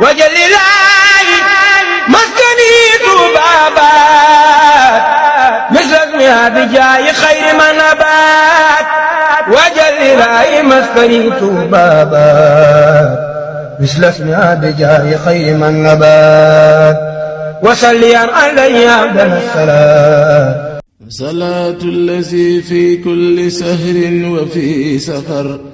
wajalilaayi maskani tubaabaat misrak mi abijaayi xayri manabaat wajalilaayi maskani tubaabaat misrak mi abijaayi xayri manabaat wasalli alayhi abdal salaam. salaatu lazi fi kulli sahrin wa fi safar.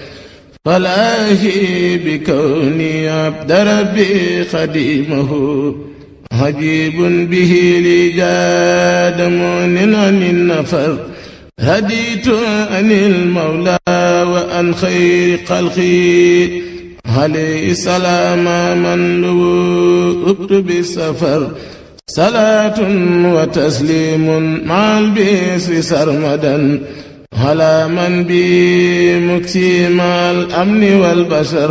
طلاهي بكوني عبد ربي خديمه عجيب به لي جاد مؤن عن النفر هديت عن المولى وعن خير خلقي عليه السلام من لوؤت بالسفر صلاة وتسليم مع البيس سرمدا هلا من بي مكسيم الأمن والبشر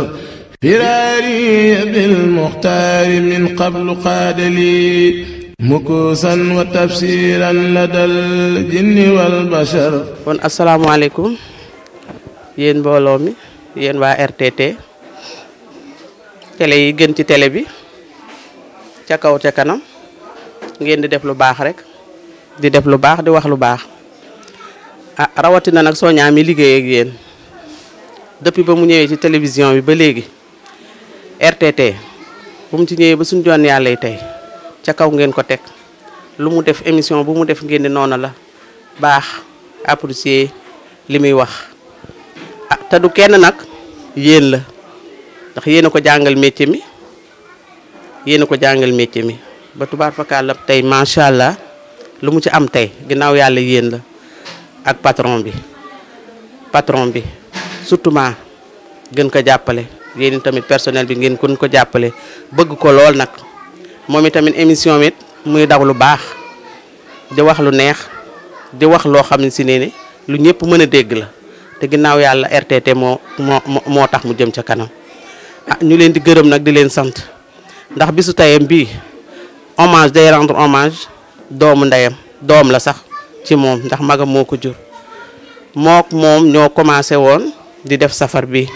فراري بالمختار من قبل قاد لي مكوسا وتفسيرا لدى الجن والبشر kon asalaamaaleykum yéen mbooloo mi yéen waa RTT télé yi gën ci tele bi ca kaw ca kanam ngeen di def lu baax rekk di def lu baax di wax lu baax Ah, rawatina nag Sonia mi liggéey ak yéen depuis ba mu ñëwee ci télévision bi ba léegi RTT bu mu ci ñëwee ba suñ joon yàlla tey ca kaw ngeen ko teg lu mu def émission bu mu def ngeen di noonu la baax apprécier li muy wax ah te du kenn nag yéen la ndax yéen ko jàngal métier mi yéen ko jàngal métier mi ba tubaar fakkaat la tey macha allah lu mu ci am tey ginnaaw yàlla yéen la ak patron bi patron bi surtout gën ko jàppale yéen tamit personnel bi ngeen gën ko jàppale bëgg ko lool nag moom itamit émission bi muy daw lu baax di wax lu neex di wax loo xam ne si ne ne lu ñëpp mën a dégg la te ginnaaw yàlla RTT moo moo tax mu jëm ca kanam ah ñu leen di gërëm nag di leen sant ndax bisu tayam bii hommage day rendre hommage doomu ndeyam doom la sax ci moom ndax magam moo ko jur mook moom ñoo commencé woon di def safar bi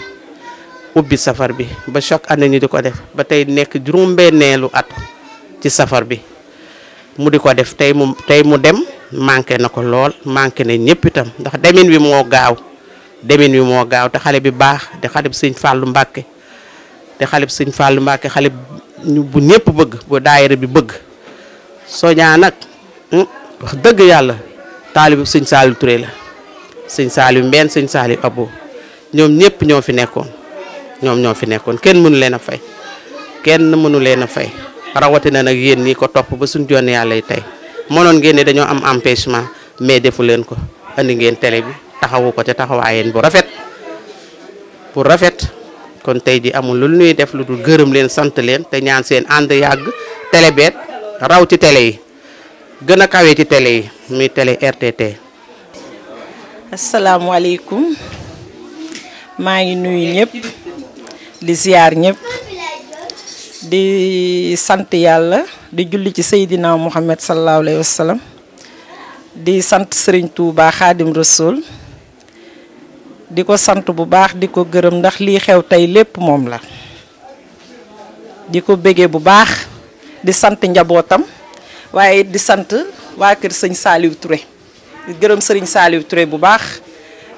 ubbi safar bi ba chaque année ñu di ko def ba tey nekk juróom-benneelu at ci safar bi mu di ko def tey mu tey mu dem manqué na ko lool manqué na ñëpp itam ndax demin wi moo gaaw demin wi moo gaaw te xale bi baax di xale bi sëñ Fallou Mbacke te xale bi sëñ Fallou Mbacke xale bu ñëpp bëgg bu daayira bi bëgg soñaa nag hmm, dëgg yàlla taalibu sëñ Saliou Touré la sëñ Saliou Mbène sëñ Saliou Abo ñoom ñëpp ñoo fi nekkoon ñoom ñoo fi nekkoon kenn mënu leen a fay kenn mënu leen a fay rawatina nag yéen ñi ko topp ba suñ jonn yàlla yi tey mënoon ngeen ne dañoo am empêchement mais defu leen ko andi ngeen tele bi taxawu ko ca taxawaayeen bu rafet bu rafet kon tey ji amul lu ñuy def lu dul gërëm leen sant leen te ñaan seen ànd yàgg télé beet raw ci télé yi gën a kawe ci télé yi muy télé RTT. asalaamualeykum maa ngi nuyu ñëpp di siyaar ñëpp di sant yàlla di julli ci Seydina Muhammad sallallahu alayhi wa di sant Serigne Touba Khadim Rasoul di ko sant bu baax di ko gërëm ndax lii xew tey lépp moom la di ko béggee bu baax di sant njabootam. waaye di sant waa kër sëñ Saliou ture di gërëm sëriñ Saliou Touré bu baax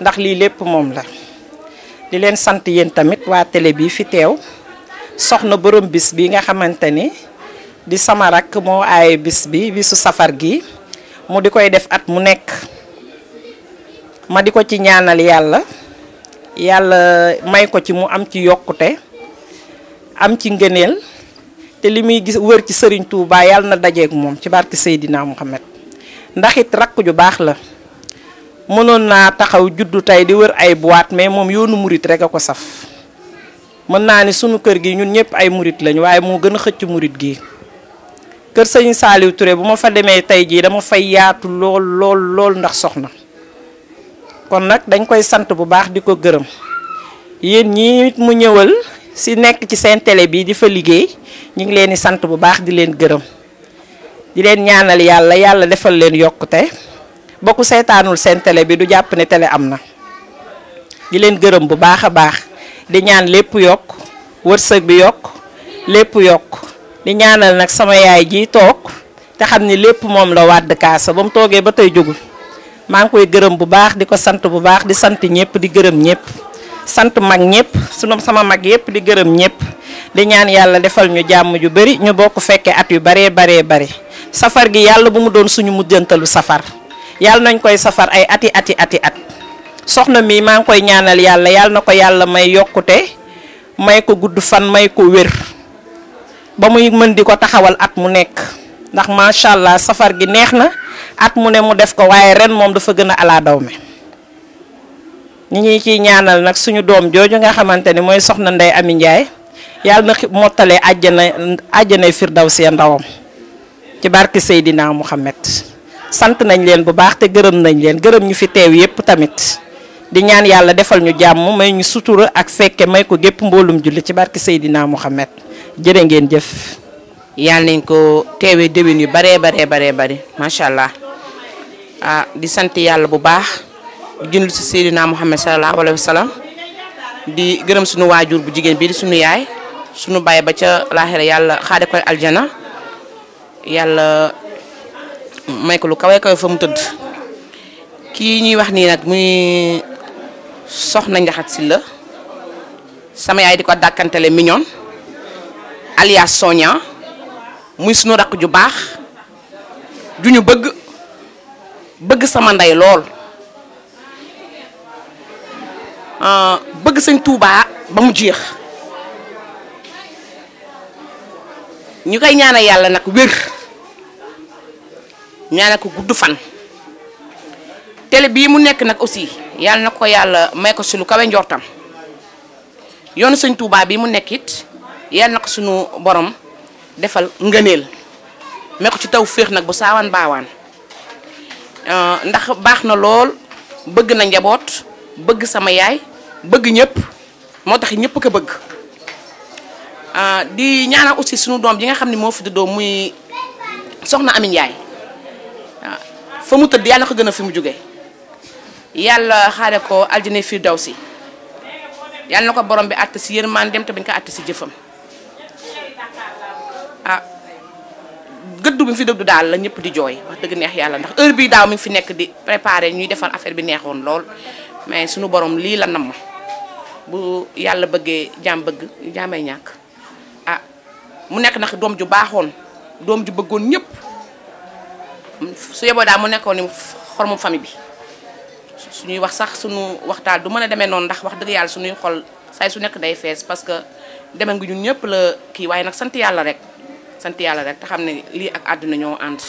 ndax lii lépp moom la di leen sant yéen tamit waa télé bi fi teew soxna borom bis bi nga xamante ni di sama rakk moo aaye bis bi bisu safar gi mu di koy def at mu nekk ma di ko ci ñaanal yàlla yàlla may ko ci mu am ci yokkute am ci ngëneel te li muy gis wër ci sëriñ Touba yàlla na dajeeg moom ci barke Seydina Mouhamed ndax it rakk ju baax la mënoon naa taxaw juddu tey di wër ay boîte mais moom yoonu murit rek a ko saf mën naa ni sunu kër gi ñun ñëpp ay murit lañ waaye moo gën a xëcc murit gi kër sëñ Saliou Touré bu ma fa demee tey jii dama fay yaatu lool lool ndax soxna kon nag dañ koy sant bu baax di ko gërëm yéen ñi mu ñëwal si nekk ci seen tele bi di fa liggéey ñu ngi leen di sant bu baax di leen gërëm di leen ñaanal yàlla yàlla defal leen yokkute ba ku seetaanul seen tele bi du jàpp ne tele am na di leen gërëm bu baax a baax di ñaan lépp yokk wërsëg bi yokk lépp yokk di ñaanal nag sama yaay ji toog te xam ni lépp moom la wàdd kaasa ba mu toogee ba tey jógul maa ngi koy gërëm bu baax di ko sant bu baax di sant ñëpp di gërëm ñëpp sant mag ñëpp sunu sama mag yëpp di gërëm ñëpp di ñaan yàlla defal ñu jàmm ju bari ñu bokk fekkee at yu baree baree bari safar gi yàlla bu mu doon suñu mujjantalu safar yàlla nañ koy safar ay ati ati ati at soxna mi maa ngi koy ñaanal yàlla yàlla na ko yàlla may yokkute may ko gudd fan may ko wér ba muy mën di ko taxawal at mu nekk ndax macha allah safar gi neex na at mu ne mu def ko waaye ren moom dafa gën a ala mi ñi ñuy ciy ñaanal nag suñu doom jooju nga xamante ni mooy soxna Ndeye Amy Ndiaye yàlla na mottalee àjjana àjjanay firdawsi ya ndawam ci barke Seydina Mouhamed sant nañ leen bu baax te gërëm nañ leen gërëm ñu fi teew yépp tamit di ñaan yàlla defal ñu jàmm may ñu sutura ak fekke may ko gépp mboolum julli ci barke Seydina Mouhamed jërë ngeen jëf yàlla nañ ko teewee déwén yu baree baree baree bari macha allah ah, di sant yàlla bu baax julli si Seydina Muhammad sallallahu alayhi wa di gërëm suñu waajur bu jigéen bii di suñu yaay suñu baay ba ca laaxira yàlla xaade ko aljana yàlla may ko lu kawe kawe fa mu tëdd kii ñuy wax nii nag muy soxna njaxat si la sama yaay di ko dàkkantele mignon alias Sonia muy sunu rakk ju baax ju ñu bëgg bëgg sama ndey lool Euh, bëgg sëñ tuubaa ba mu jeex ñu koy ñaanal yàlla nag wér ñaanal ko gudd fan tele bii mu nekk nag aussi yàlla na ko yàlla may ko si lu kawe njortam yoonu sëñ Touba bii mu nekk it yàlla na ko suñu borom defal ngëneel may ko ci taw féex nag bu saawaan baawaan euh, ndax baax na lool bëgg na njaboot. bëgg sama yaay bëgg ñëpp moo tax ñëpp ko bëgg ah, di ñaanal aussi suñu doom ji nga xam ne moo fi duddoo muy soxna Amine Yaay waaw ah, mu tëdd yàlla na ko gën a fi mu jóge yàlla xaare ko aljana fi daw si yàlla na ko borom bi àtt si yërmaan dem te ko àtt si jëfam ah gëddu bi fi dëgg daal la ñëpp di jooy wax dëgg neex ndax heure bii daaw mi ngi fi nekk di préparer ñuy defar affaire bi neexoon lool mais sunu boroom lii la nam ma bu yàlla bëggee jaam bëgg jaamay ñàkk ah mu nekk nax doom ju baaxoon doom ju bëggoon ñëpp su yeboo daal mu nekkoon ni xormu famille bi suñuy wax sax suñu waxtaan du mën a demee noonu ndax wax dëgg yàlla suñuy xol saay su nekk day fees parce que deme ngi ñun ñëpp la kii waaye nag sant yàlla rek sant yàlla rek te xam ne lii ak àdduna ñoo ànd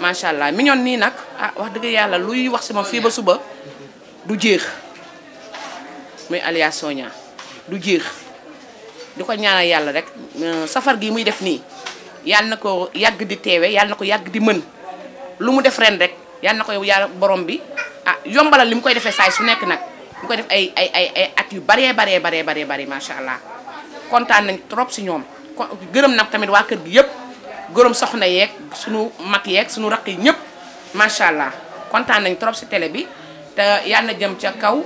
macha allah mi ñoon nii nag ah wax dëgg yàlla luy wax si moom fii ba suba du jeex muy Alya Sonia du jeex du ko ñaanal yàlla rek euh, safar gi muy def nii yàlla na ko yàgg di teewe yàlla na ko yàgg di mën lu mu def ren rek yàlla na ko yàlla borom bi ah yombalal li mu koy defee saay su nekk nag mu koy def ay ay ay at yu baree baree baree baree baree macha allah kontaan nañ trop si ñoom gërëm nag tamit waa kër gi yëpp gërëm soxna yeeg sunu mag yeeg sunu raq yi ñëpp macha allah kontaan nañ trop si télé bi te yàlla jëm ca kaw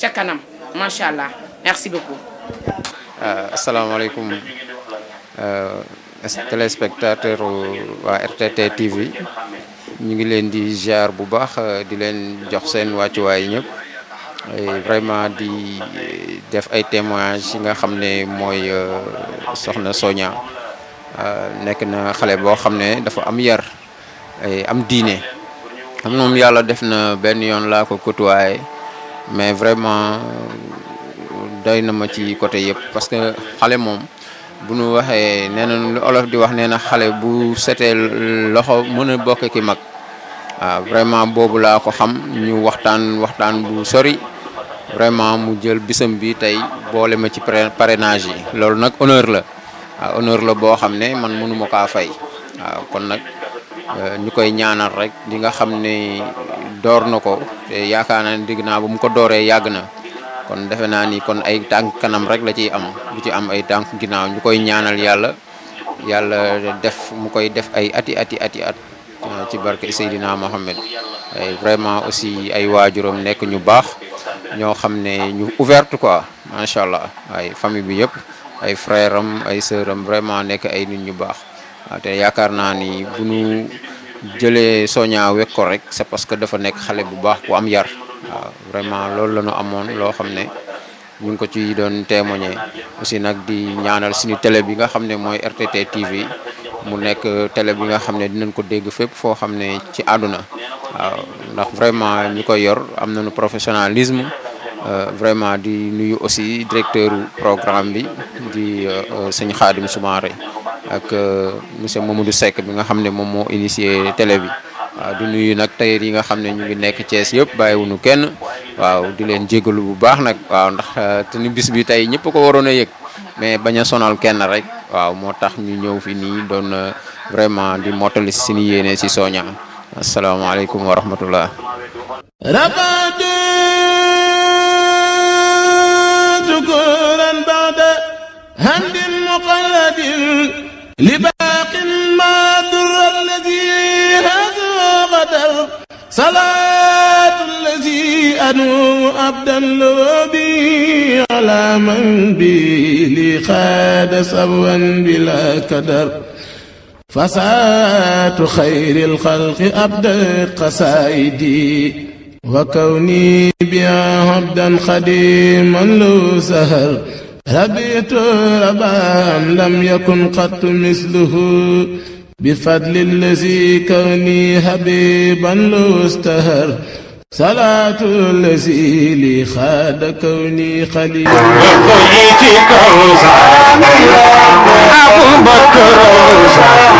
ca kanam macha allah merci beaucoup. Euh, asalaamaaleykum euh, téléspectateur waa RTT TV ñu ngi leen di ziar bu baax euh, di leen jox seen wàccuwaay ñëpp vraiment di def ay témoignages yi nga xam ne mooy soxna Sonia nekk na xale boo xam ne dafa am yar am diine. xam moom yàlla def na benn yoon laa ko côtoyé mais vraiment day na ma ci côté yëpp parce que xale moom bu nu waxee nee na lu olof di wax nee na xale bu sete loxo mën a bokk ki mag waaw vraiment boobu laa ko xam ñu waxtaan waxtaan bu sori vraiment mu jël bisam bi tey boole ma ci parrainage yi loolu nag honneur la waaw honneur la boo xam ne man mënuma kaa fay waaw kon nag Euh, ñu koy ñaanal rek li nga xam ne door na ko te yaakaar naa ne dégg bu mu ko dooree yàgg na kon defe naa ni kon ay tànk kanam rek la ciy am bu ci am ay tànk ginnaaw mu koy ñaanal yàlla yàlla def mu koy def ay ati ati ati at euh, ci barke Seydina Mohamed ay vraiment aussi ay waajuram nekk ñu baax ñoo xam ne ñu ouverte quoi macha allah ay famille bi yëpp ay frère ay sœur vraiment nekk ay nit ñu baax. waaw te yaakaar naa ni bu ñu jëlee Sonia wekk rek c'est parce que dafa nekk xale bu baax ku am yar waaw vraiment loolu la ñu amoon loo xam ne ñu ngi ko ci doon témoigner aussi nag di ñaanal suñu télé bi nga xam ne mooy RTT TV mu nekk télé bi nga xam ne dinañ ko dégg fépp foo xam ne ci àdduna waaw ndax vraiment ñu koy yor am nañu professionnalisme Euh, vraiment di nuyu aussi directeur programme bi di euh, euh, sëñ Xaadim Soumaré ak monsieur Mamadou Seck bi nga xam ne moom moo initié télé bi waaw nuyu nag tey yi nga xam ne ñu ngi nekk Thiès yëpp bàyyiwuñu kenn waaw di leen jégalu bu baax nag waaw ndax te bis bi tey ñëpp ko waroon a yëg mais bañ a sonal kenn rek waaw moo tax ñu ñëw fi nii doon vraiment di mottali suñu yéene si Soña asalaamaaleykum wa rahmatullah. شكورا بعد هند مقلد لباق ما در الذي هذا غدر صلاة الذي أنوم أبدا لبي على من بي لخاد سبوا بلا كدر فساة خير الخلق أبدت قصائدي wa kawni bi abdan xadiman lu sahal rabitu rabaan lam yakun qattu misluhu bi fadli lazi kawni habiban lu stahar salaatul lazi li xaada kaw ni xali ko yi ci kaw sax abubakar sax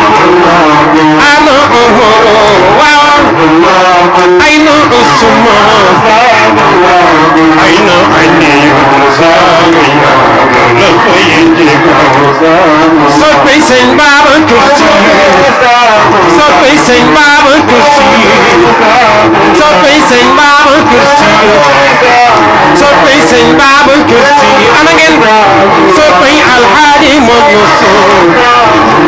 ana uhuru waaw ayna usmaan ayna aliyu sax la ko yi ci kaw sax soppay sëñ Babacar Si sëñ Babacar Si soppay sëñ Babacar Si ana ngeen soppay alxaaji moom la sool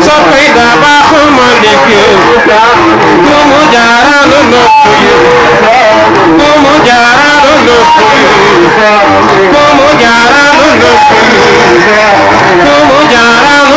soppay daa baaxul ma liggéey doomu jaaraanu nopp yi doomu jaaraanu nopp yi doomu jaaraanu nopp yi doomu jaaraanu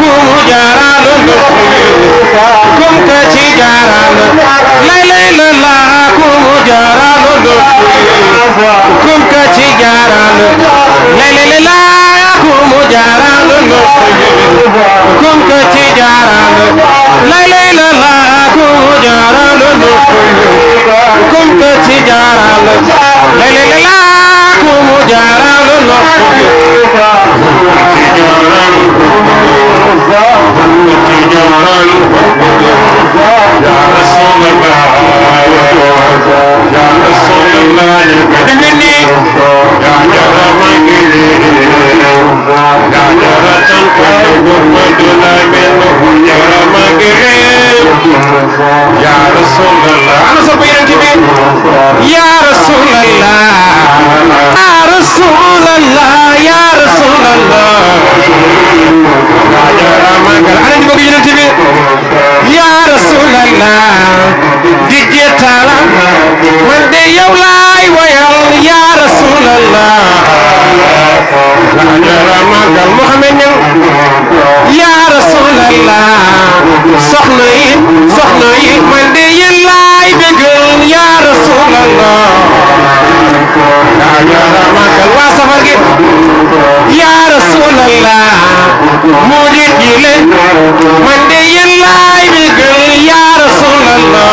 ku jaaraalu la kum ka ci jaaraalu lay lay la la ku jaaraalu la kum ka ci jaaraalu lay lay la kum jaaraalu la kum ka ci jaaraalu lay lay la la kum jaaraalu la kum ka ci jaaraalu lay lay la Guerrero. ya rasulullah ana sopp yonent bi ya rasulullah رسول الله يا رسول الله يا رسول الله ديجيتال من دي يولاي ويل يا رسول الله محمد يا رسول الله سخني سخني من دي يلاي بقل يا رسول الله waa safar gi yaa rasulallah moo di digle man de yéen laay bégal yaa rasulallah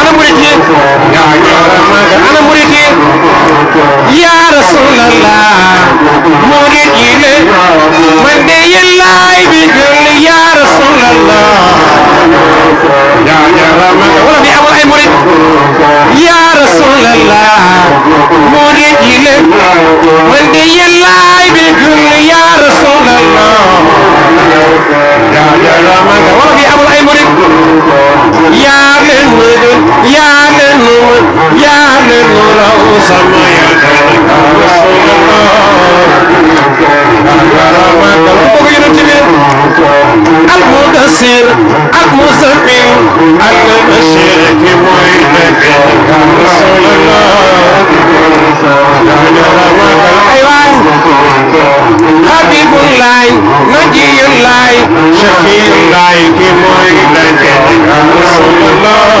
ana murit yi ana murit yi yaa rasulallah moo di digle man de yéen laay bégal yaa yaa leen nu raw sama yaa المدثر المزمل المبشر بمولدك رسول الله حبيب الله نجي الله شفيع الله بمولدك رسول الله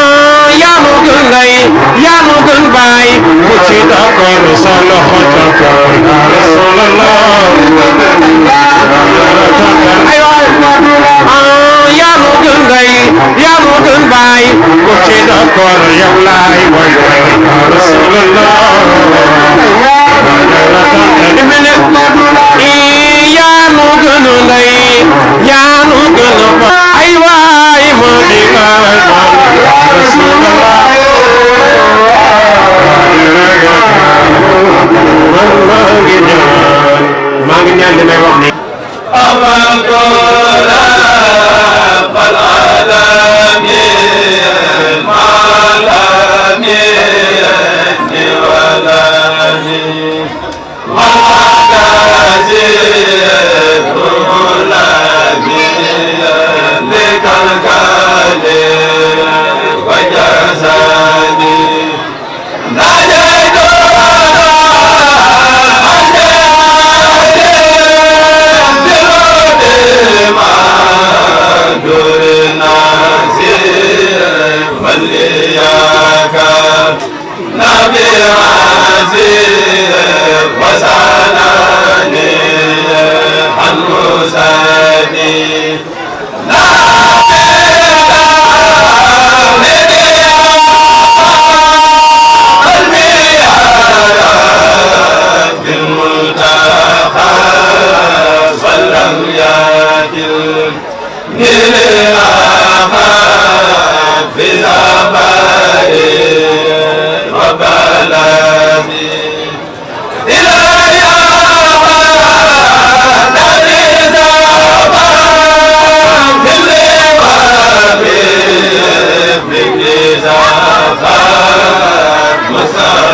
yaa nu gën lay yaa nu gën baay ku ci d'accord sa loxo jokkoor yaa nu gën lay yaa nu gën baay ku ci d'accord yow laay way way yaa nu gën lay yaa nu gën baay ay waay ma di Kalaka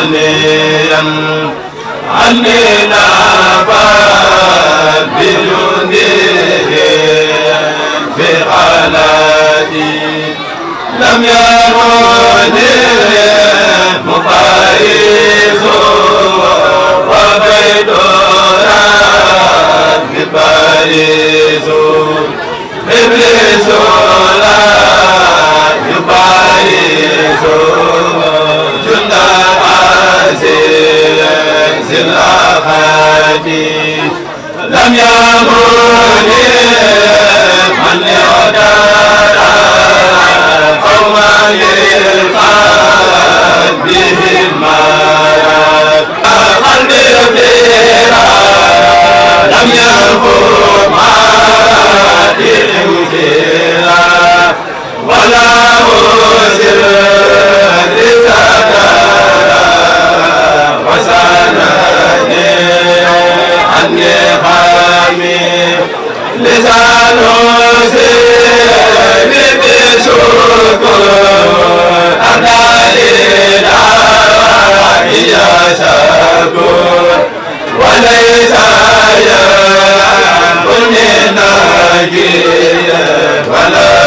منيرا عنينا بجنده في حالتي لم يرد مقاييس وبيت رب باريس إبليس لا يباريس في الآفات لم يمر من يدار قوما يلقى بهم مرض قلب فيرا لم يمر ما ولا مسر عني خامي لسان سير بشكر أنا للعوان يا شكور وليس ينقلني نجيا ولا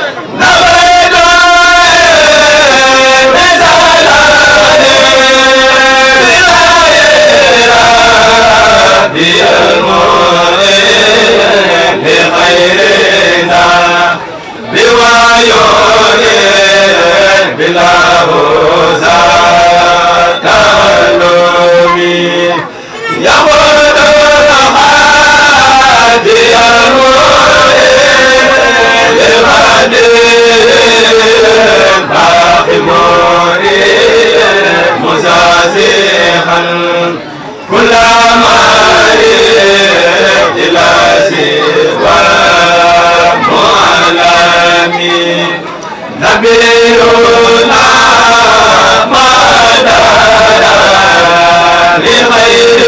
yaa لخير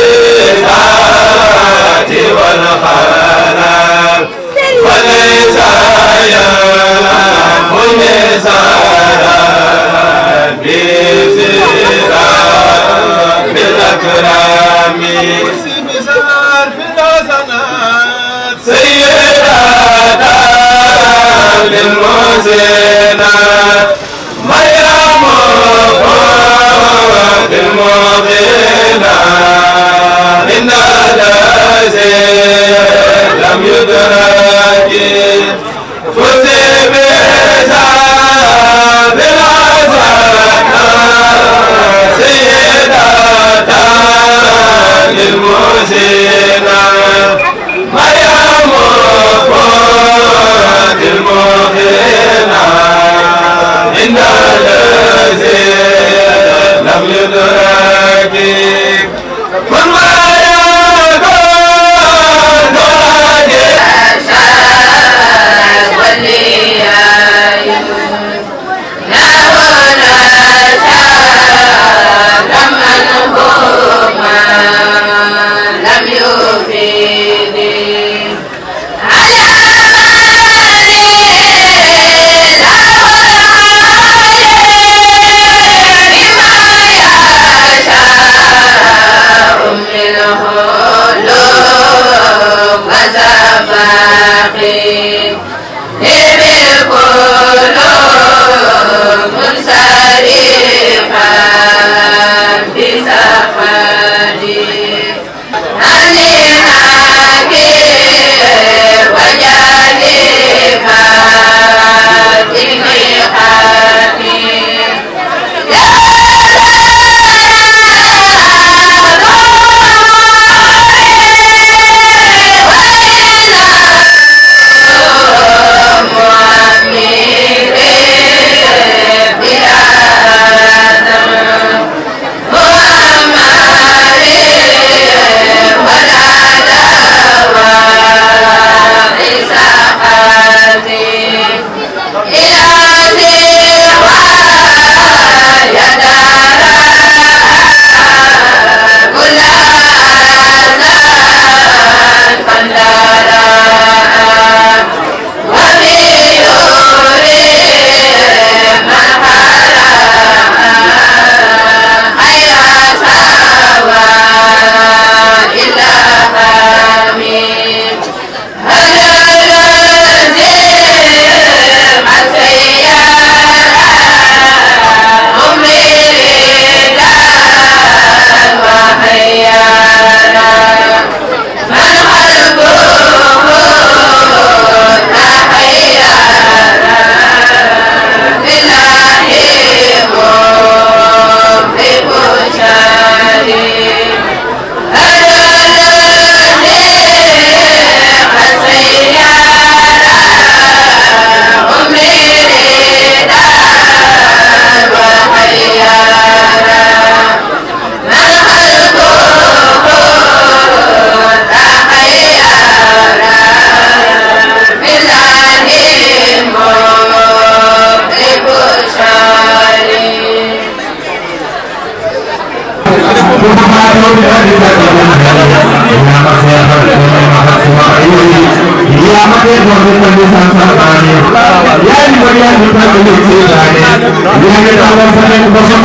الفات والخلال وليس يام نزالا بزرا بالأكرام سيدنا بالمزنا مريم بالمضي lam yudrak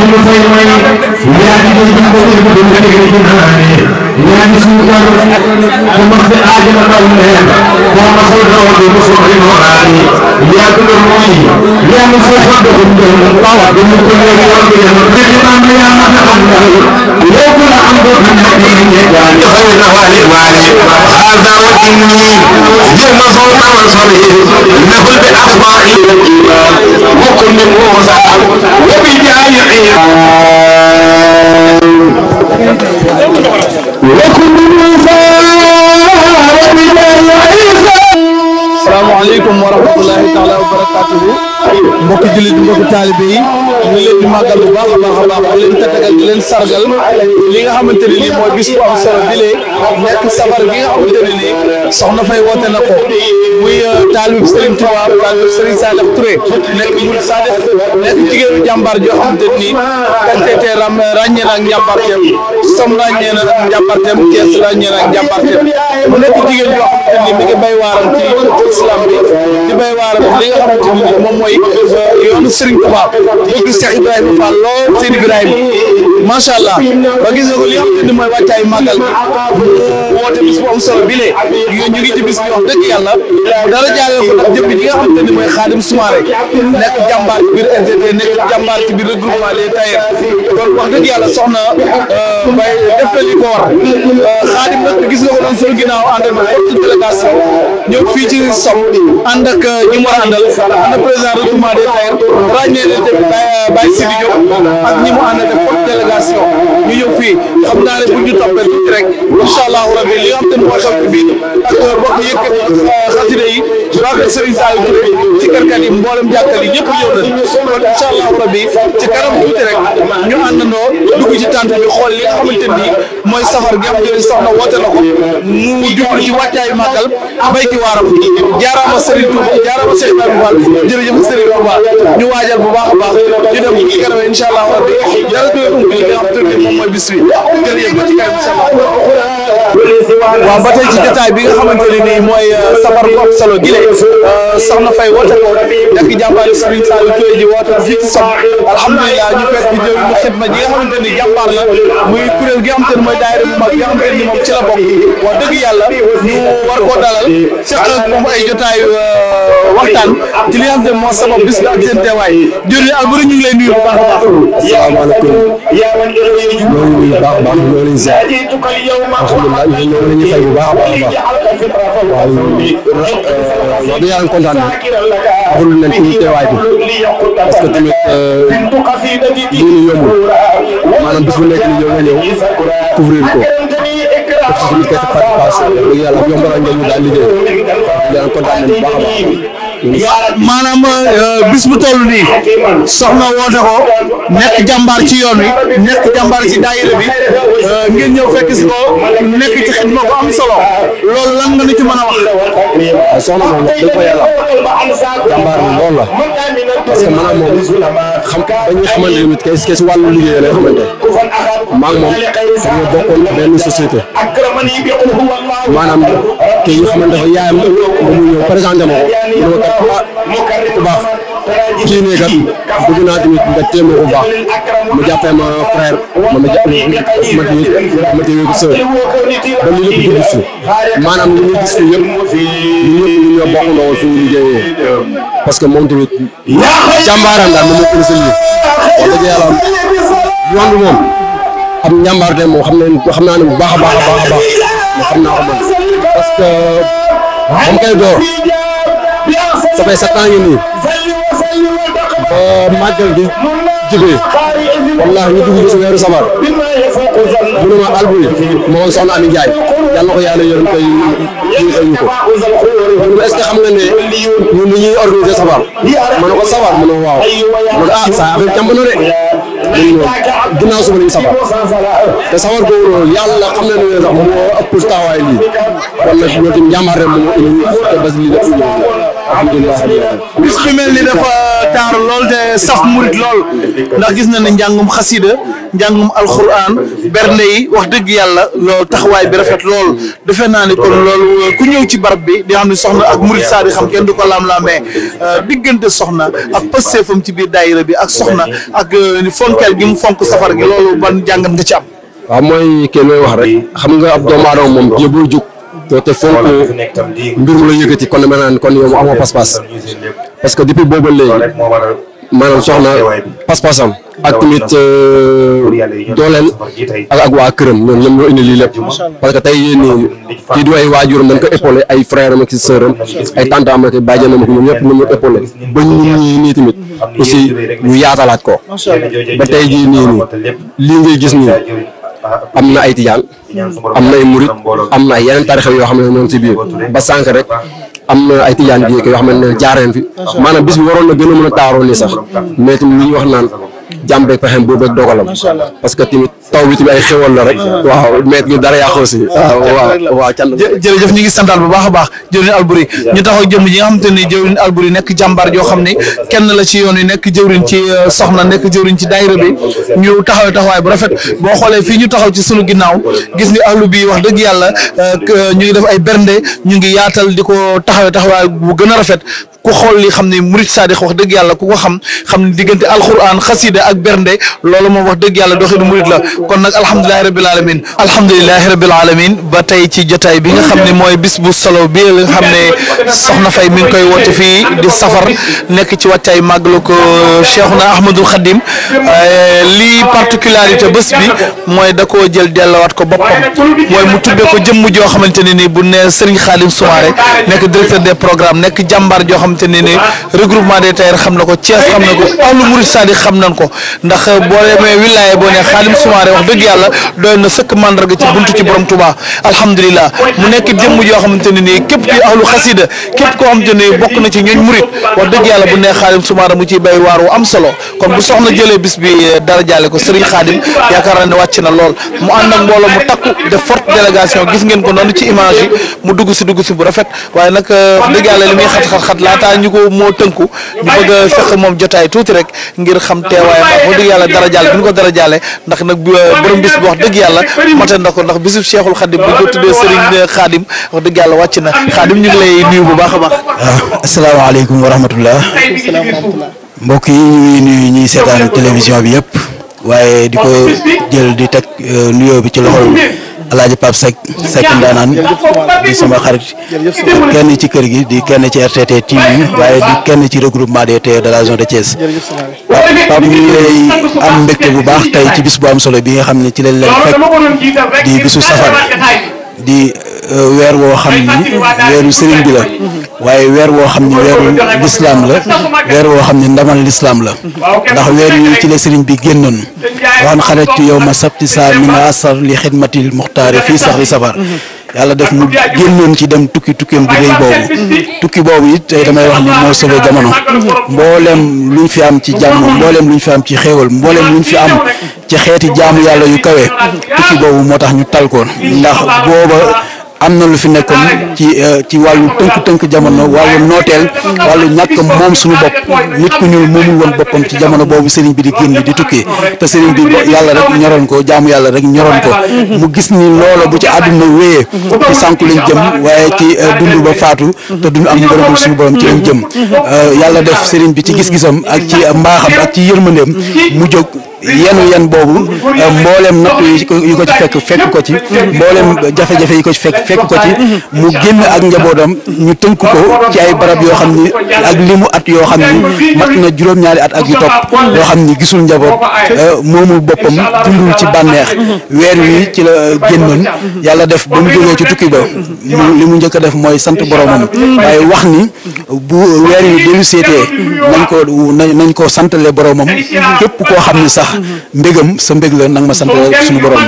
ñu fay may yaa ngi doon jàppale ñaan suñu borom ak bu mag bi aadama daw na leen boo ma xool dawoon bi mos a bëri moo aar yi yaa ko doon mooy ñaan suñu xool dafa mu doon waaw dañu ko léegi yoon bi dem te ñu am na yaa ma ta am na léegi la am doo xam ne ñu ne yaa ni xëy na waale waale hada wa inni jël ma fawta man sori naful bi asbaari mukk min woo sa wa bi jaayi salaamaaleykum wa rahmatulahi taala wa barakaatuhu mbokki jullit mbokki taalibe yi ñu ngi leen di màggal bu baax a baax a baax di leen tàggal di leen sargal li nga xamante ne nii mooy bis bu am solo bi lee nekk safar gi nga xamante ne nii soxna Faye woote na ko muy euh, taalib Serigne Touba taalib Serigne Sadikh Touré nekk Mouride Sadikh nekk jigéenu jàmbaar joo xam te ni Kantete ràññee na ak njàmbaarteem Som ràññee na ak njàmbaarteem Kees ràññee na ak njàmbaarteem mu nekk jigéen joo xam te ni mi ngi bay waaram ci islam bi di bay waaram li nga xamante ni moom mooy euh, yoonu Serigne Touba bëgg Cheikh Ibrahima Fall lool allah ba gis nga ko li nga xamante ni mooy woote bis bu am solo bi lee ñu ngi ci bis bi wax dëgg yàlla dara jaaree ko nag jëpp ñi nga xam te ni mooy Khadim Soumaré nekk jàmbaar ci biir RTT nekk jàmbaar ci biir regroupement des tailleurs kon wax dëgg yàlla soxna euh, bay def na li ko war euh, Khadim nag gis nga ko doon sunu ginnaaw àndal ma forte ñëw fii ci som ànd ak euh, ñi mu war a ak président regroupement des tailleurs ràññee leen tamit Baye Sidi Diop ak ñi mu àndal def forte délégation ñu fii xam naa ne ñu toppee tuuti li nga xam ne moo xew ci fii ak mbokk yëkkat xasida yi waa kër Serigne Saliou Touré ci kërkat yi mboolem jàkkal yi ñëpp ñëw nañ kon incha allahu rabbi ci kanam tuuti rek ñu àndandoo dugg ci tànt bi xool li nga xamante ni mooy safar gi am jëriñ soxna woote na ko mu jublu ci wàccaayu màggal bay ci waaram jaaraama Serigne waajal bu baax a baax ñu dem ci kanam incha allahu rabbi yàlla doy ump li nga xam te ne moom mooy bis bi jërëjëf ba ci kanam incha allah waaw ba tey ci jotaay bi nga xamante ne nii mooy euh, safar bu am solo gi leen euh, soxna Faye woote ko nekk jàmbaari Serigne Saliou Touré ji woote fii ci Sob alhamdulilah ñu fekk di jël mu xidma ji nga xamante ni jàmbaar la muy kuréel gi nga xamante mooy daayira bu gi nga xamante ni moom ci la bokk wax dëgg yàlla ñu war koo dalal seq ak moom ay jotaay euh, waxtaan ci li nga ak seen teewaay jërëjëf ngi a baax. asalaamaaleykum. a waaw ñooñu ñoo ngi fay bu a baax a baax waaw wax dëgg yàlla kontaan nañ gërëm leen ci teewaay bi parce que tamit euh, lii nii yombul maanaam bis bu nekk nii yow nga ñëw couvrir ko def ci suñu kese participation dëgg yàlla yombalal ngeen ñu daal liggéey yàlla kontaan a euh, soxna woote ko nekk jàmbaar ci yoon nekk jàmbaar ci daayira bi ngeen ñëw fekk si ko nekk ci xidma bu am solo loolu lan nga ni ci mën a wax. waaw ah, soxna moom dëgg fa yàlla jàmbaar moom loolu la parce que maanaam moom xam ba ñu xamante ni kay kay si wàllu liggéey lay xamante maa ngi moom dañoo bokkoon benn société maanaam kay ñu xamante dafa yaayam ba mu ñëw présenté ma ko ma kat ah, ku baax kii nee kat bëgg naa tamit nga téeméer bu baax. mu jàppee ma frère ma ma ma ma téye ko sœur ba li lépp dugg si maanaam li ñu gis fi yëpp ñun ñëpp ñu ñoo bokk ndoo fi ñu liggéeyee parce que moom tamit jàmbaaram daal moom moo ko sëñ bi wax dëgg yàlla yoon bi moom am njàmbaarte moom xam ne xam naa ne bu baax a baax a baax a baax ma xam naa ko man parce que moom kay door ça fait sept ans ngi nii ba màggal gi jibee wallaahi ñu dugg ci weeru safar mu ne ma alburi ma woon soxna Ami yàlla ko yàlla yërëm tey ñu ko mu ne ma est-ce que xam nga ne ñun li ñuy organiser safar ma ne ko safar mu ne ma waaw ma ne ah safar te safar boobu noonu yàlla xam na ne sax moo ëpp taxawaay lii wala ñoo tam jàmbaar rek moo indi te bas lii def alhamdulilah bis bi mel ni taaru lool de saf murit lool ndax gis na ne njàngum xasida njàngum alxuraan bernde yi wax dëgg yàlla lool taxawaay bi rafet lool defe naa ne kon lool uh, ku ñëw ci barab bi di xam ne soxna ak murit saa di xam kenn du ko laam-laamee uh, diggante soxna ak pësteefam ci biir daayira bi ak soxna ak uh, fonkeel gi mu fonk safar gi loolu ban jàngat nga ci am. waaw mooy kenn wax rek xam nga ab doomu aadama moom yëboo jóg te te fonk mbir mu la yëkkati kon dama naan kon yow amoo pas parce que depuis boobu léegi maanaam soxna pas ak tamit euh, dooleel ak ak waa këram ñoom ñoom ñoo indi lii lépp parce que tey yéen nii kii di ay waajuram dañ ko ay frère am ak sœur am ay tante am ak bàjjenam ak ñoom ñëpp ñoom ñoo épaulé ba ñun ñii nii tamit aussi ñu yaatalaat ko ba tey jii nii nii lii ngay gis nii. am na ay tijaan am na ay murit am na ay yeneen tarixa yoo xam ne ñoom ci biir ba sànq rek am na ay tijaan bi yoo xam ne jaareen fi maanaam bis bi waroon na gën a mën a taaroo nii sax mais tamit li ñu wax naan jàmm rek pexeem boobu rek dogalam. parce que tamit taw bi tamit ay xewal la rek. waaw mais ñu dara yàqu aussi. Ah, ah, waaw waaw ñu ngi santaal bu baax a baax jëwriñ Alboury ñu taxaw jëm ji nga xam te ni jëwriñ Alboury nekk jàmbaar joo xam ne kenn la ci yoon yi nekk jëwriñ ci euh, soxna nekk jëwriñ ci daayira bi ñu taxawee taxawaay bu rafet boo xoolee fii ñu taxaw ci sunu ginnaaw gis ni ahlu bi wax dëgg yàlla euh, euh, ñu ngi def ay bernde ñu ngi yaatal di ko taxawee taxawaay bu gën a rafet ku xool li xam ne murit saadix wax dëgg yàlla ku ko xam xam ne diggante alxuraan xasida ak bernde loolu moom wax dëgg yàlla doxinu murit la kon nag alhamdulilahi rabbil alamin ba tey ci jotaay bi nga xam ne mooy bis bu solo bi li nga xam ne soxna fay mi ngi koy woote fi di safar nekk ci wàccaay màggalu ko Cheikhuna Ahmadul Xadim eh, li particularité bés bi mooy da koo jël dellowaat ko boppam mooy mu tuddee ko jëmm joo xamante ne ni bu ne Serigne Khadim Soumaré xamante ne ne regroupement des tailleurs xam na ko Thiès xam na ko ahlu murid sadi xam nañ ko ndax boo demee wilaya boo ne Xaadim Soumaré wax dëgg yàlla doy na sëkk mandarga ci buntu ci borom Touba alhamdulilah mu nekk jëmm joo xamante ne nii képp ki ahlu xasida képp koo xamante ne bokk na ci ñooñ murid wax dëgg yàlla bu ne Xaadim Soumaré mu ciy bay waar wu am solo kon bu soxna jëlee bis bi eh, dara jaale ko Serigne Xaadim yaakaar naa ne wàcc na lool mu ànd ak mbooloo mu takku de forte délégation gis ko noonu ci image yi mu dugg si dugg si bu laataa ñu ko moo tënku ñu bëgg a seq moom jotaay tuuti rek ngir xam teewaayam ndax wax dëgg yàlla dara jaale bi ñu ko dara jaale ndax nag euh, borom bis bi wax dëgg yàlla mate na ko ndax bisub Cheikhul Khadim bu ñu ko tuddee Serigne euh, Khadim wax dëgg yàlla wàcc na Khadim ñu ngi lay nuyu bu baax a baax. Ah, asalaamaaleykum wa rahmatullah. mbokk yi ñuy nuyu ñuy seetaan télévision bi yëpp waaye di ko jël di teg euh, nuyoo bi ci loxol alaaji Pape Seck Seck Ndanaan di sama xarit kenn ci kër gi di kenn ci RTT TV waaye di kenn ci regroupement des tailleurs de la région de Thiès Pape ñu ngi lay am mbégte bu baax tey ci bis bu am solo bi nga xam ne ci lañ leen fekk di bisu safar di euh, weer woo xam ni weeru sëriñ bi la waaye weer woo xam ni weeru lislaam la weer woo xam ni ndamal lislaam la ndax weer yi ci la sëriñ bi génnoon waxoon xarajtu yow ma sabti saa mina asar li xidmatil muxtaari fii sax li safar yàlla def mu génnoon ci dem tukki tukkeem bu rëy boobu tukki boobu it tey damay wax ni moo sauvé jamono mbooleem luñ fi am ci jàmm mbooleem luñ fi am ci xéewal mbooleem luñ fi am ci xeeti jaamu yàlla yu kawe tukki boobu moo tax ñu tal ko ndax booba am na lu fi nekkoon ci euh, ci wàllu tënk-tënk jamono wàllu nooteel wàllu ñàkk moom suñu bopp nit ku ñu moomul woon boppam ci jamono boobu sëriñ bi di génn di tukki te sëriñ bi yàlla rek ñoroon ko jaamu yàlla rek ñoroon ko mu gis ni loola bu ci àdduna wéyee ci sànku lañ jëm waaye ci euh, dund ba faatu te duñ am ngërëmul suñu borom ci lañ jëm euh, yàlla def sëriñ bi ci gis-gisam ak ci mbaaxam ak ci yërmandeem mu jóg yenu yen boobu euh, mbooleem natt yu ci fekk fekk ko ci mboolem jafe yi ko ci fekk fekk ko ci mu génn ak njabootam ñu tënk ko ci ay barab yoo xam ni ak limu at yoo xam ni mat na juróom-ñaari at ak yi topp yoo xam ni gisul njaboot euh, moomu boppam dundul ci bànneex weer wi ci la génnoon yàlla def ba mu jógee ci tukki ba mu li mu njëkk def mooy sant boromam waaye wax ni bu weer wi dellu seetee nañ ko nañ ko santale boromam képp koo xam ni sax ndax mbégam sa mbég la nag ma sant suñu borom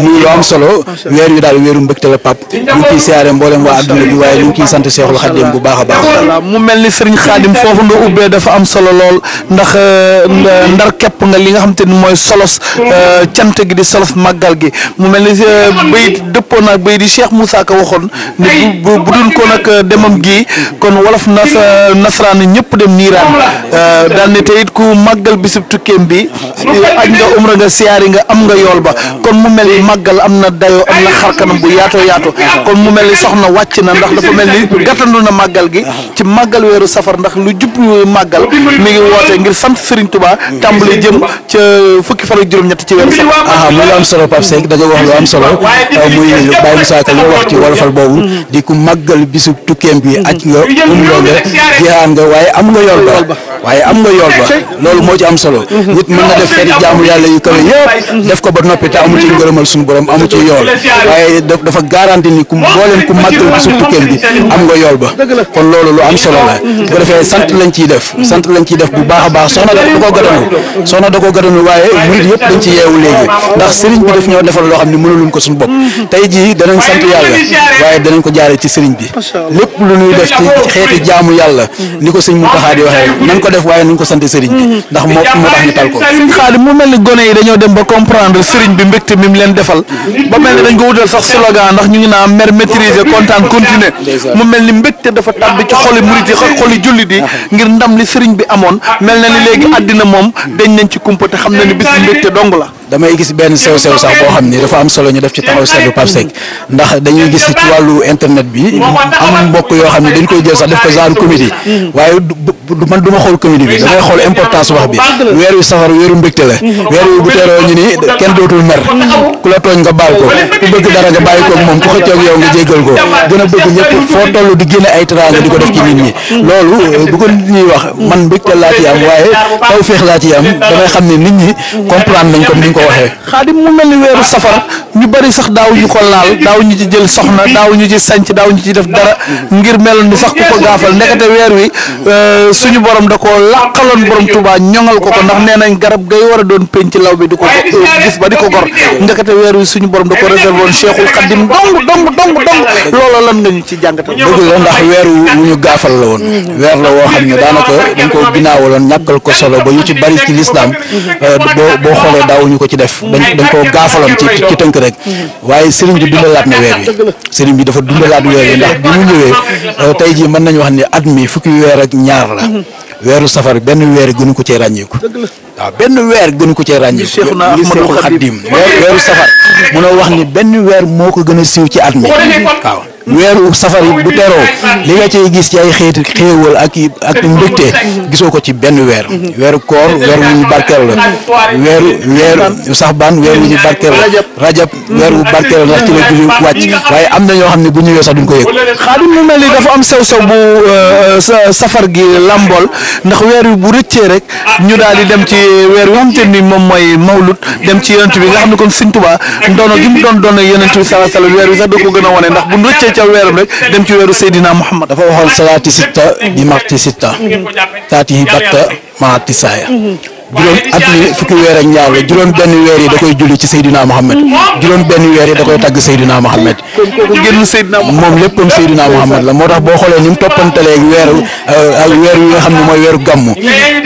muy lu am solo weer wi daal weeru mbégte la pap ñu ngi ciy siyaare mboolem waa adduna bi waaye ñu ngi sant Seexul Xaadim bu baax a baax mu mel ni Sëriñ Xaadim foofu nga ubbee dafa am solo lool ndax euh, ndar képp nga li nga xam te ni mooy solos euh, cante gi di solos màggal gi mu mel ni euh, bayit dëppoon ak bayit di Cheikh Moussa Ka waxoon ne bu bu dul ko nag demam gi kon wolof na nas nasraan ñëpp dem niiraan daal ne te it ku màggal bisub bi aj nga umra nga siyaari nga am nga yool ba kon mu mel màggal am na dayoo am na xarkanam bu yaatoo yaatoo kon mu mel ni soxna wàcc na ndax dafa mel ni gàttandu na màggal gi ci màggal weeru safar ndax lu jublu màggal mi ngi woote ngir sant Serigne Touba tàmbali jëm ca fukki fan ak juróom ci weeru safar. ah muy lu am solo da nga wax am solo muy Baye Moussa Ka lu ci wolofal boobu di ku màggal bisu tukkeem bi aj nga umra nga jihaan nga waaye am nga yool ba waaye am nga yool ba loolu moo ci am solo nit mën na def jaamu yàlla yu kawe yëpp def ko ba noppi te amu ci ngërëmal suñu borom amu ci yool waaye dafa garanti ni ku mbooleem ku màggal bi su tukkeel nga yool ba kon loolu lu am solo la bu ko lañ ciy def mm-hmm. sant lañ ciy def bu baax a baax soxna da koo gadanu soxna da koo gadanu waaye murit yëpp dañ ci yeewu léegi ndax sëriñ bi ñoo defal loo xam ne mënuluñ ko suñu bopp mm-hmm. tey jii danañ sant yàlla waaye danañ ko jaare ci sëriñ bi lépp lu ñuy def ci xeeti jaamu yàlla mm-hmm. ni ko sëñ Muntaxa di waxee nañ ko def waaye nañ ko sant sëriñ bi ndax moo moo tax ñu tal ko mu mel ni gone yi dañoo dem ba comprendre sëriñ bi mbégte mi mu leen defal ba mel ni dañ ko wutal sax slogan ndax ñu ngi naan mer maîtriser kontaan continuer mu mel ni mbégte dafa tàbbi ci xoli murit yi ak xoli jullit yi ngir ndam li sëriñ bi amoon mel na ni léegi àddina moom dañ nañ ci kumpa te xam na ni bis mbégte dong la damay gis benn sew sew sax boo xam ni dafa am solo ñu def ci taxaw seetlu Pape ndax dañuy gis ci wàllu internet bi am mbokk yoo xam ne dañ koy jël sax def ko genre comédie waaye du man du ma xool comédie bi damay xool importance wax bi weer wi safar la weer wi bu teeroo ñu ni ko ku bëgg dara ko moom ku xëccoog a bëgg di génne ay teraanga di ko def ci nit ñi loolu euh, bu ko nit ñi wax man mbégte laa ci waaye taw féex laa ci am damay xam ne nit ñi comprendre nañ ko ko waxee. xaadim mu mel weeru safar ñu bari sax daaw ñu ko laal daaw ñu ci jël soxna daaw ñu ci sanc daaw ñu ci def dara ngir mel ni sax ku ko gaafal ndekete weer wi euh, suñu borom da koo làqaloon borom Touba ñoŋal ko ko ndax nee nañ garab gay war a doon penc law bi di ko gis euh, ba di ko gor ndekete weer suñu borom da ko réservé woon Cheikhul Khadim dong dong dong dong loola lan nga ñu ci jàngatal. dëgg la ndax weer ñu gaafal la woon. weer woo xam ne daanaka dañ ko ginnaawaloon ñàkkal ko solo ba ñu ci bari ci lislaam euh, boo boo daawuñu ko ci def mm. dañ dañ koo gaafaloon ci ci tënk rek mm-hmm. waaye sëriñ bi dundalaat na weer wi sëriñ bi dafa dundalaat weer wi ndax bi mu ñëwee mm-hmm. euh, tey jii mën nañu wax ni at mi fukki weer ak ñaar la mm-hmm. weeru safar benn weer gënu ko cee ràññeeku waaw benn weer gënu ko cee ràññeeku li Seexul Xaddiim weeru safar mënoo wax ni benn weer moo ko gën a siiw ci at mi weeru safar yi bu teroo li nga ciy gis ci ay xeeti xéewal ak ak mbégte gisoo ko ci benn weer weeru koor weer wu ñu barkeel la weeru weeru saxbaan weer wu ñu barkeel la rajab weer wu barkeel la ndax ci la julli wàcc waaye am na ñoo xam ne bu ñëwee sax duñ ko yëg xaadim mu mel ni dafa am sew sew bu euh, safar gi lambol ndax weer wi bu rëccee rek ñu daal di dem ci weer wi xam moom mooy mawlud dem ci yonent bi nga xam ne kon Sëñ Tuubaa ndono gi mu doo a jóge ca weeram rek dem ci weeru Seydina Muhammad dafa waxoon salaati sitta di marti sitta taati batta maati saaya juróom at mi fukki weer ak ñaar la juróom benn weer yi da koy julli ci Seydina Mohamed juróom benn weer yi da koy tagg Seydina Mohamed moom léppam Seydina Mohamed la moo tax boo xoolee ni mu toppantaleeg weer ak euh, weer yi nga xam ne mooy weeru gàmmu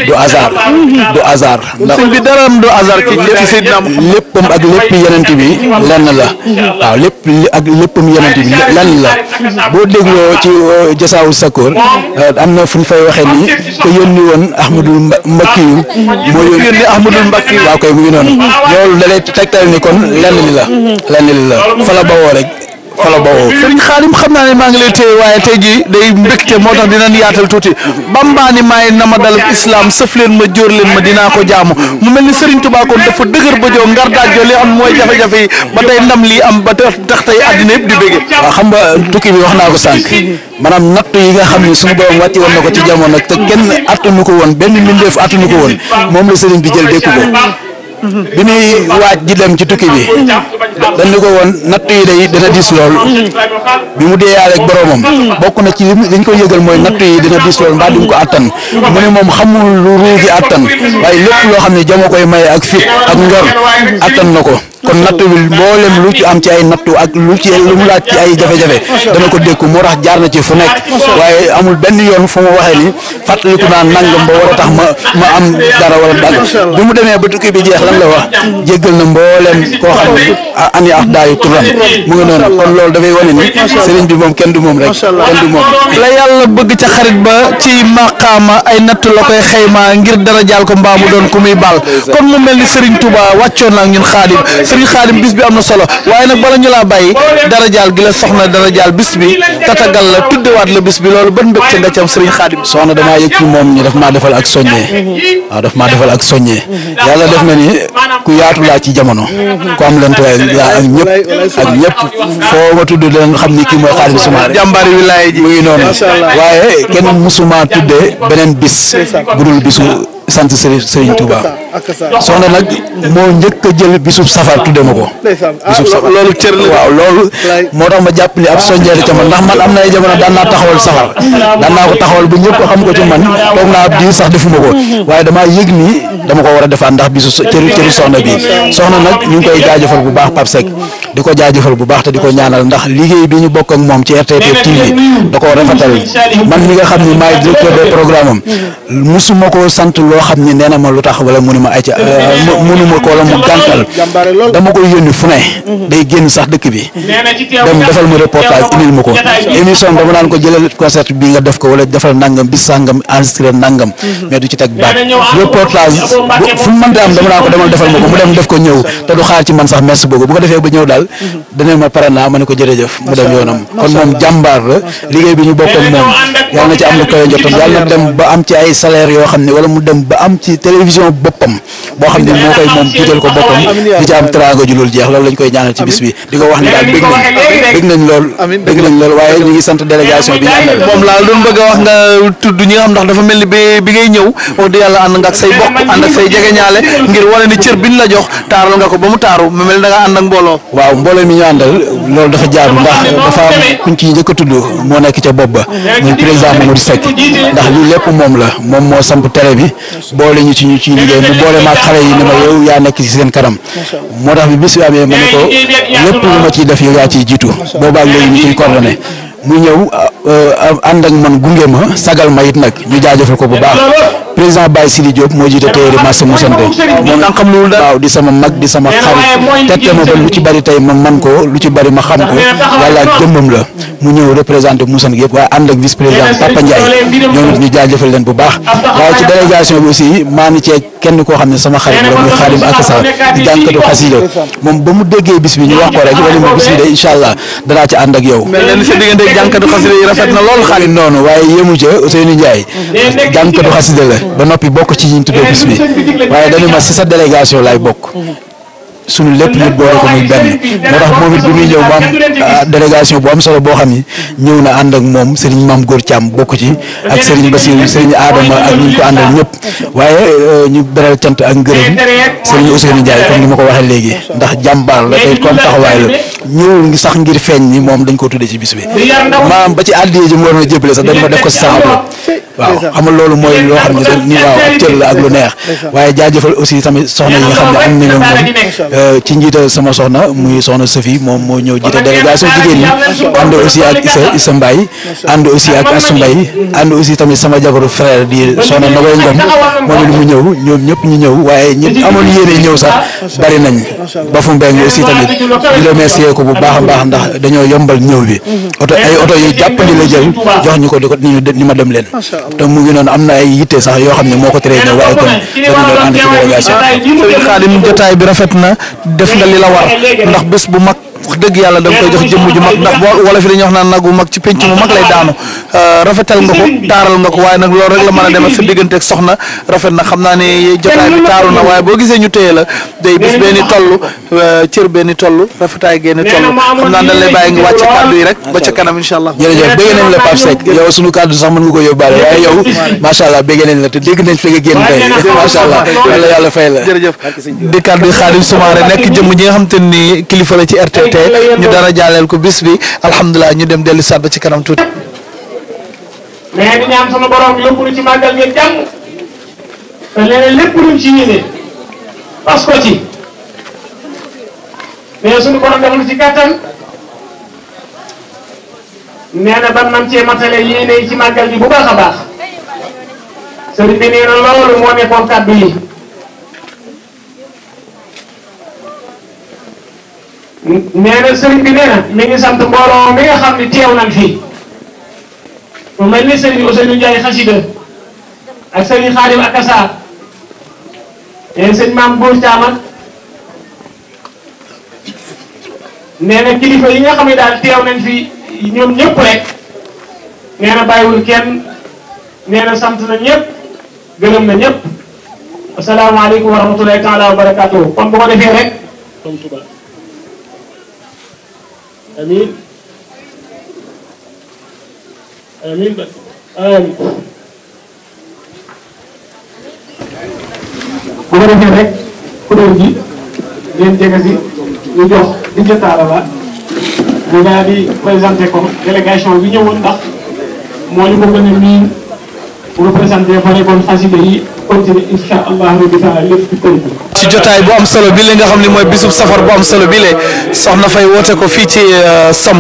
du hasard du hasard ndax léppam ak lépp yenent bi lenn la waaw lépp ak léppam yenent bi lenn la boo dégloo ci euh, jasawu sakoor euh, am na fu ñu fay waxee ni ko yónni woon Ahmadul Mbakiyu moo yónni Ahmadou Mbacke waaw koy mu ngi noonu loolu da lay tegtal ni kon lenn li la mm-hmm. lenn li la fa la bawoo rek fa la bawoo sëriñ xam naa ne maa ngi leen téye waaye te jii day mbégte moo tax dinañ yaatal tuuti bambaani maay na ma dal islam sëf leen ma jóor leen ma dinaa ko jaamu mu mel ni sëriñ Tuubaa kon dafa dëgër ba joo ngar daajoo li am mooy jafe-jafe yi ba tey ndam lii am ba tax tey àddina yëpp di bége waaw xam nga tukki bi wax naa ko sànq maanaam nattu yi nga xam ne suñu borom wàcce woon na ko ci jamono te kenn attanu ko woon benn mbindeef attanu ko woon moom la sëriñ bi jël dékku ko bi muy waaj di dem ci tukki bi dañ ne ko woon natt yi day dina diis lool bi mu deeyaale ak boromam bokk na ci li ñu ko yëgal mooy natt yi dina diis lool mbaa duñ ko attan mu ne moom xamul lu ruu gi attan waaye lépp loo xam ni jamo koy maye ak fit ak ngor attan na ko kon nattuwul mboolem lu ci am ci ay nattu ak lu ci lu mu laaj ci ay jafe-jafe dana ko dékku moo tax jaar na ci fu nekk waaye amul benn yoon fu ma waxee ni fàttaliku naa nangam ba war a tax ma ma am dara wala dagg bi mu demee ba tukki bi jeex lan la wax jéggal na mboolem koo xam ne ani ak daayu turam mu ngi noonu kon loolu dafay wane ni sëriñ bi moom kenn di moom rek kenn du moom la yàlla bëgg ca xarit ba ci maqaama ay nattu la koy xayma ngir dara jaal ko mbaa mu doon ku muy baal kon mu mel ni sëriñ Touba wàccoon na ñun xaadim sëriñ xaadim bis bi am na solo waaye nag bala ñu laa dara jaal soxna dara jaal bis bi tatagal la tuddewaat la bis bi loolu ban mbégte nga ci am sëriñ xaadim soxna damaa yëg ci moom ñu daf maa defal ak soññee waaw daf maa defal ak soññee yàlla def na ni ku yaatu laa ci jamono ku am leen tooy laa ak ñëpp ak ñëpp foo ma tudd leen xam ni kii mooy xaadim sumaare jàmbaari wilaay ji mu ngi noonu waaye kenn musuma tuddee beneen bis budul bisu sant sëriñ Touba soxna nag moo njëkk a jël bisub safar tudde ma ko. Ah, bisub safar loolu cër la waaw loolu. moo tax ma jàpp ni ab soññeeli ca man ndax man am na ay jamono daan naa taxawal safar daan naa ko taxawal bu ñëpp xam ko ci man toog naa ab diir sax defuma ko waaye damaa yëg ni dama ko war a defaat ndax bisu cëri cëri soxna bi soxna nag ñu ngi koy jaajëfal bu baax Pape Seck di ko jaajëfal bu baax te di ko ñaanal ndax liggéey bi ñu bokk ak moom ci RTT TV da koo rafetal man mi nga xam ni maay directeur des programmes ko sant loo xam ni ma ay ca euh, mënuma ko la mu gàntal dama koy yónni fu ne day génn sax dëkk bi dem defal ma reportage indil ma ko émission dama naan ko jëlal concert bi nga def ko wala defal nangam bis sangam enregistré nangam mhm. mais du ci teg baat ah, reportage fu mu mënta am dama naan ko demal defal ma ko mu dem def ko ñëw te du xaar ci man sax merci beaucoup bu ko defee ba ñëw daal mhm. dana ma pare naa ma ne ko jërëjëf mu dem yoonam kon moom jàmbaar la liggéey bi ñu bokkoon moom yàlla boppam boo xam ne moo koy moom jiital ko boppam di ci am teraanga ju dul jeex loolu lañ koy ñaanal ci bis bi di ko wax ni daal bëgg laa doon bëgg a wax nga tudd ñi nga xam ndax dafa mel ni bi bi ngay ñëw wax dëgg yàlla ànd nga ak say bokk ànd ak say jegeñaale ngir wane ni cër biñ la jox taaral nga ko ba mu taaru mu mel da nga ànd ak mbooloo waaw mbooloo mi ñu àndal loolu dafa jaar ndax dafa am kuñ ci njëkk a tudd moo nekk ca bopp ba muy président Mamadou Seck ndax lii lépp moom la moom moo samp tere bi boole ñu ci ñu ciy liggéey boole maag xale yi ni ma yow yaa nekk ci seen karam moo tax bi bis bi amee ma ne ko lépp lu ma ciy def yow yaa ciy jiitu boobaag léegi ñu ciy ne mu ñëw euh, euh, ànd ak man gunge ma sagal ma it nag ñu jaajëfal ko bu baax président Baye Sidi Diop moo jiite téere marché Moussante moom waaw di sama mag di sama xarit tette ma ba lu ci bari tey ma man ko lu ci bari ma xam ko yàlla ak jëmmam la mu ñëw représenté Moussante yëpp waaye ànd ak vice président Papa Ndiaye ñoom ñu jaajëfal bu baax waaye ci délégation bi aussi maa ngi cee kenn koo xam ne sama xarit la muy ak sa di jànkatu xasida moom ba mu déggee bis bi bis bi de incha allah danaa ci ànd ak yow jànkatu xasida yi rafet na lool xaalis noonu waaye yemu ca Ousseynou Ndiaye jànkatu xasida la ba noppi bokk ci ñi ñu tuddee bi waaye dañu ma si sa délégation laay bokk suñu lépp ñu boole ko muy benn moo tax moom it muy ñëw mu am boo ah, bu am solo boo xam ni ñëw na ànd ak moom Serigne Mame Gor Thiam bokk ci ak Serigne Bassirou Serigne Adama ak ñu ko àndal ñëpp waaye euh, ñu beral cant ak ngërëm Serigne Ousseynou Ndiaye comme ni ma ko waxee léegi ndax jàmbaar la tey comme taxawaay la ñëwul ngi sax ngir feeñ ni moom dañ ko tuddee ci bis bi maanaam ba ci àddiyee ji a jébale sax dañ ma def ko si saxablo loolu mooy loo xam ne ni waaw ak cër la ak lu neex waaye jaajëfal aussi tamit soxna yi nga xam ne am nañu moom Euh, ci njiital sama soxna muy soxna Sophie moom moo ñëw jiite délégation jigéen ñi ànd aussi ak Issa Issa Mbaye ànd aussi ak Assou Mbaye ànd aussi tamit sama jabaru frère di soxna Nogoy Ngom moom it mu ñëw ñoom ñëpp ñu ñëw waaye ñi amoon yéene ñëw sax bari nañ ba fu mbeng aussi tamit di remercier ko bu baax a baax ndax dañoo yombal ñëw bi oto ay oto yu jàppandi la jël jox ñu ko di ko ni ma dem leen te ngi noonu am na ay yitte sax yoo xam ne moo ko teree ñëw waaye kon dañu doon ànd def nga li la war ndax bés bu mag wax dëgg yàlla da nga koy jox jëmm ju mag ndax boo wala fi dañuy wax naan nag bu mag ci penc mu mag lay daanu euh, rafetal nga ko taaral nga ko waaye nag loolu rek la mën a dem ak sa digganteeg soxna rafet na xam naa ne jotaay bi taaru na waaye boo gisee ñu téye la day bis benn toll euh, cër benn toll rafetaay genn toll xam naa dañ lay bàyyi nga wàcce kàddu yi rek ba ca kanam incha allah jërëjëf bëgg nañ la Pape Seck yow suñu kàddu sax mën nga ko yóbbaale waaye yow macha allah bëgg nañ la te dégg nañ fi nga génn tey macha allah yàlla yàlla fay la jërëjëf di kàddu Khadim Soumaré nekk jëmm ji nga xam te ni kilifa la ci RT jotee ñu dara jaaleel ko bis bi alhamdulilah ñu dem dellu saat ba ci kanam tuuti. mais di ñaan sunu borom yóbbu ñu ci màggal ngeen jàmm te leneen lépp luñ ci yéene pas ko ci mais sunu borom defal ci kàttan nee na ban man cee matale yéene yi ci màggal bi bu baax a baax sëriñ bi nee loolu moo nekkoon kàddu nee na bi nee na ngi sant mbooloo mi nga xam ne teew nañ fi mu mel ni sëriñ Ousseynou Ndiaye xasida ak sëriñ Xaadim ak Kassar nee na sëñ maam Buur Caam ak kilifa yi nga xam ne daal teew nañ fii ñoom ñëpp rek nee na bàyyiwul kenn nee na sant na ñëpp gërëm na ñëpp asalaamaaleykum wa rahmatulahi taala wa barakaatu kon bu defee rek. amiin amiin ba amiin. bu ko defee rek kuréel gi ngeen jege si jox di jotaala la ñu daal di présenté ko délégation bi ñëwoon ndax moo ñu ko gën a miin représenté fa nekkoon xasida yi. continuer incha allah ci tënk ci jotaay bu am solo bi la nga xam ne mooy bisub safar bu am solo bi la soxna fay woote ko fii ci euh, som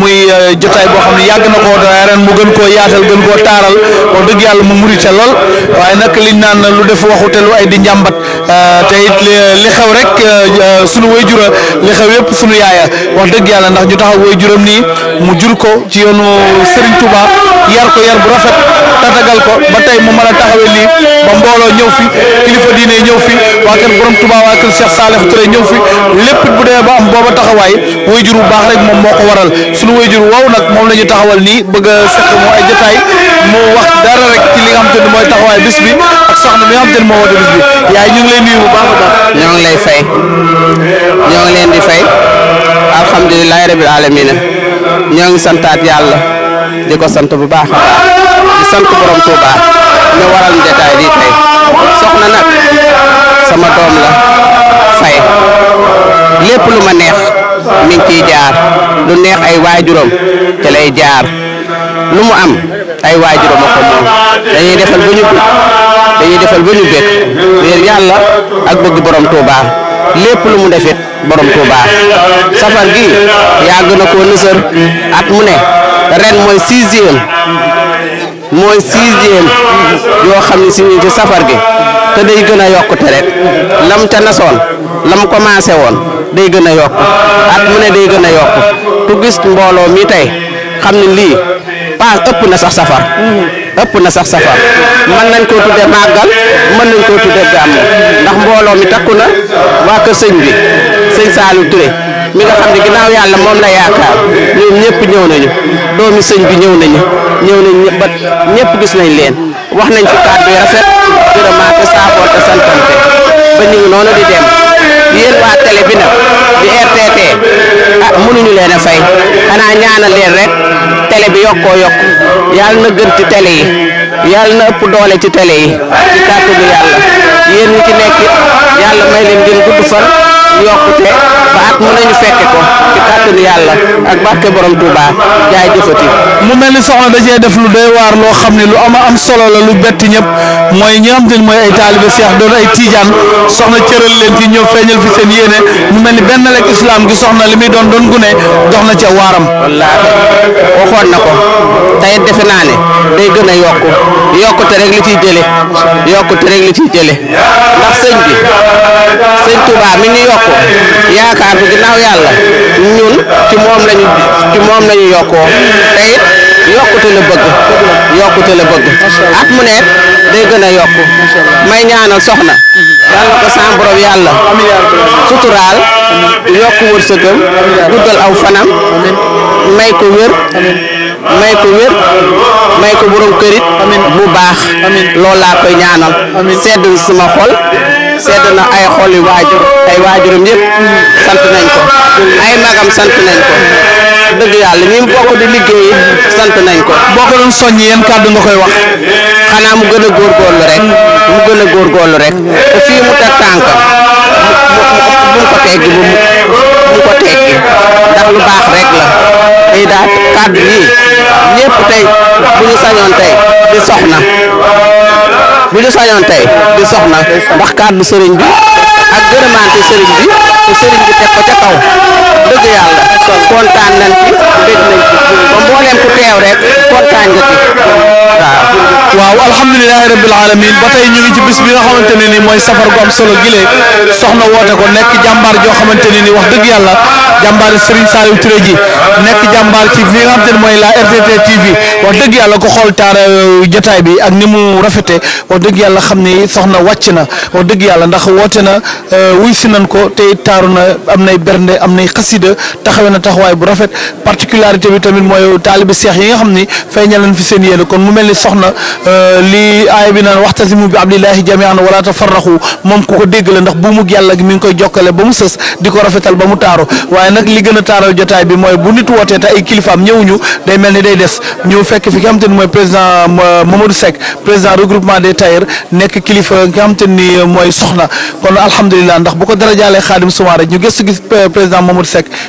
muy euh, jotaay boo xam ne yàgg na koo doy ren mu gën koo yaatal gën koo taaral wax dëgg yàlla mu murite lool waaye nag li naan lu def waxute lu ay di njàmbat Euh, te it li xew rek euh, sunu way jura li xew yëpp sunu yaaya wax dëgg yàlla ndax ñu taxaw way juram nii mu jur ko ci yoonu Serigne Touba yar ko yar bu rafet tatagal ko ba tey mu mën a taxawee lii ba mbooloo ñëw fi kilifa diine ñëw fi waa kër borom Touba waa kër Cheikh Salih Touré ñëw fi lépp bu demee ba am booba taxawaay way jur bu baax rek moom moo ko waral sunu way jur wow nag moom lañu taxawal nii bëgg a seq mu ay jotaay mu wax dara rek ci li nga xam te lay ñoo lay fay ñoo leen di fay alhamdulilah rabil aalamiina ñoo ngi santaat yàlla di sant bu baax a baax di sant borom Touba ñu waral jotaay bi tey soxna nag sama doom la fay lépp lu ma neex mi ngi jaar lu neex ay waajuram ci lay jaar. lu mu am ay waajuroo ma ko dañuy defal ba ñu dañuy defal ba ñu békk mais yàlla ak bëgg borom Touba lépp lu mu defit borom Touba safar gi yàgg na koo nësër at mu ne ren mooy sixième mooy sixième yoo xam ne si ñu safar gi te day gën a yokkute rek lam ca nasoon lam commencé woon day gën a yokk at mu ne day gën a yokk tu gis mbooloo mi tey xam ne lii ah ëpp na sax safar. ëpp na sax safar mën nañ koo tuddee màggal mën nañ koo tuddee gàmmu ndax mbooloo mi takku na waa kër sëñ bi sëñ Saliou Touré mi nga xam ne ginnaaw yàlla moom la yaakaar ñoom ñëpp ñëw nañu doomi sëñ bi ñëw nañu ñëw nañ ba ñëpp gis nañ leen wax nañ fi kàddu yu rafet gërëmaate saafoonte santante ba ñu noonu di dem. yéen waa télé bi nag di RTT ah mënuñu leen a fay xanaa ñaanal leen rek télé bi yokkoo yokk yàlla na gën ci télé yi yàlla na ëpp doole ci tele yi ci kàttanu yàlla yéen ñi ci nekk yàlla may leen ngeen gudd fan yokkute ba at mën nañu fekke ko ci kàttanu yàlla ak barke borom Touba jaay jëfati mu mel ni soxna da def lu doy waar loo xam ne lu ama am solo la lu bett ñëpp mooy ñi nga xam te ne mooy ay taalibe seex doon ay tiijaan soxna cëral leen ci ñëw feeñal fi seen yéene mu mel ni benn rek islam gi soxna li muy doon doon gune jox na ca waaram. wallaahi waxoon na ko tey defe naa ne day gën a yokku yokkute rek li ciy jëlee yokkute rek li ciy jëlee ndax sëñ bi sëñ Touba mi ngi yokku yaakaar bi ginnaaw yàlla ñun ci moom lañu ci moom lañu yokkoo tey yokkute la bëgg yokkute la bëgg at mu ne day gën a yokku may ñaanal soxna yal na ko sa borom yàlla suturaal yokku wërsëgam guddal aw fanam may ko wér may ko wér may ko borom kërit bu baax loolu laa koy ñaanal sedd sama xol sedd na ay xol waajur ay waajuram yëpp sant nañ ko ay magam sant nañ ko dëgg yàlla ñi bokk di liggéey sant nañ ko boo ko doon soññ yéen kàddu nga koy wax xanaa mu gën a góorgóorlu rek mu gën a góorgóorlu rek te fii mu teg tànk mu ko teggi bu mu ko teggi ndax lu baax rek la tey daal kàddu yi ñëpp tey bu ñu sañoon tey di soxna bu ñu sañoon tey di soxna ndax kàddu sëriñ bi ak gërëmaante sëriñ bi te sëriñ bi teg ko ca kaw dëgg yàlla kon kontaan nañ ci bég nañ ci waaw waaw alhamdulilahi rabbil alamin ba tey ñu ngi ci bis bi nga xamante ne ni mooy safar gu am solo gile soxna woote ko nekk jàmbaar joo xamante ne ni wax dëgg yàlla jàmbaar Serigne Saliou Touré ji nekk jàmbaar ci fi nga xamante ne mooy la RTT TV wax dëgg yàlla ko xool taara euh, jotaay bi ak ni mu rafete wax dëgg yàlla xam ne soxna wàcc na wax dëgg yàlla ndax woote na euh, wuy si nañ ko te taaru na am nay bernde am nay xasi xasida taxawe na taxawaay bu rafet particularité bi tamit mooy taalibi seex yi nga xam ni feeñal nañ fi seen yéene kon mu mel ni soxna euh, li aaya bi naan waxtasimu bi abdillahi jamian wala tafarraxu moom ku ko dégg la ndax bu mu yàlla gi mi ngi koy jokkale ba mu sës di ko rafetal ba mu taaru waaye nag li gën a taaral jotaay bi mooy bu nit wootee te ay kilifaam ñëwuñu day mel ni day des ñëw fekk fi nga xam te ni mooy président euh, Mamadou Seck président regroupement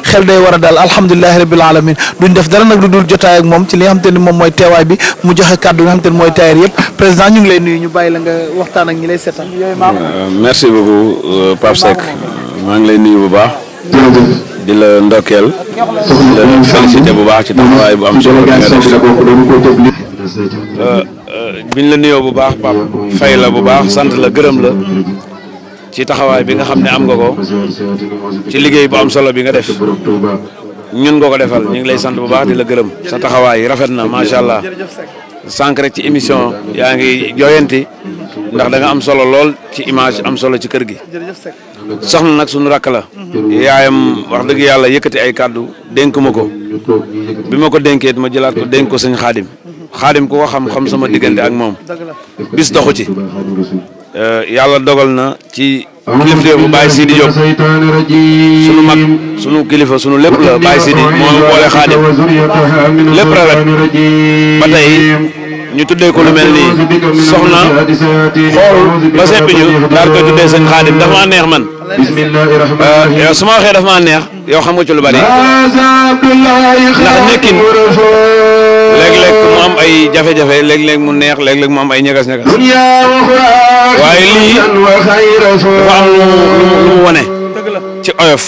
xel day wara a daal alhamdulilahi rabil alamin duñ def dara nag lu dul jotaay ak moom ci li nga xam te ni moom mooy teewaay bi mu joxe kàddu nga xam te ni mooy taayir yëpp président ñu ngi lay nuyu ñu bàyyi la nga waxtaan ak ñi lay seetaan. Euh, merci beaucoup euh, Pape Seck maa ngi lay nuyu bu baax. di la ndokkeel di la bu baax ci taxawaay bu am solo bi nga def euh, biñ la nuyoo bu baax Pape fay la bu baax sant la gërëm la ci taxawaay bi nga xam ne am nga ko ci liggéey bu am solo bi nga def ñun nga ko defal ñu ngi lay sant bu baax di la gërëm sa taxawaay rafet na macha allah sànq rek ci émission yaa ngi jooyanti ndax da am solo lool ci image am solo ci kër gi soxna nag sunu rakk la yaayam wax dëgg yàlla yëkkati ay kàddu dénk ma ko bi ma ko dénkee ma jëlaat ko dénk ko sëñ xaadim xaadim ku ko xam xam sama diggante ak moom bis doxu ci Euh, yàlla dogal na ci kilifa bu Baye Sidi Diop sunu mag sunu kilifa sunu lépp la Baye Sidi moo boole xaadim lépp rafet ba tey ñu tuddee ko lu mel nii soxna xool ba seppi ñu daal koy tuddee seen xaadim euh, dafa maa neex man su ma waxee dafa maa neex yow xam nga ci lu bari ndax nekkin léeg-léeg mu am ay jafe-jafe léeg mu neex léeg-léeg mu am ay ñagas-ñagas. waaye lii dafa am lu mu wane ci oyof.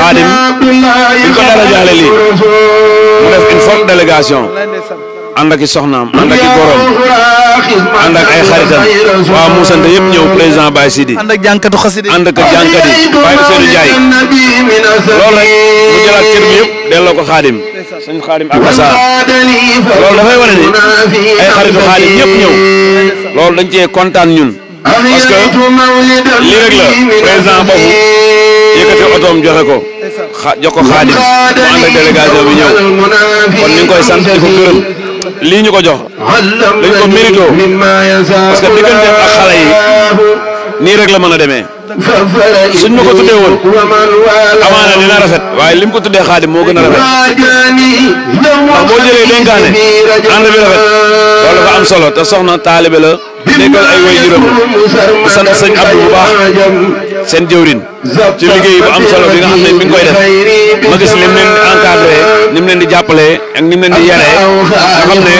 xaadim bi ko dara jaale lii mu def une forte délégation ànd ak i soxnaam ànd ak i gorom ànd ak ay xaritam waaw mu sant yëpp ñëw président Baye Sidi ànd ak jànkatu xasida ànd ak jànkat yi Baye rek mu jëlaat cër bi yëpp. delloo ko xaadim suñu xaadim ak asa loolu dafay wane ni ay xaritu xaadim ñëpp ñëw loolu dañ cee kontaan ñun parce que lii rek la président boobu yëkkati otoom joxe ko xa jox ko xaadim mu ànd ak bi ñëw kon ñu koy sant di ko gërëm lii ñu ko jox dañ ko mérito parce que diggante ak xale nii rek la mën a demee. suñ ma ko tuddee woon amaana dina rafet waaye lim ko tuddee xaadim moo gën a rafet ndax boo jëlee dénkaane ànd bi rafet loolu dafa am solo te soxna taalibe la nekkal ay way juróom di sant sëñ Abdou bu baax seen jëwrin ci liggéey bu am solo bi nga xam ne mi koy def ma gis ni mu leen di encadré ni mu leen di jàppalee ak leen di yaree nga xam ne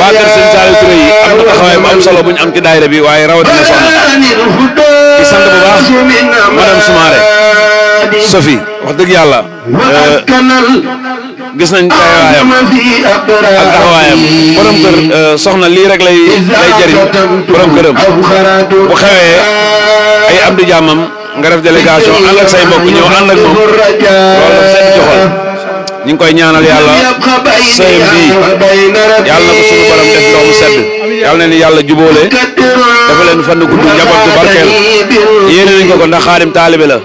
waa kër sëñ Saliou yi am na taxawaay bu am solo bu am ci daayira bi waaye rawatina soxna di sant bu wax dëgg yàlla euh, gis nañ taxawaayam ak taxawaayam borom kër euh, soxna lii rek lay lay jëriñ borom bu xewee ay am di jàmmam nga def délégation ànd ak say mbokk ñëw ànd ak moom loolu joxol ñu ngi koy ñaanal yàlla sëyam bi yàlla na ko suñu borom def ndox mu sedd yàlla na ni yàlla jubóole leen fan gudd njaboot bu barkeel yéene la taalibe la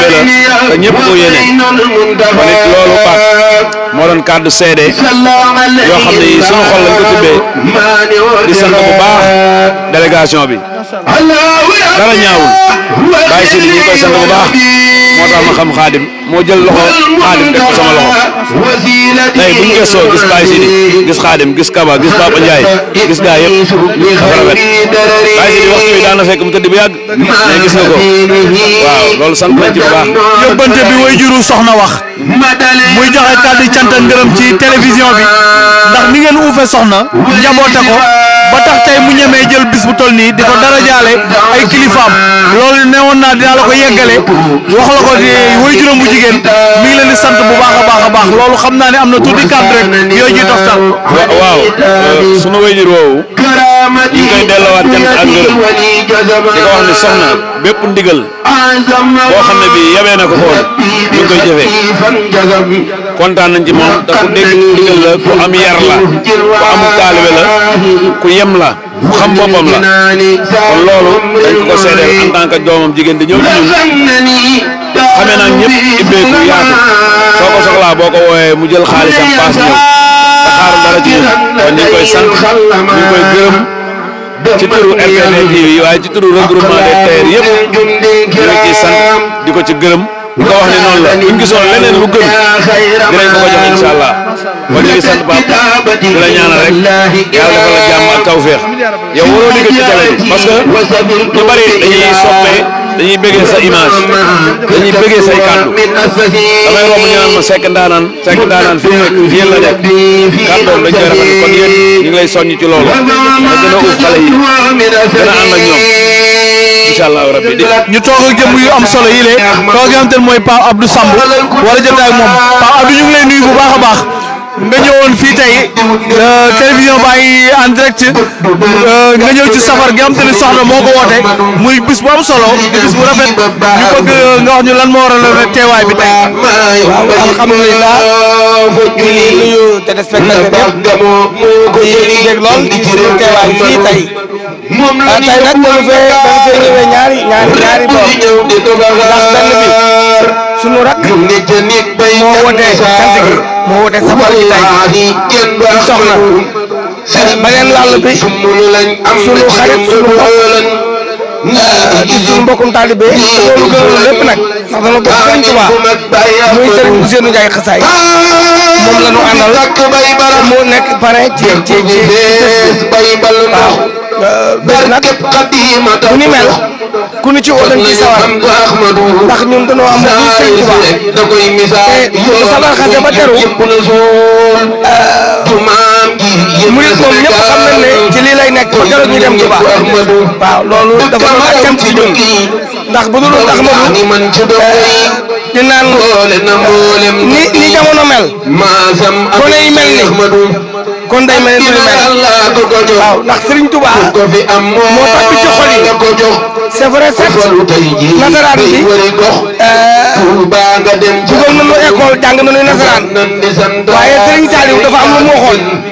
te ñëpp loolu pat moo doon kàddu seede yoo xam ne yi sunu xol lañ ko di sant bu baax délégation bi dara ñaawul bàyyi si ñu koy sant bu baax moo tax ma xam xaadim moo jël loxo xaadim teg ko sama loxo tey bu ñu gëstoo gis Baye Sidi gis xaadim gis Kaba gis Papa Ndiaye gis gaa yëpp dafa rafet Baye Sidi waxtu bi daan na fekk mu tëdd bu yàgg mais gis nga ko waaw loolu sant nañ ci bu baax. yóbbante bi way juru soxna wax muy joxe kàddu cant ak ngërëm ci télévision bi ndax ni ngeen uufe soxna njaboote ko. ba tax tey mu ñemee jël bis bu toll nii di ko dara jaale ay kilifaam loolu ne woon naa dinaa la ko yeggale wax la ko way juróom bu jigéen mi ngi leen di sant bu baax a baax a baax loolu xam naa ne am na tuuti kàddu rek yooyu ji toftal waaw euh, suma way jur woowu ñu ngi koy delloowaat cant ak ngërëm di ko wax ne soxna bépp ndigal boo xam ne bii yemee na ko xool ñu ngi koy jëfee kontaan ci moom te ku dégg ndigal la ku am yar la ku am taalibe la ku yem la ku xam boppam la kon loolu dañ ko ko seedeel en tant jigéen di ñëw di ñun xamee naa ñëpp ibbeeku yaatu soo ko soxlaa boo ko woowee mu jël xaalisam paas ñëw. taxaaru dara ci ñun kon ñu ngi koy sant ñu ngi koy gërëm ci turu MPD TV waaye ci turu regroupement des tailleurs yëpp ñu ngi ciy sant di ko ci gërëm bu ko wax ne noonu la buñ gisoon leneen lu gën dinañ ko ko jox incha allah kon sant Pape di la ñaanal rek yàlla defal la jàmm ak tawféex waroo dégg ci télé bi parce que ñu bari dañuy soppee. dañuy bëggee sa image dañuy bëggee say kàddu damay romb ñu naan ma sekk ndaanaan sekk fi mu nekk la nekk kàddoom dañ koy rafetlu kon yéen ñu ngi lay soññ ci loolu da gën a uuf xale yi gën a ànd ak ñoom incha allah rabbi di ñu toog ak jëmm yu am solo yi lee toog nga xam te ne mooy Pape Abdou Samb wala moom Pape Abdou ñu ngi nuyu bu baax a baax nga ñëwoon fii tey euh, télévision baa ngi en direct euh, nga ñëw ci safar gi te ni soxna moo ko woote muy bis bu am solo di bis bu rafet ñu euh, nga wax ñu lan moo waral teewaay bi tey. waaw alhamdulilah ñu ngi nuyu téléspectateur yëpp di dégg lool ci suñu fii tey tey nag dañu fee dañu fee ñëwee ñaari ñaari ñaari doom ndax benn bi. sunu rakk moo woote cant gi moo woote safar gi tey ñu soxna beneen làll bi sunu xarit sunu bopp suñu mbokkum taalibe loolu gënoon lépp nag ndax dana bokk Serigne Touba muy Serigne Ousseynou Ndiaye xasaay moom la ñu àndal moo nekk pare ci ci ci waaw bés nag ku ni mel ku ni ci woo dañ ci sawar ndax ñun dañoo am muy Serigne Touba te bu sawar xase ba teru murit moom ñëpp xam nañ ne ci lii lay nekk ba keroog ñu dem Touba waaw loolu dafa doon ak cant ci ñun ndax bu dul tax Ahmadu ñu naan ni ni jamono mel ko lay mel ni kon day mel ni mel waaw ndax Serigne Touba moo tàbbi ci xol yi c'est vrai certes nasaraan bi eh, dugal nañu école jàng nañu nasaraan waaye Serigne Saliou dafa am lu mu waxoon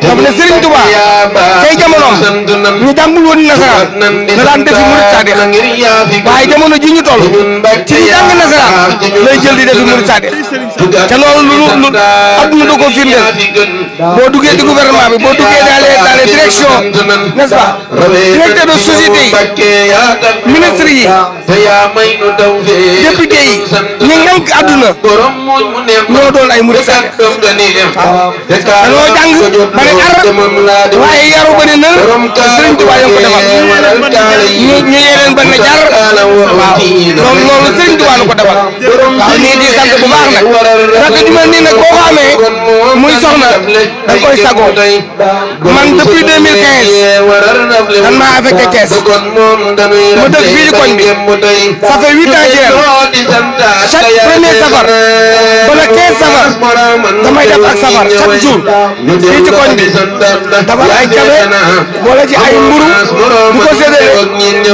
dafa ne Serigne Touba tey jamonoom ñu jàngul woon nasaraan la daan defi murid saadix waaye jamono ji ñu toll ci ñu jàng nasaraan lay jël di defi murid saadix te loolu lu lu adduna da ko firndeel boo duggee ci gouvernement bi boo duggee dans les dans les directions n'est-ce pas directeur de société yi ministre yi député yi ñu ngank adduna ñoo doon ay murid saadix waaw te loo jàng bëri ar waaye yaru bëri na sëriñ Tuubaa yaa ko defal ñu ñu yeneen ba ne jar waaw loolu loolu sëriñ Tuubaa la ko defal waaw nii di sant bu baax nag rakk ju maa affecté Thiès mu dëkk fii ci koñ bi ça fait huit ans premier safar wala quinze safar damay def ak safar chaque jour fii ci koñ bi dabal ay kawe wala ci ay mburu du ko séddale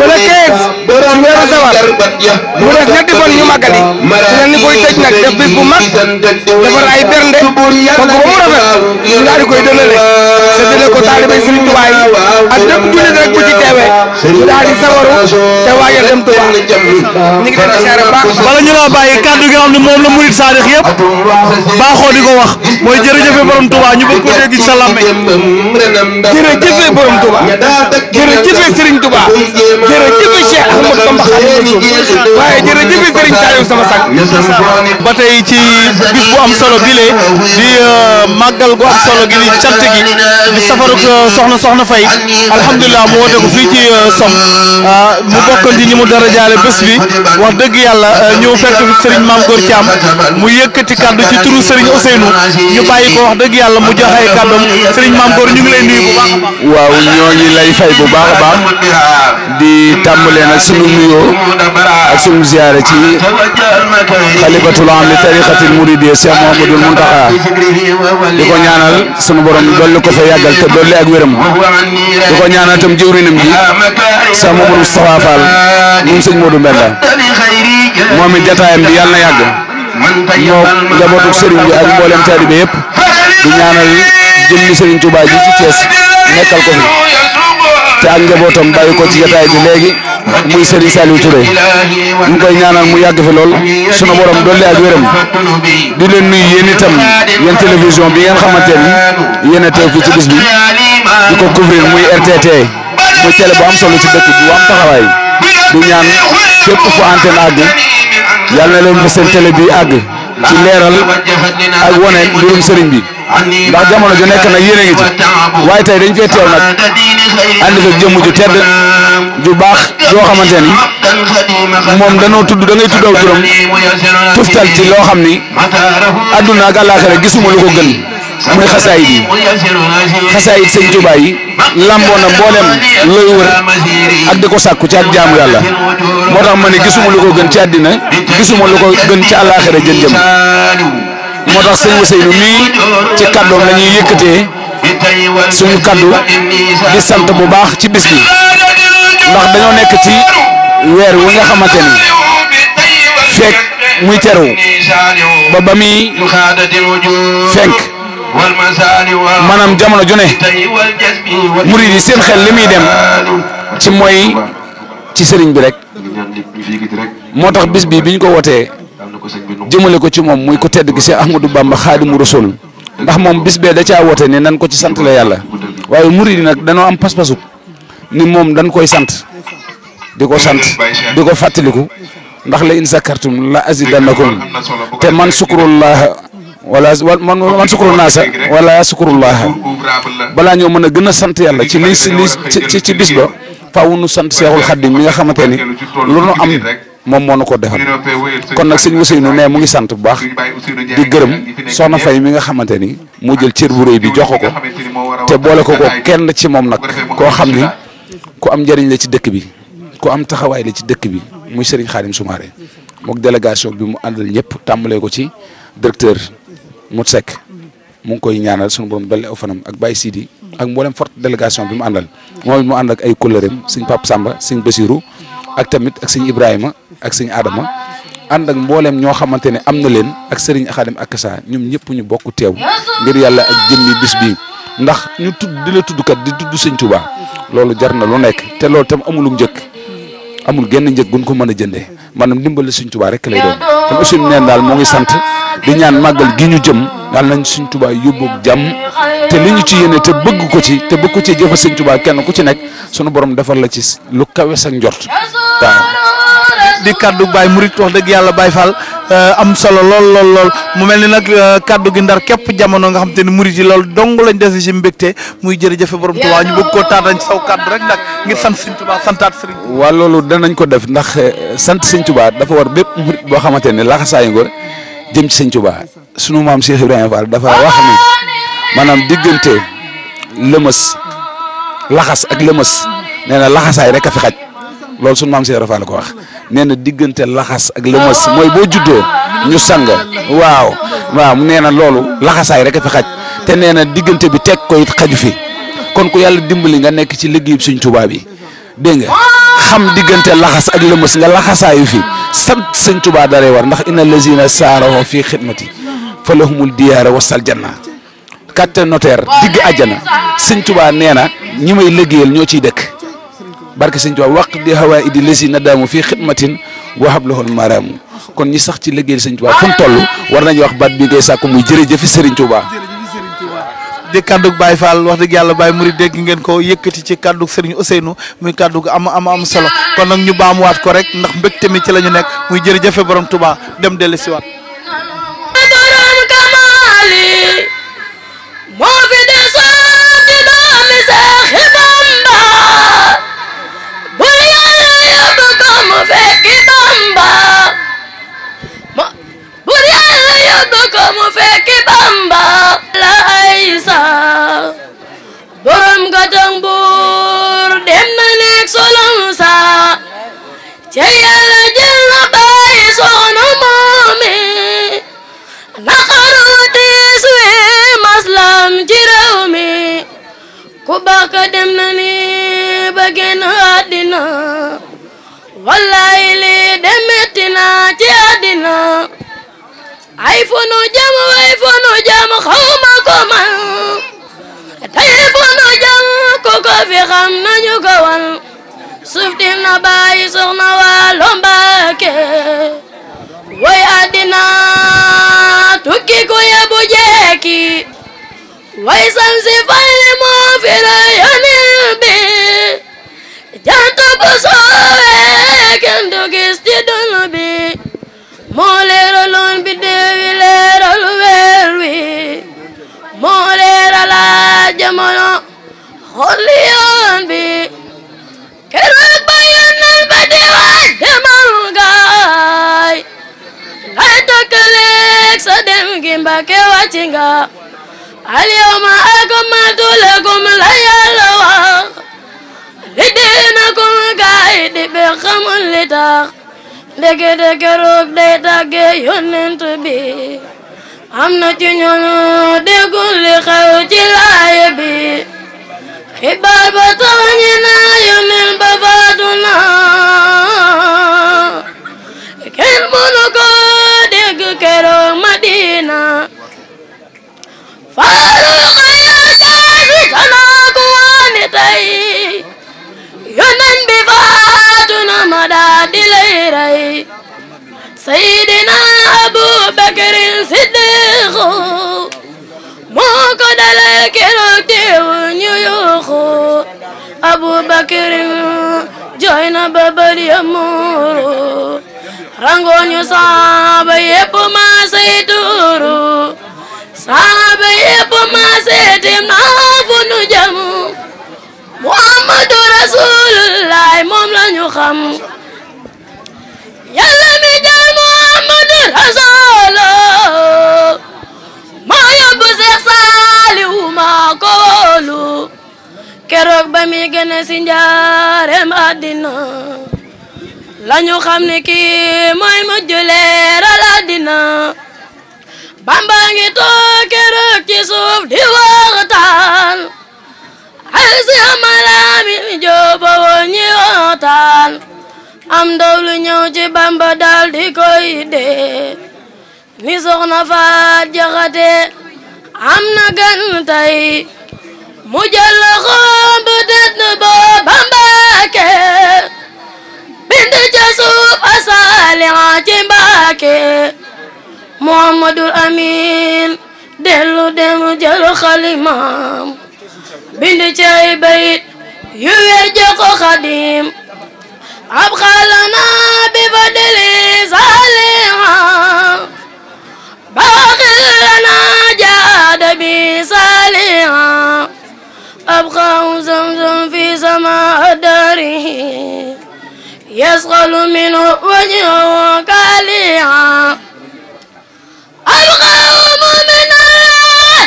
ba le borom weeru sawar mu def ñetti fan ñu màggali su leen ni koy tëj nag def bis bu mag defar ay bernde togg ba mu rafet ñu daal di koy dënale séddale ko taalibay Sëriñ Tuubaa yi ak lépp jullit rek bu ci teewee ñu daal di sawaru te waajal dem Tuubaa ñu ngi leen di seere baax bala ñu laa bàyyi kàddu gi nga xam ne moom la murit saadix yëpp baaxoo di ko wax mooy jërëjëfe borom Tuubaa ñu bëgg ko sa làmmiñ jërëjëfe borom Tuubaa jërëjëfe Sëriñ Tuubaa jërëjëfe Cheikh Ahmad Bamba Xaadimu Rasuul waaye jërëjëf Sëriñ Saliou sama sang ba tey ci bis bu am solo bile di euh, màggal gu am solo gi di cant gi di safaruk euh, soxna soxna Fay alhamdulilah mu woote ko fii ci euh, som ah, mu bokkoon ñi mu dara jaale bés bi wax dëgg yàlla ñëw fekk Sëriñ Maam Góor Thiam mu yëkkati kaddu ci turu Sëriñ Ousseynou ñu bàyyi ko wax dëgg yàlla mu joxe ay kàddoom Sëriñ Maam Góor ñu ngi lay nuyu bu baax baax waaw ñoo ngi lay fay a di tàmbalee sunu nuyoo ak sunu la ci xalifatul am li tariqatil muridiyya Cheikh Mouhamadoul Mountakha di ko ñaanal sunu dolli ko fa yàggal te dolli ak wéram di ko ñaanal itam jëwrinam ji Cheikh Mouhamadou Moustapha Fall moom sëñ Modou Mbenda jataayam bi yàlla na yàgg moo njabootu sëriñ bi ak mboolem taalibe yëpp di ñaanal jëmmi sëriñ Touba ci Thiès nekkal ko fi te ak njabootam bàyyi ko ci jataay bi muy Serigne Saliou Touré ñu ñaanal mu yàgg fi lool sunu borom dolli ak wéram di leen nuyu yéen itam yéen télévision bi ngeen xamante ni yéen a teew fii ci bis i di ko couvrir muy RTT muy télé bu am solo ci dëkk bu am taxawaay du ñaan képp fu antenne àgg yàlla na leen fa seen télé bi àgg ci leeral ak wane mbirum sëriñ bi ndax jamono ju nekk na yéen a ngi ci waaye fee teew nag ànd fa jëmm ju tedd. ju baax yoo xamante ni moom danoo tudd da ngay tudd aw turam tuftal ci loo xam ni adduna ak àllaaxira gisuma lu ko gën muy xasaayid yi xasaayid sëñ Tuubaa yi lamboo na mboolem looy wër ak di ko sàkku ci ak jaamu yàlla moo tax ma ne gisuma lu ko gën ci àddina gisuma lu ko gën ci àllaaxira jën jëm moo tax sëñ Ousseynou mii ci kàddoom la ñuy yëkkatee suñu kaddu di sant bu baax ci bis bi ndax dañoo nekk ci weer wi nga xamante ni fekk muy teru ba ba muy fenk maanaam jamono jone ne yi seen xel li muy dem ci mooy ci sëriñ bi rek moo tax bis bi bi ñu ko wootee jëmale ko ci moom muy ko tedd gi Seex Ahmadou Bamba mu Rasul ndax moom bis bee da caa woote ne nan ko ci sant la yàlla waaye murid yi nag danoo am pas-pasu ni moom dañ koy sant di ko sant di ko fàttaliku ndax la in sakartum la azidannakum te man sukurullaha wala man man sukuru naasa wala sukurullaha balaa ñoo mën a gën a sant yàlla ci li ci ci bis ba faw nu sant Seexul Xaddim mi nga xamante ni lu nu am moom moo nu ko defal kon nag sëñ Ousseynou ne mu ngi sant bu baax di gërëm soxna fay mi nga xamante ni mu jël cër bu rëy bi jox ko te boole ko ko kenn ci moom nag koo xam ni. ku am njëriñ la ci dëkk bi ku am taxawaay la ci dëkk bi muy Serigne Khadim Soumaré mook délégation bi mu àndal ñëpp tàmbalee ko ci directeur mu Seck mu ngi koy ñaanal sunu borom dolli aw fanam ak Baye Sidi ak mboolem forte délégation bi mu àndal moom it mu ànd ak ay kóllëreem sëñ Pape Samba sëñ Basirou ak tamit ak sëñ Ibrahima ak sëñ aadama ànd ak mboolem ñoo xamante ne am na leen ak Serigne Khadim Akassa ñoom ñëpp ñu bokk teew ngir yàlla ak jëmmi ndax ñu tudd di la tuddkat di tudd sëñ Touba loolu jar na lu nekk te loolu tam amulum njëkk amul genn njëkk gun ko mën a jëndee maanaam dimbali sëñ Touba rek lay doon tam neen daal moo ngi sant di ñaan màggal gi ñu jëm daal nañ sëñ Touba yóbbu jàmm te li ñu ci yéene te bëgg ko ci te bëgg ko ci jëfa sëñ Touba kenn ku ci nekk sunu borom defar la ci lu kawe sa njort waaw di kaddu Baye Mouride wax dëgg yàlla Baye fal euh, am solo lool lool lool mu mel ni nag euh, kaddu gi ndar képp jamono nga xam te ni Mouride yi lool dong lañ dese si mbégte muy jërëjëf borom Tuubaa ñu bëgg koo taatañ saw kaddu rek nag ngir sant Sëñ Tuubaa santaat Sëriñ. waaw loolu danañ ko def ndax euh, sant Sëñ dafa war bépp murit boo xamante ne laxasaayu ngor jëm ci Sëñ Tuubaa sunu maam Cheikh Ibrahima Fall dafa wax ni maanaam diggante lëmës laxas ak lëmës nee na laxasaay rek loolu sunu maam Cheikh Rafaal ko wax nee na diggante laxas ak lëmas mooy boo juddoo ñu sang waaw waaw nee na loolu laxasaay rek a fi xaj te nee na diggante bi teg ko xaju fi kon ku yàlla dimbali nga nekk ci liggéeyub bi Tuubaa bi dégg nga xam diggante laxas ak lëmas nga laxasaayu fi sant sëñ Tuubaa daree war ndax inna lazina saaroo fii xidmati fa lahumul diyaara wasal janna kàtte notaire digg ajana sëñ Tuubaa nee na ñi may liggéeyal ñoo ciy dëkk barke sëñ Tuubaa waq di hawaa idi lesi na daamu fii xidmatin wa hablohol maaraamu kon ñi sax ci liggéeyal sëñ Tuubaa fu mu toll war nañu wax baat bi ngay sàkku muy jërëjëfi sëriñ Tuubaa di kàddug baay Fall wax dëgg yàlla Baye Mouride dégg ngeen ko yëkkati ci kàddug Serigne Ousseynou muy kàddug am am am solo kon nag ñu waat ko rek ndax mbégte mi ci la ñu nekk muy jërëjëfe borom Touba dem dellu siwaat ko mu fekki Bamba la ay saa borom gatang buur dem na nekk solon saa ca yàlla jël na bàyyi soxna moomi naqaru tiis wi maslam ci réew mi ku baax ka dem na ni ba génn àddina wallaay lii demetti na ci àddina ay funu jëm ay funu jëm xawma ko man tey funu jëm ku ko fi xam nañu ko wan suuf dina bàyyi soxna Waalo Mbàkke way àddina tukki ku yebu jekki way san fay li moo fi rëyoonil bi jant bu xolli yoon bi keroog ba yónnal ba diwaan demal gaay ngay tokkaleeg sa dem gi Mbàkke wàcc nga al yawma akmaltu lakum la wax li diinakum gaay di be xamul li tax ndeke de keroog day tàggee yónnent bi am na ci ñooñu déggul li xew ci laaye bi xibaar ba tooñi naa yoneen ba faatu naa kenn mënu ko dégg keroog Madina faarul xayra jaasi kanaa ku waani tey yoneen bi faatu na ma daa di lay rey Seydina Abu Bakrin Siddiq moo ko dalal keroog teewul ñu yuuxu Abubakar jooy na ba bëri saaba yépp maase tuuru saaba yépp maase tim naa fu nu Muhammadu Rasulullaay moom la ñu xam mi jël Muhammadu Rasul Falilu keroog ba mi gëne lañu xam ne kii mujj leeral àddina Bamba ngi toog keroog ci suuf di waxtaan ay si amalaami mi jooba woon ñi waxtaan am ndaw lu ci Bamba daal di koy dee ni soxna faat jaxate am na gan tey mu jël xom bu dënn booba Mbàkke bind ca suuf asaaliha ci Mbàkke Muhammadul Amin dellu dem jël xalimaam bind cay yu wér jëko ab xalana bi ba deli saaliha baaxil lana jaada bi saaliha أبقاه زمزم في سماء داره يسخل منه وجهه كاليعا أبقاه مؤمنا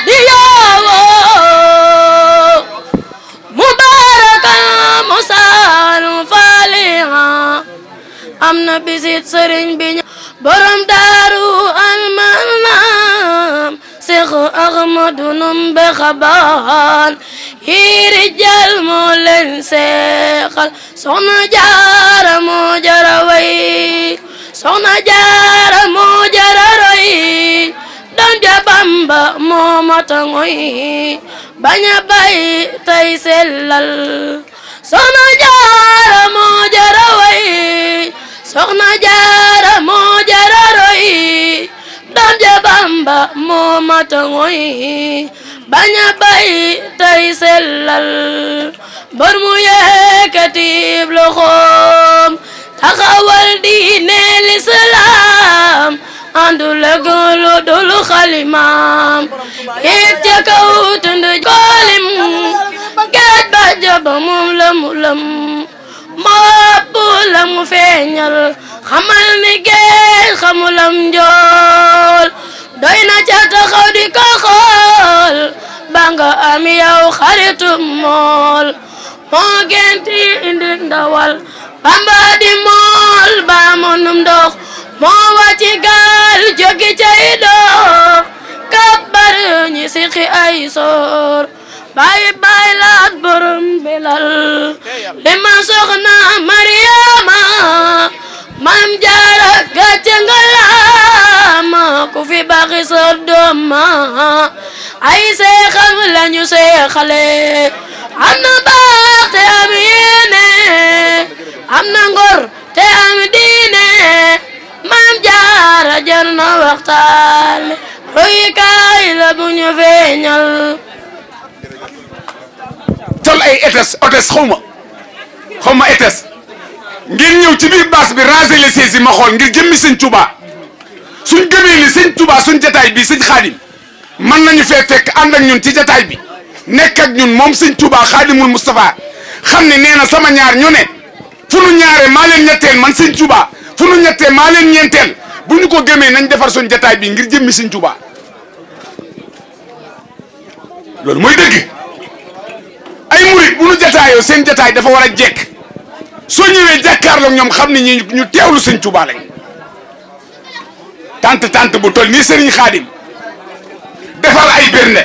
دياه مباركا مسال فاليعا am na bisit sëriñ bi borom daaru almanam الشيخ أحمد بخبان yi doon ja bamba moo mata ngoy bañ a tay sellal soxna jaara moo jara way soxna jaara moo jara donte Bamba moo mata ngoy bañ a bay tey sellal bor mu yëkkati loxoom taxawal diine lislaam àndul ak lu xalimaam yéeg ca kaw tund koolim géej ba jaba moom lamu lam la mu feeñal xamal ni géej xamulam njool doy na ca taxaw di ko ba nga am yow xaritu mool moo genti indi ndawal bamba di mool ba monum ndox moo wàcci gaal jógi cay doo kabbar ñi ay soor bay bay laat borom bilal li ma soxna Mariama maam jaara gàcce nga laama ku fi baxi sa doom ma ay seexam lañu seexale am na baax te am yéene am na ngor te am diine maam jaara jar na waxtaan royukaay la bu feeñal sol ay étes otes xaw ma xaw ma étes ngeen ñëw ci biir baas bi raser les sièges yi ma xool ngir jëmmi sëñ Touba suñ gënee ni sëñ suñ jataay bi sëñ Xaadim mën nañu fee fekk ànd ak ñun ci jataay bi nekk ak ñun moom sëñ Touba Xaadimul Moustapha xam ne nee na sama ñaar ñu ne fu nu ñaaree maa leen ñetteel man sëñ Touba fu nu ñettee maa leen ñeenteel bu ñu ko gëmee nañ defar suñ jataay bi ngir jëmmi sëñ Touba loolu mooy dëgg. ay murit bu nu jataayoo seen jataay dafa war a jekk soo ñëwee jàkkaarloog ñoom xam ne ñi ñu teewlu sëñ Tuubaa lañ tant tant bu toll nii sëriñ Xaadim defal ay bernde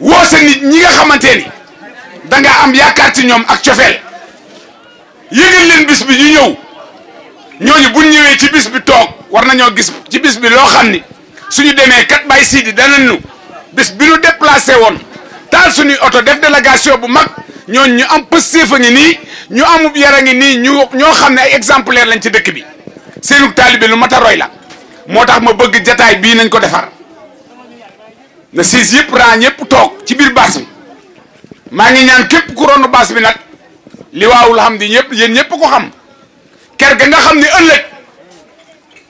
woo sa nit ñi nga xamante ni danga am yaakaar ci ñoom ak cofeel yëgal leen bis bi ñu ñëw ñooñu buñ ñëwee ci bis bi toog war nañoo gis ci bis bi loo xam ni su ñu demee kat bay siidi danañu bis bi ñu déplacé woon taal suñuy oto def délégation bu mag ñooñ ñu am pëstéef a ngi nii ñu amub yar a ngi nii ñu ñoo xam ne ay exemplaire lañ ci dëkk bi seenu taalibe lu mat a roy la moo tax ma bëgg jataay bii nañ ko defar na siis yëpp ran yëpp toog ci biir baas bi maa ngi ñaan képp ku ronu baas bi nag li waawul xam di ñëpp yéen ñëpp ko xam ker ga nga xam ne ëllëg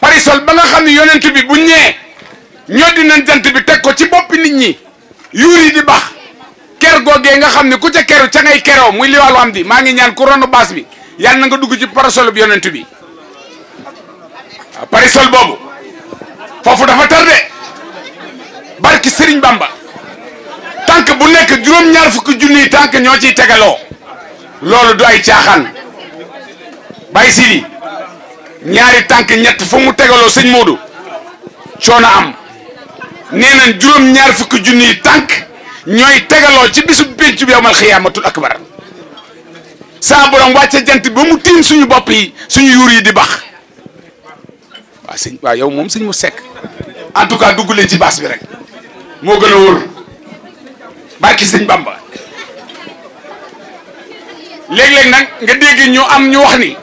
parisol ba nga xam ne yonent bi bu ñëwee ñoddi nañ jant bi teg ko ci boppi nit ñi yuur yi di baax ker googee nga xam ne ku ca keru ca ngay keroo muy liwaalu am di maa ngi ñaan ku ronu baas bi yàlla na nga dugg ci parasol bi yonent bi waaw parasol boobu foofu dafa tardé barki Sëriñ Bamba tànk bu nekk juróom-ñaar fukki junniy tànk ñoo ciy tegaloo loolu du ay caaxaan bàyyi sidi ñaari tànk ñett fu mu tegaloo sëñ Moodu coono am nee nañ juróom-ñaar fukki junniy tànk ñooy tegaloo ci bisu pénc bi yawmal xiyaamatul akbar saa borom wàcce jant ba mu tiim suñu bopp yi suñu yuur yi di baax waaw sëñ waaw yow moom sëñ mu sekk en tout cas dugg leen ci baas bi rek moo gën a wóor barki sëñ Bamba léeg-léeg nag nga dégg ñu am ñu wax ni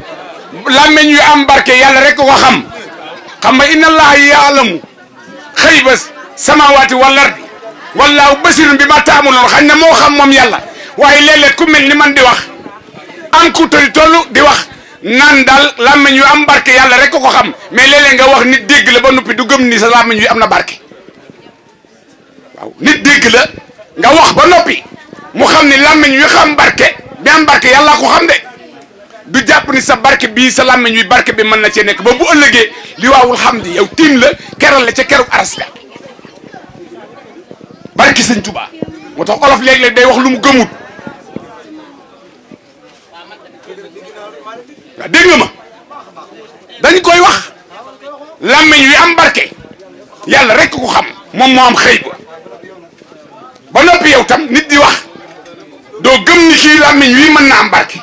làmmeñ yu am barke yàlla rek ko xam xam nga inna allaha yaalamu xëy ba samawaati wal ardi wallaahu basirun bi ma taamuloon xañ na moo xam moom yàlla waaye léeg-léeg ku mel ni man di wax am ku toy toll di wax naan daal làmmiñ yu am barke yàlla rek ko ko xam mais léeg nga wax nit dégg la ba noppi du gëm ni sa làmmiñ yu am na barke waaw dégg la nga wax ba noppi mu xam ni làmmiñ yu xam barke bi am barke yàlla ko xam de du jàpp ni sa barke bii sa làmmiñ wi barke bi mën na cee nekk ba bu ëllëgee li waawul xam di yow tiim la keral la ca keru aras la barki sëñ Touba moo tax olof léeg-léeg day wax lu mu gëmut waaw dégg ma dañ koy wax làmmiñ wi am barke yàlla rek ko xam moom moo am xëy ba ba noppi yow tam nit di wax doo gëm ni kii làmmiñ wi mën na am barke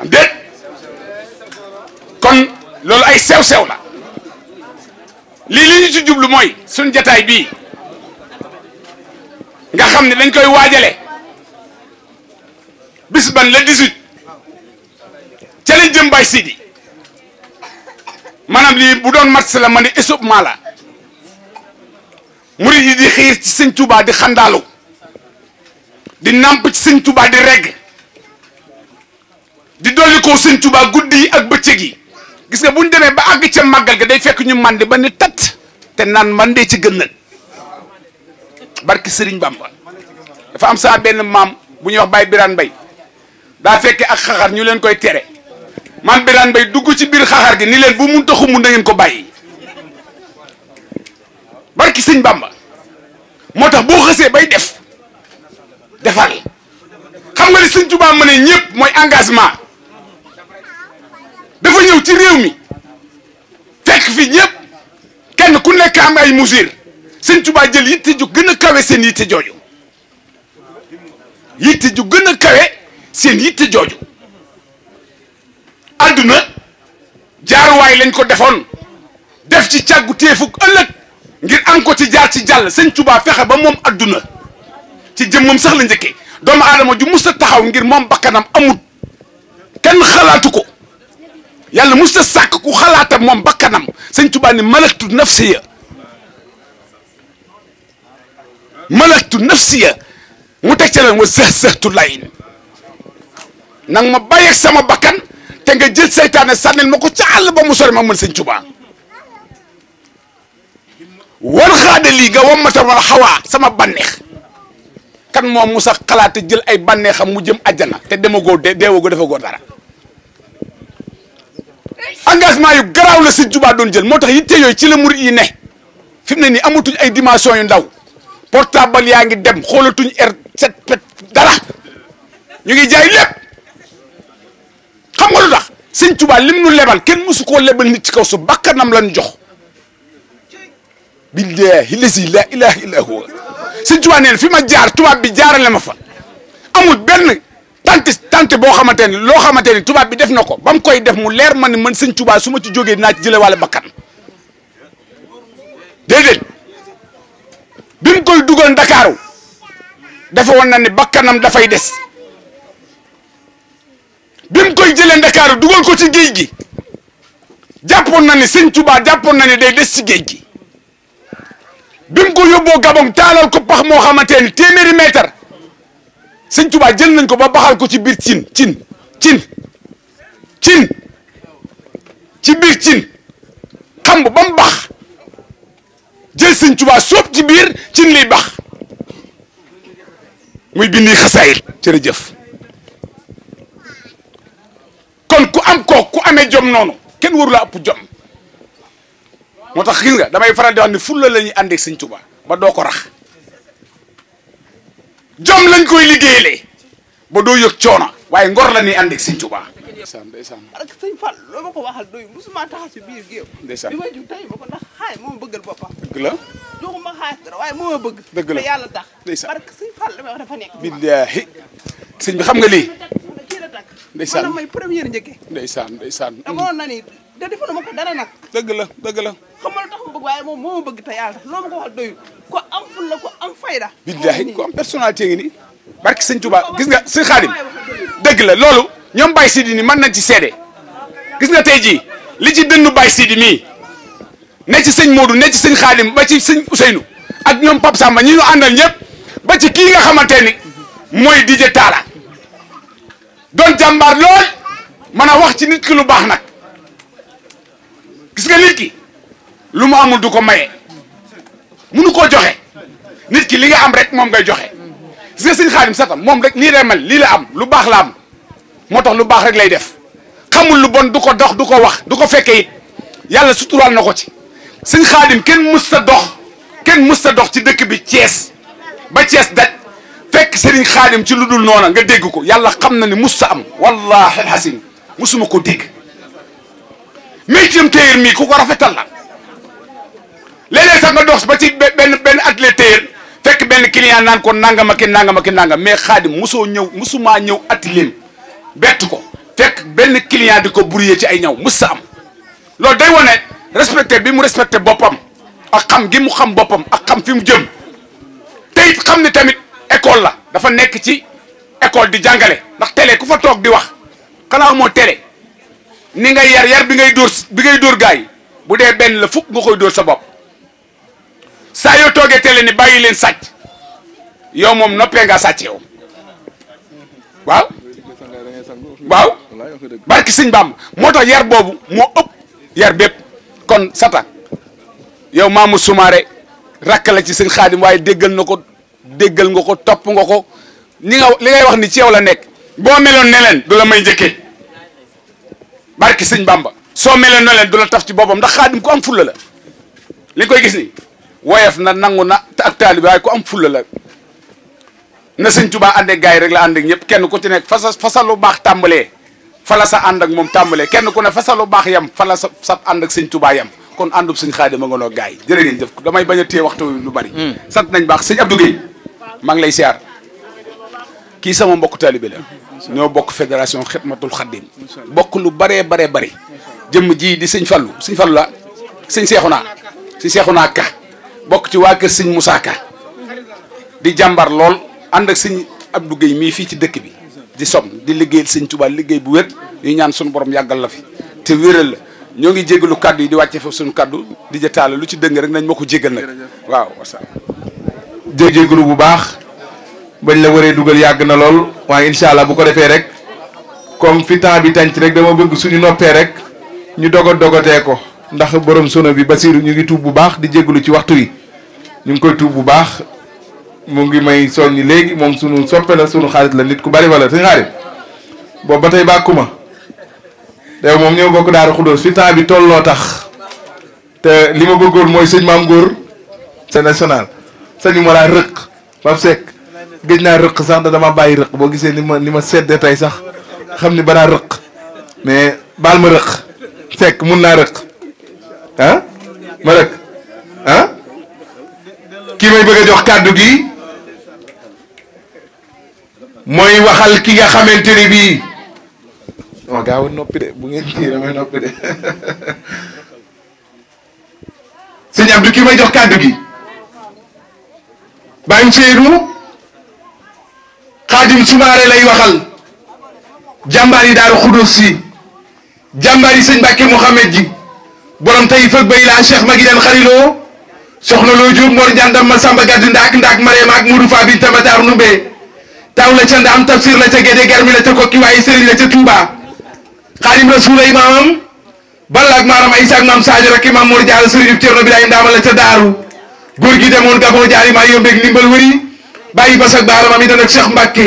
am kon loolu ay sew-sew la lii li ñu ci jublu mooy suñ jataay bii nga xam ne dañ koy waajale bis ban la 18 ca lañ jëm bay maanaam lii bu doon match la ma ne échauffement la murid yi di xiir ci sëñ Touba di xandaalu di namp ci sëñ Touba di regg di dolli ko sëñ guddi yi ak bëccëg yi gis nga bu ñu demee ba àgg ca màggal ga day fekk ñu mandi ba ni tat te naan man dee ci gën nag barki Sëriñ Bamba dafa am saa benn maam bu ñu wax Baye Birane Mbaye daa fekkee ak xaxar ñu leen koy tere man Birane Mbaye dugg ci biir xaxar gi ni leen bu mun ta xumb na ngeen ko bàyyi barki Sëriñ Bamba moo tax boo xësee bay def defal xam nga li Sëriñ Tuubaa mën ne ñëpp mooy engagement dafa ñëw ci réew mi fekk fi ñëpp kenn ku nekk am ay mesures sëñ Tuubaa jël yitte ju gën a kawe seen yitte jooju yitte ju gën a kawe seen yitte jooju àdduna jaaruwaay lañ ko defoon def ci càggu téefug ëllëg ngir am ko ci jaar ci jàll sëñ Tuubaa fexe ba moom àdduna ci jëmmam sax la njëkkee doomu aadama ju mus taxaw ngir moom bakkanam amut kenn xalaatu ko yàlla mu ta sàkk ku xalaatam moom bakkanam sëñ Tuubaa ni malaktu nafsiya malaktu nafsiya mu teg ca leen wa sëh sëhtu layin nag ma bàyyeeg sama bakkan te nga jël seytaane sànnil ma ko ca àll ba mu sori ma mën sëñ Tuubaa war xaade lii nga ma wala xawaa sama bànneex kan moom mu sax xalaate jël ay bànneexam mu jëm àjjana te demagoo de deewagoo defagoo dara engagement yu garaaw la sëñ Tuubaa doon jël moo tax yitte yooyu ci la murit yi ne fi mu ne nii amatuñ ay dimension yu ndaw portable yaa ngi dem xoolatuñ R7 pet dara ñu ngi jaay lépp xam nga lu tax sëñ Tuubaa lim nu lebal kenn mësu koo lebal nit ci kaw su bakkanam lan jox billaahi lazi laa ilaaha illaa huwa sëñ Tuubaa neen fi ma jaar tubaab bi jaarale ma fa amul benn tant tant boo xamante ne loo xamante ne tubaab bi def na ko ba koy def mu leer man man sëñ Tuubaa su ma ci jógee dinaa ci jële wàlla bakkan déedéet bi koy dugal ndakaaru dafa woon na ne bakkanam dafay des bi mu koy jëlee ndakaaru dugal ko ci géej gi jàppoon na ne sëñ Tuubaa jàppoon na ne day des ci géej gi bi mu ko yóbboo Gabon taalal ko pax moo xamante ne téeméeri mètre sëñ Tuubaa jël nañ ko ba baxal ko ci biir cin cin cin cin ci biir cin xam ba mu bax jël sëñ Tuubaa soob ci biir cin liy bax muy bindi xasaayit jërëjëf kon ku am koo ku amee jom noonu kenn waru la ëpp jom moo tax gis nga damay faral di wax ni fulla la ñuy àndeeg sëñ Tuubaa ba doo ko rax jom lañ koy liggéeyalee ba doo yëg coona waaye ngor la ñuy ànd ak sëñ Tuubaa. ndeysaan ndeysaan. ak loo ma ko waxal doy musuma taxaw si biir géew. ndeysaan bi ma jug tey ma ko ndax xaay moo ma bëggal boppam. dëgg la. joxuma xaalis dara waaye moo ma bëgg. dëgg la te yàlla tax. ndeysaan parce que sëñ Fall li may wax dafa nekk. billaahi sëñ bi xam nga lii. ndeysaan man may première njëkkee. ndeysaan ndeysaan. dama woon na ni da defoon ma ko dara nag. dëgg la dëgg la. xamal tax ma bëgg te yàlla tax loo ma ko wax doyu am ful la ko am fayda billaahi gis nga sëñ Xaadim dëgg la loolu ñoom Baye Sidi ni mën nañ ci seede gis nga tey jii li ci dënnu Baye Sidi mii ne ci sëñ Modou ne ci sëñ Xaadim ba ci sëñ Ousseynou ak ñoom Pape Samba ñi ñu àndal ñëpp ba ci kii nga xamante ni mooy DJ Talla doon jàmbaar lool mën a wax ci nit ki lu baax nag gis nga nit ki lu mu amul du ko maye munu koo joxe nit ki li am rek moom ngay joxe gis nga sëñ Xaadim moom rek nii lay mel lii la am lu baax la am moo tax lu baax rek lay def xamul lu bon du ko dox du ko wax du ko fekke it yàlla suturaal na ko ci sëñ Xaadim kenn mus sa dox kenn mus sa dox ci dëkk bi cees ba cees daj fekk sëriñ Xaadim ci lu dul noona nga dégg ko yàlla xam na ne mus sa am wallaahi alxasin musuma ko dégg métier téyër mii ku ko rafetal la léeg-léeg sax nga dox ba ci benn benn atelier fekk benn client naan ko nangam ak nangam ak nangam mais xaadim mosoo ñëw mosumaa ñëw atelier bett ko fekk benn client di ko brouillé ci ay ñaw mos sa am loolu day wane respecté bi mu respecté boppam ak xam gi mu xam boppam ak xam fi mu jëm te it xam ne tamit école la dafa nekk ci école di jàngale ndax télé ku fa toog di wax xanaa moo télé ni nga yar yar bi ngay dóor bi ngay dóor gars yi bu dee benn la fukk nga koy dóor sa bopp saa yoo toogee télé ni bàyyi leen sàcc yow moom noppee nga sàcc yow waaw waaw barki sëñ Bàmb moo tax yar boobu moo ëpp yar bépp kon sata yow Maamu Sumaare rakk la ci sëñ Xaadim waaye déggal na ko déggal nga ko topp nga ko ñi nga li ngay wax ni ci la nekk boo meloon ne leen du la may njëkkee barki sëñ Bàmba soo meloon ne leen du la taf ci boppam ndax Xaadim ku am fulla la li koy gis nii woyof na nangu na ak taalibe waaye ku am fulla la na sëñ Tuubaa ànd ak yi rek la ànd ak ñëpp kenn ku ci nekk fasa fasa lu baax tàmbalee fala sa ànd ak moom tàmbalee kenn ku ne fasal lu baax yam fala sa sa ànd ak sëñ tubaa yam kon àndub sëñ Xaadim ma nga noo gars yi jërë ngeen ko damay bañ a téye waxtu lu bari hmm. sant nañ baax sëñ Abdou Guèye ngi lay siyaar kii sama mbokk taalibe la ñoo bokk fédération Xidmatul Xaadim bokk lu baree baree bari jëmm jii di sëñ Fallu sëñ Fallu la sëñ Seexuna sëñ Seexuna Ka bokk ci waa kër sëñ Moussa Ka di jàmbar lool ànd ak sëñ Abdou Guèye mii fii ci dëkk bi di som di liggéey sëñ Touba liggéey bu wér ñu ñaan suñu borom yàggal la fi te wéral la ñoo ngi jégalu kaddu yi di wàcce foofu suñu kàddu di jataale lu ci dëng rek nañ ma ko jégal nag waaw wasalaam jë jégalu bu baax bañ la waree dugal yàgg na lool waaye incha allah bu ko defee rek comme fi temps bi tànc rek dama bëgg suñu noppee rek ñu dogot dogotee ko ndax borom sono bi Basiru ñu ngi tuub bu baax di jégalu ci waxtu yi ñu ngi koy tuub bu baax mu ngi may soññi léegi moom sunu soppe la sunu xaarit la nit ku bari wala suñu xaarit boobu ba tey bàkku moom ñoo bokk daara xudóos fi temps bi tolloo tax te li ma bëggoon mooy sëñ maam góor c'est national sañu ma laa rëq ba sekk gëj naa rëq sax dama bàyyi rëq boo gisee ni ma ni ma sedde tey sax xam ni banaa rëq mais baal ma rëq sekk mun naa rëq ah ma rek ah ki may bëgg a jox kàddu gi mooy waxal ki nga xamante ni bii non gaaw a noppi de bu ngeen kii damay noppi de sëñ Abdou ki may jox kàddu gi bàyyi Seydou xaadim sumaare lay waxal jàmbaar yi daaru xudus si jàmbaar yi sëñ Mbàkke Mouhamed ji borom tey fëg bay laa Cheikh Maguidène xariloo soxna loo Jóob Mor Njàndam ma Samba Gàdd Ndaak Ndaak Mareema ak Mudu Fa biñ tamataar numbee taw la ca Ndaam tafsir la ca Gédé Germi la ca Kokki waaye Sëriñ la ca Touba Xaadim Rasuul ay maamam Balla ak Maaram Aysa ak maam Sadio rek maam Mor Jaara Sëriñ Cerno Birahim Ndaama la ca Daaru góor gi demoon Gabon jaari maa yombeeg ndimbal wëri bàyyi bas ak baaram am itam ak Cheikh Mbacke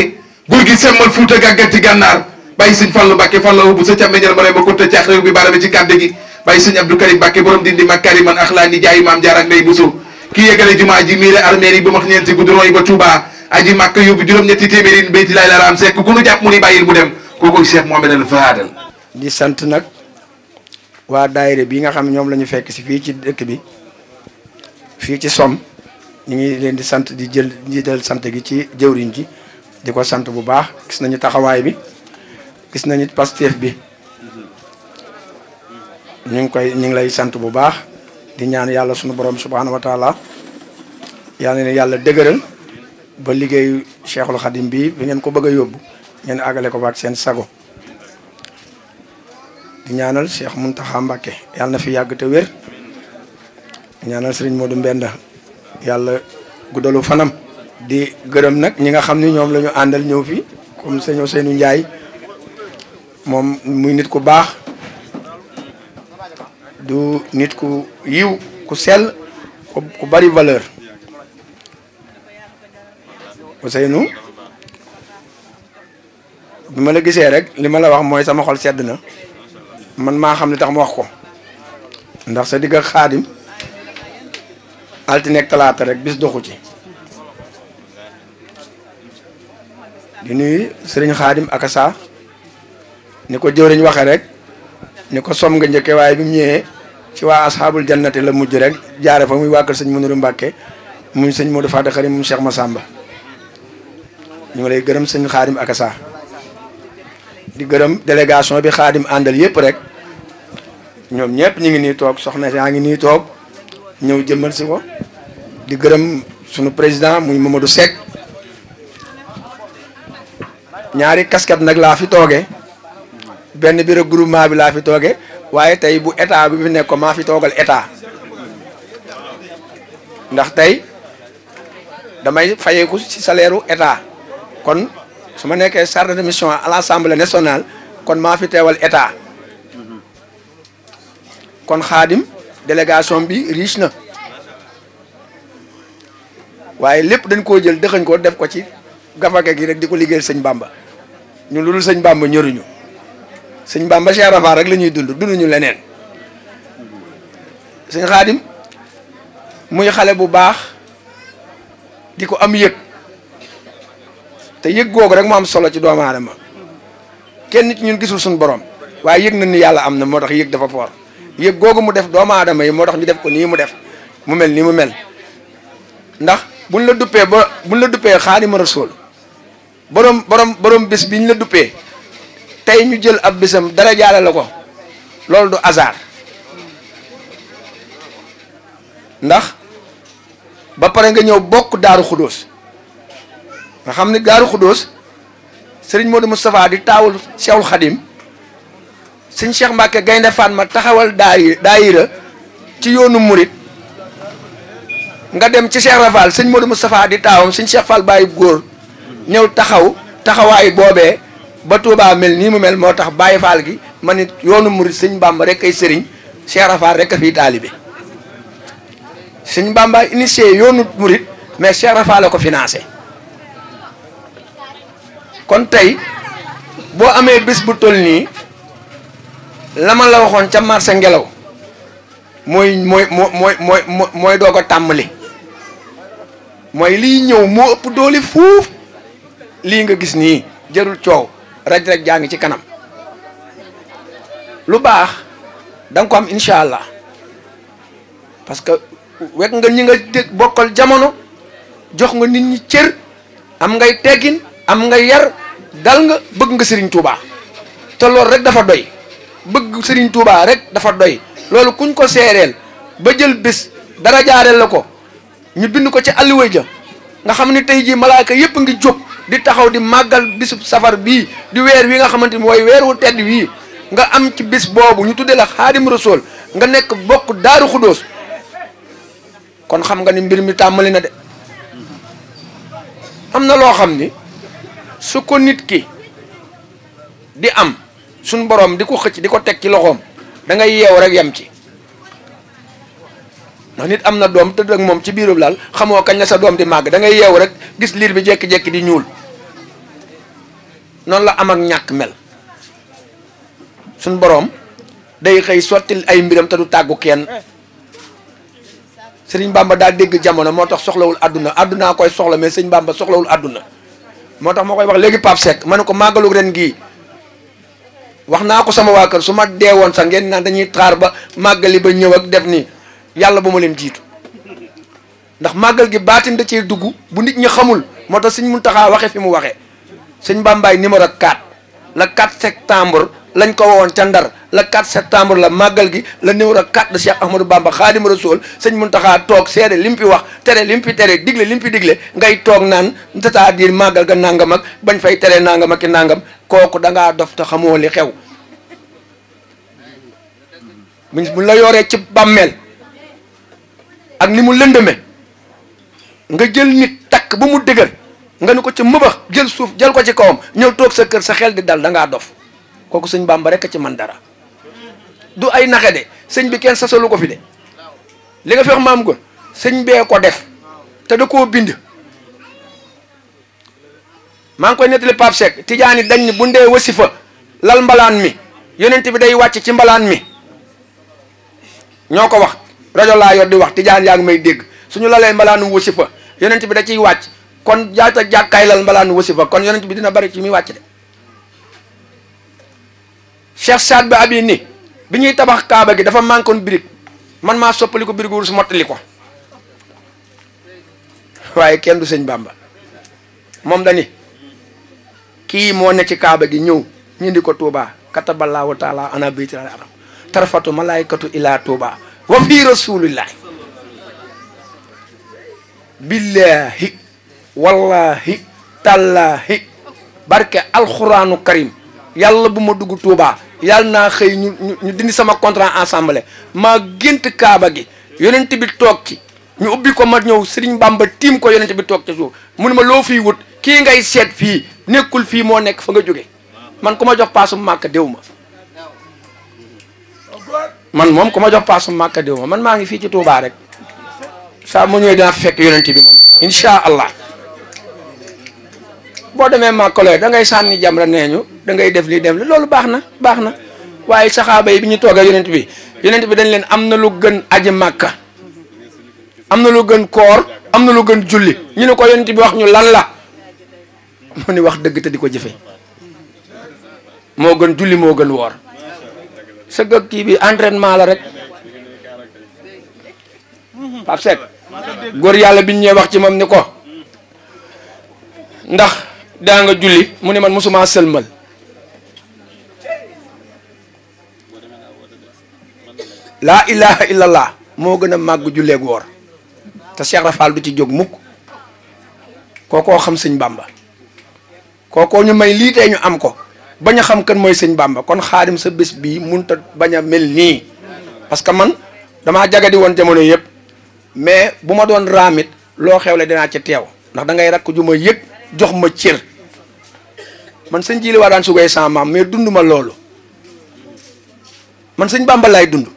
gi semmal Fuuta gàgganti gànnaar bàyyi sëñ Fallu Mbacke Fallu bu sa càmmeñal ma lay ma kunta bàyyi sëñ Abdou Karim Mbàkke borom dindi makariman axlaani jaayi maam jaar ak ndey busu kii yegale jumaa ji miire armeel yi ba max ñeenti goudron yi ba Touba aji màkk yóbbu juróom-ñetti téeméeri béyti laay la raam sekk ku nu jàpp mu ni bàyyil mu dem kooku Cheikh Mohamed al Fadal di sant nag waa daayira bi nga xam ne ñoom lañu fekk si fii ci dëkk bi fii ci som ñu ngi leen di sant di jël di del sant gi ci jëwriñ ji di ko sant bu baax gis nañu taxawaay bi gis nañu pasteef bi ñu ngi koy ñu ngi lay sant bu baax di ñaan yàlla suñu borom subhaanahu wa taala yàlla ne yàlla dëgëral ba liggéeyu Cheikhul Khadim bi bi ngeen ko bëgg yóbbu ngeen àggale ko baak seen sago di ñaanal Cheikh Mountakha Mbacké yàlla na fi yàgg te wér di ñaanal Serigne Modou Mbenda yàlla guddalu fanam di gërëm nag ñi nga xam ni ñoom lañu àndal ñëw fii comme sëñ Ousseynou Ndiaye moom muy nit ku baax du nit ku yiw ku sell ku bari valeur Ousseynou bi ma la gisee rek li ma la wax mooy sama xol sedd na man maa xam li tax mu wax ko ndax sa digg xaadim altine talaata rek bis doxu ci di nuyu sëriñ xaadim ak saa ni ko jëwriñ waxee rek ni ko som nga njëkke waaye bi mu ñëwee ci waa asxaabul jannati la mujj rek jaare fa muy wàkkal sëñ Mounirou Mbacke muy sëñ Modou Fata Karim mu ma Massamba ñu ngi lay gërëm sëñ Xaadim Akassa di gërëm délégation bi Xaadim àndal yëpp rek ñoom ñëpp ñu ngi nii toog soxna yaa ngi nii toog ñëw jëmmal si ko di gërëm suñu président muy Mamadou Seck ñaari kasket nag laa fi tooge benn bi groupement bi laa fi tooge waaye tey bu état bi fi nekk maa fi toogal état ndax tey damay fayeeku ci salaire u état kon su ma nekkee chargé de mission à l'Assemblée nationale kon maa fi teewal état kon xaadim délégation bi riche na waaye lépp dañ koo jël dëxañ ko def ko ci gafaka gi rek di ko liggéeyal sëñ Bamba ñu lu dul sëñ Bamba ñëruñu sëñ Bamba Cheikh Rafa rek la ñuy dund dunduñu leneen sëñ Xaadim muy xale bu baax di ko am yëg te yëg googu rek mu am solo ci doomu aadama kenn ci ñun gisul suñu borom waaye yëg na ni yàlla am na moo tax yëg dafa foor yëg googu mu def doomu aadama yi moo tax ñu def ko nii mu def mu mel nii mu mel ndax buñ la duppee ba buñ la duppee Xaadimu Rasuul borom borom borom bés biñ la duppee. tey ñu jël ab bisam dara jaale la ko loolu du hasard ndax ba pare nga ñëw bokk daaru xudóos nga xam ni daaru xudóos sëriñ Modou Moustapha di taawul Cheikhul Khadim sëñ Cheikh Mbacke Gaynde ma taxawal daayi daayira ci yoonu murit nga dem ci Cheikh Rafal sëñ Modou Moustapha di taawam sëñ Cheikh Fall bàyyi góor ñëw taxaw taxawaayu boobee ba Touba mel nii mu mel moo tax bàyyi Fall gi ma it yoonu murit sëñ Bamba rek ay sëriñ Cheikh Rafaal rek a fiy taalibe sëñ Bamba initié yoonu murit mais Cheikh la ko financé kon tey boo amee bés bu toll nii la ma la waxoon ca marché ngelaw mooy mooy mooy mooy mooy doog a tàmmali mooy liy ñëw moo ëpp doole fuuf lii nga gis nii jarul coow. raj-raj jaa ngi ci kanam lu baax da ko am incha allah parce que wekk nga ñi nga bokkal jamono jox nga nit ñi cër am ngay teggin am nga yar dal nga bëgg nga Serigne Touba te loolu rek dafa doy bëgg Serigne Touba rek dafa doy loolu kuñ ko seereel ba jël bés dara jaareel la ko ñu bind ko ci alluwa ja nga xam ni tey jii malaaka yëpp ngi jóg. di taxaw di màggal bisub safar bii di weer wi nga xamante ni mooy weer wu tedd wii nga am ci bis boobu ñu tuddee la xaadim rasool nga nekk bokk daaru xudóos kon xam nga ni mbir mi tàmmali na de am na loo xam ni su ko nit ki di am suñ boroom di ko xëcc di ko teg ci loxoom da ngay yeew rek yem ci ndax nit am na doom tëdd ak moom ci biiru lal xamoo kañ la sa doom di màgg da ngay yeew rek gis liir bi jekki-jekki di ñuul noonu la am ak ñàkk mel suñ boroom day xëy sottil ay mbiram te du tàggu kenn sëriñ Bamba daa dégg jamono moo tax soxlawul àdduna àddunaa koy soxla mais sëriñ Bamba soxlawul àdduna moo tax moo koy wax léegi Pape Seck ma ne ko màggalu ren gii wax naa ko sama waa kër su ma dee woon sax ngeen naa dañuy xaar ba màggali ba ñëw ak def nii yàlla bu ma leen jiitu ndax màggal gi baatin da cee dugg bu nit ñi xamul moo tax mu Muntaxa waxe fi mu waxee sëñ Bambaay numéro 4 le 4 septembre lañ ko wowoon ca Ndar le 4 septembre la màggal gi le numéro 4 de Cheikh Ahmadou Bamba Xaadimu Rasuul sëñ Muntaxa toog seede li mu fi wax tere li mu fi tere digle li mu fi digle ngay toog naan c'est-à-dire màggal ga nangam bañ fay tere nangam ak nangam kooku da ngaa dof te xamoo li xew. buñ la yoree ci bàmmeel ak ni mu lëndëme nga jël ni takk ba mu dëgër. nga ni ko ci mëbax jël suuf jël ko ci kawam ñëw toog sa kër sa xel di dal da ngaa dof kooku sëñ Bàmba rek a ci man dara du ay naxe de sëñ bi kenn sasalu ko fi de li nga fi maam ko sëñ bee ko def te da koo bind maa ngi koy nettali Pape Seck tijaani dañ ni bu ndee wasifa lal mbalaan mi yonent bi day wàcc ci mbalaan mi ñoo ko wax rajo laa yor di wax tijaan yaa ngi may dégg suñu lalee mbalaanu wasifa yonent bi da ciy wàcc kon jaata jàkkaay lal mbalaanu wasifa kon yonent bi dina bari ci muy wàcc de Cheikh Saad bi abi ni bi ñuy tabax kaaba gi dafa manqué woon birig man maa soppali ko birigu wurus mottali ko waaye kenn du sëñ Bàmba moom dani kii moo nekk ci kaaba gi ñëw ñu di ko Touba kataballaahu taala ana bayti arab tarfatu malaykatu ila Touba wa fi rasulillahi billahi wallaahi tallaahi barke alxuraanu karim yàlla bu ma dugg Touba yàlla naa xëy ñu ñu dindi sama contrat ensemble maa gént kaaba gi yonent bi toog ci ñu ubbi ko ma ñëw Serigne Bamba tiim ko yonent bi toog ci suuf mu ma loo fiy wut ki ngay seet fii nekkul fii moo nekk fa nga jóge man ku ma jox paasu màkk déw ma man moom ku ma jox paasu màkk déw ma man maa ngi fii ci Touba rek saa mu ñëwee dinaa fekk yonent bi moom incha allah boo demee màkkaloo da ngay sànni jamra nee ñu da ngay def lii dem li loolu baax na baax na waaye saxaaba yi bi ñu toogee yonent bi yonent bi dañ leen am na lu gën aji màkka am na lu gën koor am na lu gën julli ñu ne ko yonent bi wax ñu lan la mu ni wax dëgg te di ko jëfe moo gën julli moo gën woor sa gëg kii bi entraînement la rek Pape Seck góor yàlla bi ñu ñëwee wax ci moom ni ko ndax daa nga julli mu ne man mosuma sëlmal laa ilaha illallah moo gën a màgg julleeg woor te Cheikh Rafal du ci jóg mukk kookoo xam sëñ bàmba kookoo ñu may lii ñu am ko bañ a xam kan mooy sëñ bàmba kon xaadim sa bés bii munta bañ a mel nii parce que man damaa jagadi woon jamono yëpp mais bu ma doon raamit loo xewle dinaa ci teew ndax dangay rakk ju ma jox ma cër man sëñ jili waa daan sugay sama maam mais dund ma loolu man sëñ bàmba laay dund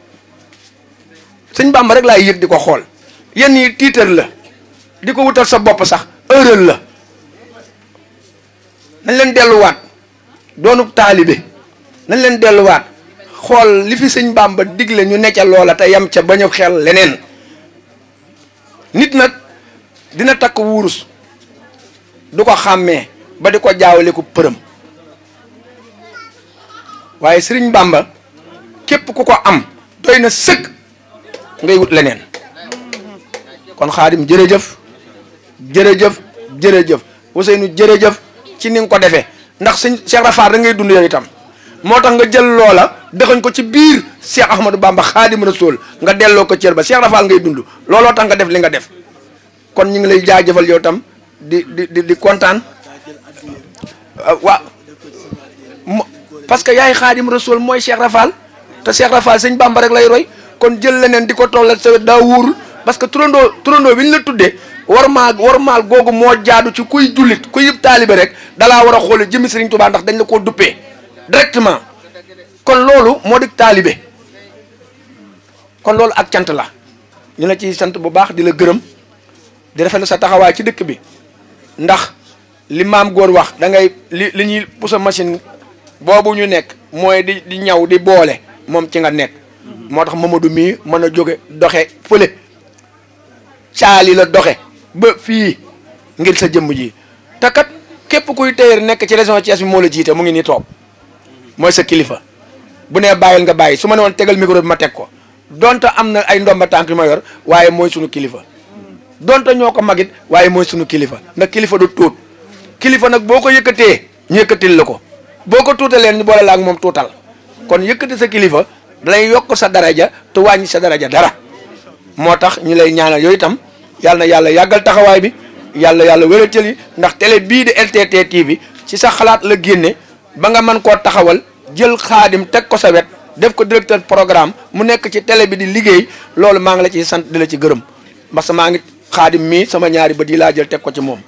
sëñ bàmba rek laay yëg di ko xool yenn yi tiitar la di ko wutal sa bopp sax erreur la nañ leen delluwaat doonub taalibe nañ leen delluwaat xool li fi sëñ bàmba digle ñu necca loola te yam ca bañ a xel leneen nit nag dina takk wurus du ko xàmmee ba di ko jaawale ko përëm waaye sëriñ Bamba képp ku ko am doy na sëkk ngay wut leneen kon xaadim jërëjëf jërëjëf jërëjëf Ousseynou jërëjëf ci ni ko defee ndax sëñ Cheikh Rafaar da ngay dund yow itam moo tax nga jël loola dëxañ ko ci biir Cheikh Ahmadou Bamba xaadim rasul nga delloo ko cër ba Cheikh Rafaar ngay dund looloo tax nga def li nga def kon ñu ngi lay jaajëfal yow tam di di di kontaan uh, waaw parce que yaay xaadim rasul mooy Cheikh Rafal te Cheikh Rafal sëñ Bamba rek lay roy kon jël leneen di ko tollal sa daa wóorul parce que turandoo turandoo bi ñu la tuddee war maa war maal googu moo jaadu ci kuy jullit kuy yëpp taalibe rek dalaa war a xoole jëmi Sëriñ Tuubaa ndax dañ la koo duppee directement kon loolu moo di taalibe kon loolu ak cant la ñu la ciy sant bu baax di la gërëm di la sa taxawaay ci dëkk bi ndax li maam góor wax da ngay li li ñuy pousse machine boobu ñu nekk mooy di di ñaw di boole moom ci nga nekk mhm. moo tax Mamadou mii mën a jóge doxe fële caali la doxe ba fii ngir sa jëmm ji te képp kuy téyar nekk ci région Thiès bi moo la jiite mu ngi nii toog mooy sa kilifa bu nee bàyyil nga bàyyi su ma ne woon tegal mikoro bi ma teg ko donte am na ay ndomba tànk yu ma waaye mooy sunu kilifa donte ñoo ko magit waaye mooy sunu kilifa ndax kilifa du tuut kilifa nag boo ko yëkkatee ñu yëkkatil la ko boo ko tuutalee ñu boole la ak moom tuutal kon yëkkati sa kilifa dalay yokk sa daraja te wàññi sa daraja dara moo tax ñu lay ñaanal yooyu itam yàlla yàlla yàggal taxawaay bi yàlla yàlla wératal yi ndax tele bii di LTT TV ci sa xalaat la génne ba nga mën koo taxawal jël xaadim teg ko sa wet def ko directeur programme mu nekk ci tele bi di liggéey loolu maa ngi la ciy sant di la ci gërëm parce que maa ngi xaadim mii sama ñaari bët yi laa jël teg ko ci moom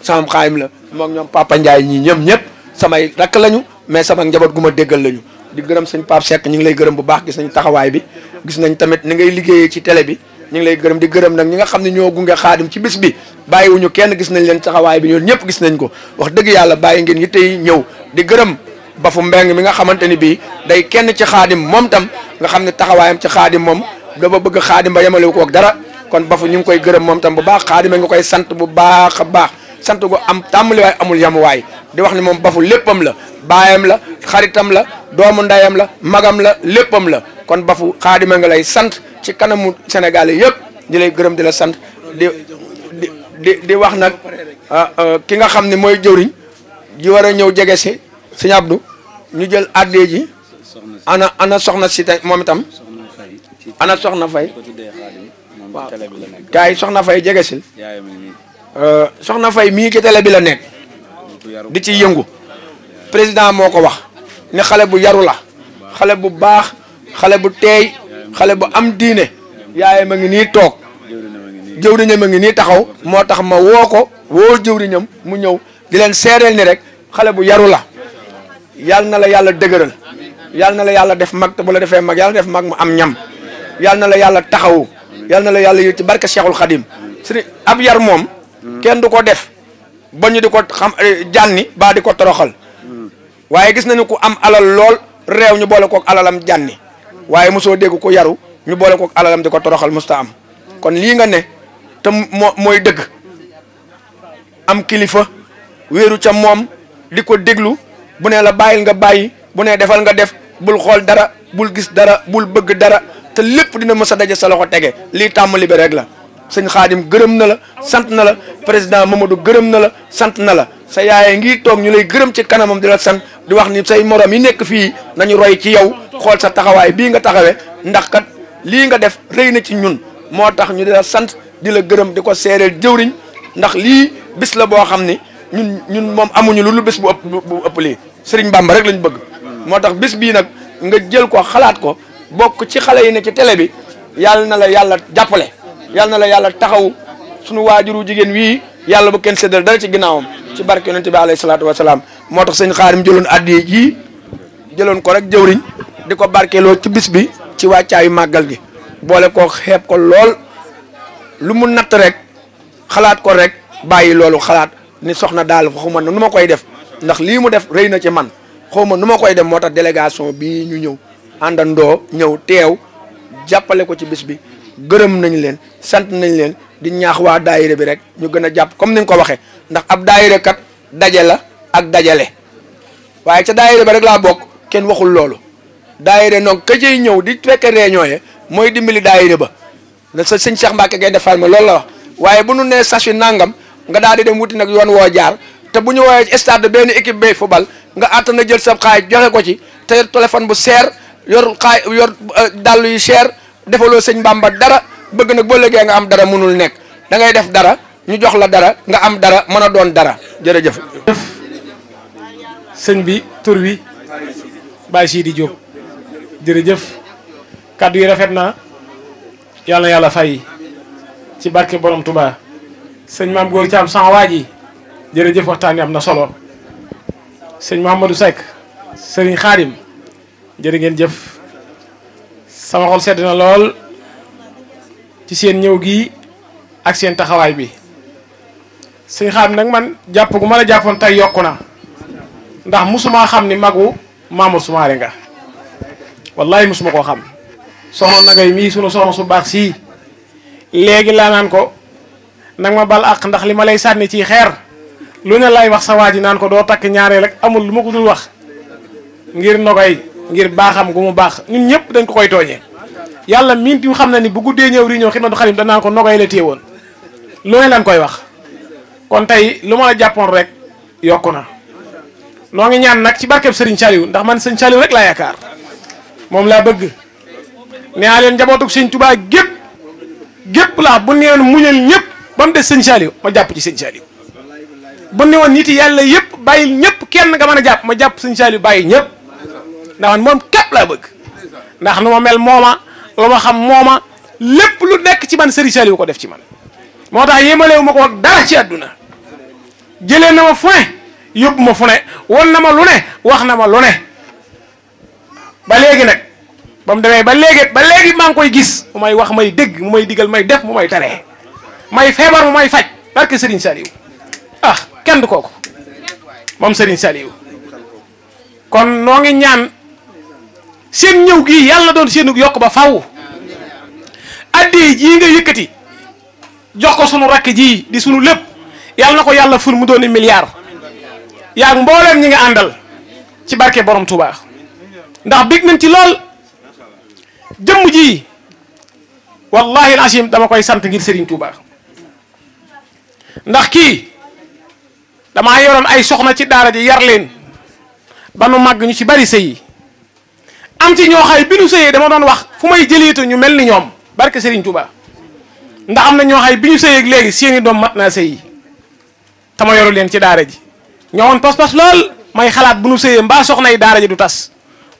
sama xaayim la moom ñoom papa Ndiaye ñii ñoom ñëpp samay rakk lañu mais sama njaboot gu ma déggal lañu di gërëm sëñ Pape Seck ñu ngi lay gërëm bu baax gis nañ taxawaay bi gis nañ tamit ni ngay liggéeyee ci télé bi ñu ngi lay gërëm gërëm nag ñi nga xam ne ñoo gunge xaadim ci bis bi bàyyiwuñu kenn gis nañ leen taxawaay bi ñoom ñëpp gis nañ ko wax dëgg yàlla bàyyi ngeen yitte yi ñëw di gërëm bafu mbeng mi nga xamante ni bii day kenn ci xaadim moom tam nga xam ne taxawaayam ci xaadim moom dafa bëgg xaadim ba yemalewu ko ak dara kon ba ñu ngi koy gërëm moom tam bu baax xaadim nga koy sant bu baax a baax sant gu am tàmbaliwaay amul yamuwaay di wax ne moom bafu léppam la baayam la xaritam la doomu ndayam la magam la léppam la kon bafu xaadima nga lay sant ci kanamu Sénégal yëpp di lay gërëm di la sant di di di wax nag ah, ah, ki nga xam ne mooy jëwriñ ji war a ñëw jege si sëñ Abdou ñu jël addee ji ana ana soxna si tey moom itam ana soxna fay waaw soxna fay jege si Euh, soxna Faye mii ci télé bi la nekk di ci yëngu président moo ko wax ne xale bu yaru la xale bu baax xale bu teey xale bu am diine yaayam a ngi nii toog jëwriñam a ngi nii taxaw moo tax ma woo ko woo jëwriñam mu ñëw di leen seereel ni rek xale bu yaru la yal na la yàlla dëgëral yal na la yàlla def mag te bu la defee mag yàlla def mag mu am ñam yal na la yàlla taxawu yal na la yàlla yëg ci barke Cheikhul Khadim sëriñ ab yar moom kenn du ko def ba ñu di ko xam eh, jànni baa di ko toroxal waaye gis nañu ko am alal lool reew ñu boole kook alalam jànni waaye mosoo dégg ko yaru ñu boole kook alalam di ko toroxal musta am kon lii nga ne te moo mooy dëgg am kilifa wéeru ca moom di ko déglu bu nee la bàyyil nga bàyyi bu ne defal nga def bul xool dara bul gis dara bul bëgg dara te lépp dina mës a daje sa loxo tege lii tàmm libe rek la sëñ xaadim gërëm na la sant na la président Mamadou gërëm na la sant na la sa yaay ngi toog ñu lay gërëm ci kanamam di la sant di wax ni say morom yi nekk fii nañu roy ci yow xool sa taxawaay bii nga taxawee ndax kat lii nga def rëy na ci ñun moo tax ñu di la sant di la gërëm di ko seereel jëwriñ ndax lii bis la boo xam ni ñun ñun moom amuñu lu lu bis bu ëpp lii Sëriñ Bàmba rek lañ bëgg moo tax bis bii nag nga jël ko xalaat ko bokk ci xale yi ne ci télé bi yàlla na la yàlla jàppale yàlla na la yàlla taxaw suñu waajuru jigéen wii yàlla bu kenn séddal dara ci ginnaawam ci barke yonent bi alayhi salaatu wasalaam moo tax sëñ xaarim jëloon addiye jii jëloon ko rek jëwriñ di ko barkeeloo ci bis bi ci wàccaayu màggal gi boole ko xeeb ko lool lu mu natt rek xalaat ko rek bàyyi loolu xalaat ni soxna daal xawma nu ma koy def ndax lii mu def rëy na ci man xawma nu ma koy def moo tax délégation bii ñu ñëw àndandoo ñëw teew jàppale ko ci bis bi gërëm nañ leen sant nañ leen di ñaax waa daayira bi rek ñu gën a jàpp comme ni nga ko waxee ndax ab daayira kat daje la ak dajale waaye ca daayira ba rek laa bokk kenn waxul loolu daayira donc ka cay ñëw di fekke réunion yi mooy dimbali daayira ba na sa sëñ Cheikh Mbacke ngay defal ma loolu la wax waaye bu nu nee sas yu nangam nga daal di dem wuti nag yoon woo jaar te bu ñu woowee stade benn équipe bay football nga àttan na jël sa xaay joxe ko ci te téléphone bu seer yor xaay yor euh, dàll yu seer defaloo sëñ Bamba dara bëgg nag boo légee nga am dara mënul nekk dangay def dara ñu jox la dara nga am dara mën a doon dara jërëjëf. sëñ bi tur wi Baye Sidi Diop jërëjëf kàddu yi rafet na yàlla yàlla fay ci barke borom Touba sëñ maam góor ci am sans waaj yi jërëjëf waxtaan wi am na solo sëñ Mouhamadou Seck sëriñ Xaadim jërë ngeen jëf. sama xol sedd na lool ci seen ñëw gi ak seen taxawaay bi sëñ xaam nag man jàpp gu ma la jàppoon tey yokk na ndax musuma xam ni magu Mamour Soumaré nga wallahi musuma koo xam soxna nag mii sunu soxna su baax sii léegi laa naan ko nag ma bal àq ndax li ma lay sànni ci xeer lu ne lay wax sa waa ji naan ko doo takk ñaareel rek amul lu ma ko dul wax ngir nogay ngir baaxam gu mu baax ñun ñëpp dañ ko koy tooñee yàlla miin tim xam na ni bu guddee ñëw réunion xidmatu xadim dana ko nogay ko téye woon lu ne lañ koy wax kon tey lu ma la jàppoon rek yokku na noo ngi ñaan nag ci barkeb sëriñ Saliou ndax man sëñ Saliou rek laa yaakaar moom laa bëgg nee naa leen njabootug Serigne Touba gépp gépp laa bu newoon muñal ñëpp ba mu des Serigne Saliou ma jàpp ci Serigne Saliou bu newoon nit yàlla yëpp bàyyil ñëpp kenn nga mën a jàpp ma jàpp Serigne Saliou bàyyi ñëpp ndax man moom képp laa bëgg ndax nu ma mel mooma lu ma xam mooma lépp lu nekk ci man Serigne Saliou ko def ci man moo tax yéemalewu ma ko dara ci àdduna jëlee na ma fu ne yóbbu ma fu ne won na ma lu ne wax na ma lu ne ba léegi nag ba demee ba léegi ba léegi maa ngi koy gis mu may wax may dëgg mu may digal may def mu may taree may feebar mu may faj barke Serigne Saliou ah kenn du kooku moom Serigne Saliou kon noo ngi ñaan seen ñëw gii yàlla doon seenu yokk ba faw addee jii nga yëkkati jox ko sunu rakk ji di sunu lépp yàlla na ko yàlla ful mu doon i milliard yaa ngi ñi nga àndal ci barke borom Touba ndax bég nañ ci lool jëmm ji wallahi alazim dama koy sant ngir Serigne Touba ndax kii dama yoroon ay soxna ci daara ji yar leen ba nu màgg ñu ci bari sëy am ci ñoo xay bi ñu sëyee dama doon wax fu may jëleetu ñu mel ni ñoom barke Serigne Touba ndax am na ñoo xay bi ñu sëyeeg léegi seeni doom mat naa sëyi tama yoru leen ci daara ji ñoowoon pas-pas lool may xalaat bu ñu sëyee mbaa soxna yi daara ji du tas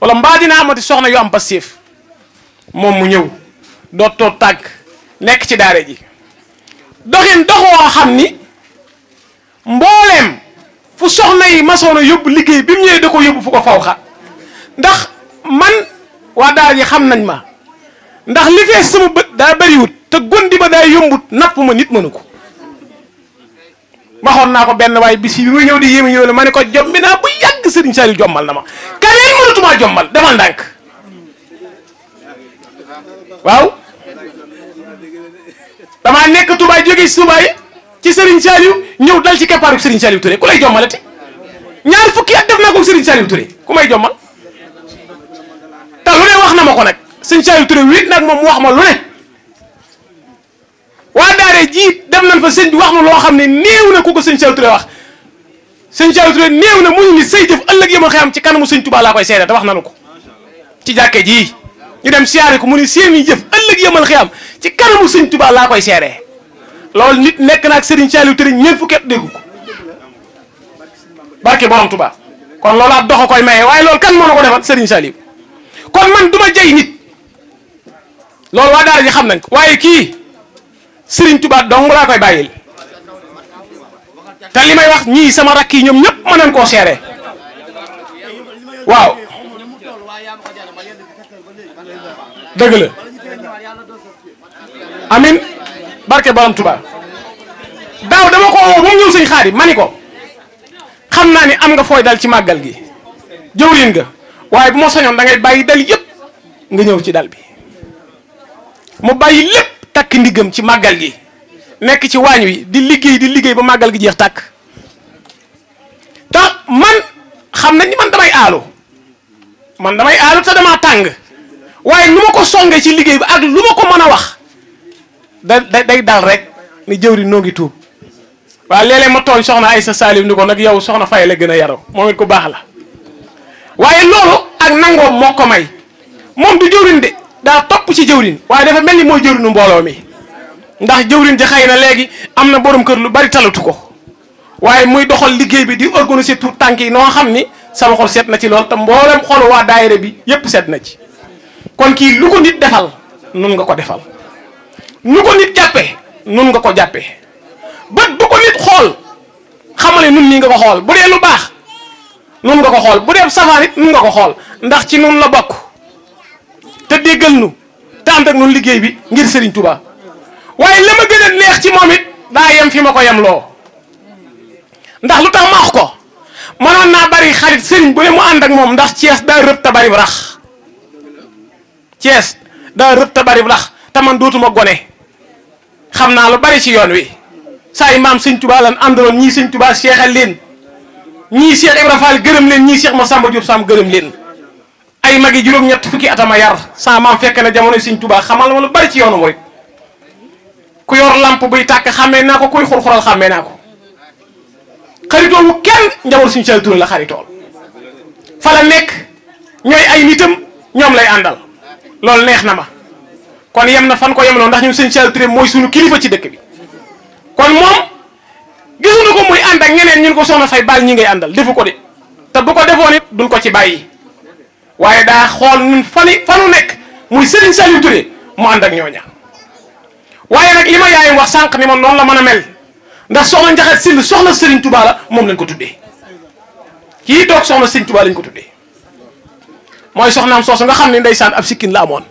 wala mbaa dinaa amati soxna yu am passif moom mu ñëw doot toog tàgg nekk ci daara ji doxin doxoo xam ni mbooleem fu soxna yi ma a yóbbu liggéey bi mu ñëwee da ko yóbbu fu ko faw xa ndax man waa daara xam nañ ma ndax li fee sama bët daa bariwut te gondi ma daa yombut napp ma nit mënu ko waxoon naa ko benn waaye bis yi bi muy ñëw di yéeme ñëw la ma ne ko jombi naa bu yàgg sëriñ Saliou jommal na ma keneen mënatumaa jommal defal ndànk waaw damaa nekk Touba jóge si Touba ci Serigne Saliou ñëw dal ci keppaaru Serigne Saliou Touré ku lay jommalati ñaar fukki at def naa ko Serigne Saliou Touré ku may jommal wax na ma ko nag sëñ Saliou Touré wéet nag moom mu wax ma lu ne waa daara ji dem nañ fa sëñ bi wax ma loo xam ne néew na ku ko sëñ Saliou Touré wax sëñ Saliou Touré néew na muñu ni say jëf ëllëg yëmal xëyam ci kanamu sëñ Touba laa wax nanu ko ci jàkke ji ñu dem siyaare ko mu ni seen i jëf ëllëg yëmal xëyam ci kanamu sëñ Touba laa koy seede nit nekk na ak sëriñ Saliou Touré ñeent fukki at dégg ko barke borom Touba kon loolu ab dox a koy maye waaye loolu kan moo ko defal sëriñ Saliou kon man duma jay nit loolu waa daara ji xam nañ ko waaye kii Serigne tubaab dong laa koy bàyyil te li may wax ñii sama rakk yi ñoom ñëpp mën nañ koo seere waaw dëgg la amin barke borom Touba daaw dama ko woo ba mu ñëw sëñ xaari ma ni ko xam naa ni am nga fooy dal ci màggal gi jëwriñ nga waaye bu ma soñoon da ngay bàyyi dal yëpp nga ñëw ci dal bi mu bàyyi lépp takk ndiggam ci màggal gi nekk ci waañ wi di liggéey di liggéey ba màggal gi jeex tàkk te man xam nañ ni man damay aalu man damay aalu te damaa tàng waaye lu ma ko songee ci liggéey bi ak lu ma ko mën a wax da day dal rek ni jëwri noo ngi tuub waaw léeg-léeg ma tooñ soxna Aysa Salim ni ko nag yow soxna Faye la gën a yaroo moom it ku baax la waaye loolu ak nangoom moo ko may moom du jëwrin de daa topp ci jëwrin waaye dafa mel ni mooy jëwrinu mbooloo mi ndax jëwrin ja xëy na léegi am na boroom kër lu bari talatu ko waaye muy doxal liggéey bi di organiser tout tànk yi noo xam ni sama xol seet na ci lool te mboolem xolu waa daayira bi yépp seet na ci kon kii lu ko nit defal nun nga ko defal nu ko nit jàppe nun nga ko jàppe bët bu ko nit xool xamale nun nii nga ko xool bu dee lu baax nun nga ko xool bu dee safaan it nun nga ko xool ndax ci nun la bokk te déggal nu te ànd ak nun liggéey bi ngir sëriñ Touba waaye la ma gën a neex ci moom it daa yem fi ma ko yem loo ndax lu tax ma wax ko mënoon naa bari xarit Serigne bu ne mu ànd ak moom ndax cees daa rëb ta bari bu rax Thiès daa rëb ta bari bu rax te man dootuma gone xam naa lu bari ci yoon wi saa yi maam Serigne Touba lan àndaloon ñii sëñ Touba seexal leen ñii Cheikh Ibra Fall gërëm leen ñii ma Massamba Diop Sam gërëm leen ay mag yi juróom-ñett fukki atama yar saa maam fekk na jamono siñ Tuubaa xamal ma lu bari ci yoonu murit yor lamp buy tàkk xàmmee naa ko kuy xurxural xàmmee naa ko xaritool wu kenn njaboot suñu la xaritool fa la nekk ñooy ay nitam ñoom lay àndal loolu neex na ma kon yem na fan ko yemloo ndax ñun Sëñ Saliou mooy suñu kilifa ci dëkk bi kon moom na ko muy ànd ak ñeneen ñun ko soxna fay baal ñi ngay àndal defu ko de te bu ko defoon it duñ ko ci bàyyi waaye daa xool ñun fani fanu nekk muy sëriñ Saliou Touré mu ànd ak ñooña waaye nag li ma wax sànq ni moom noonu la mën a mel ndax soxna njaxat sill soxna Serigne la moom lañ ko tuddee kii toog soxna Serigne Touba lañ ko tuddee mooy soxnaam soosu nga xam ne ndeysaan ab sikkin la amoon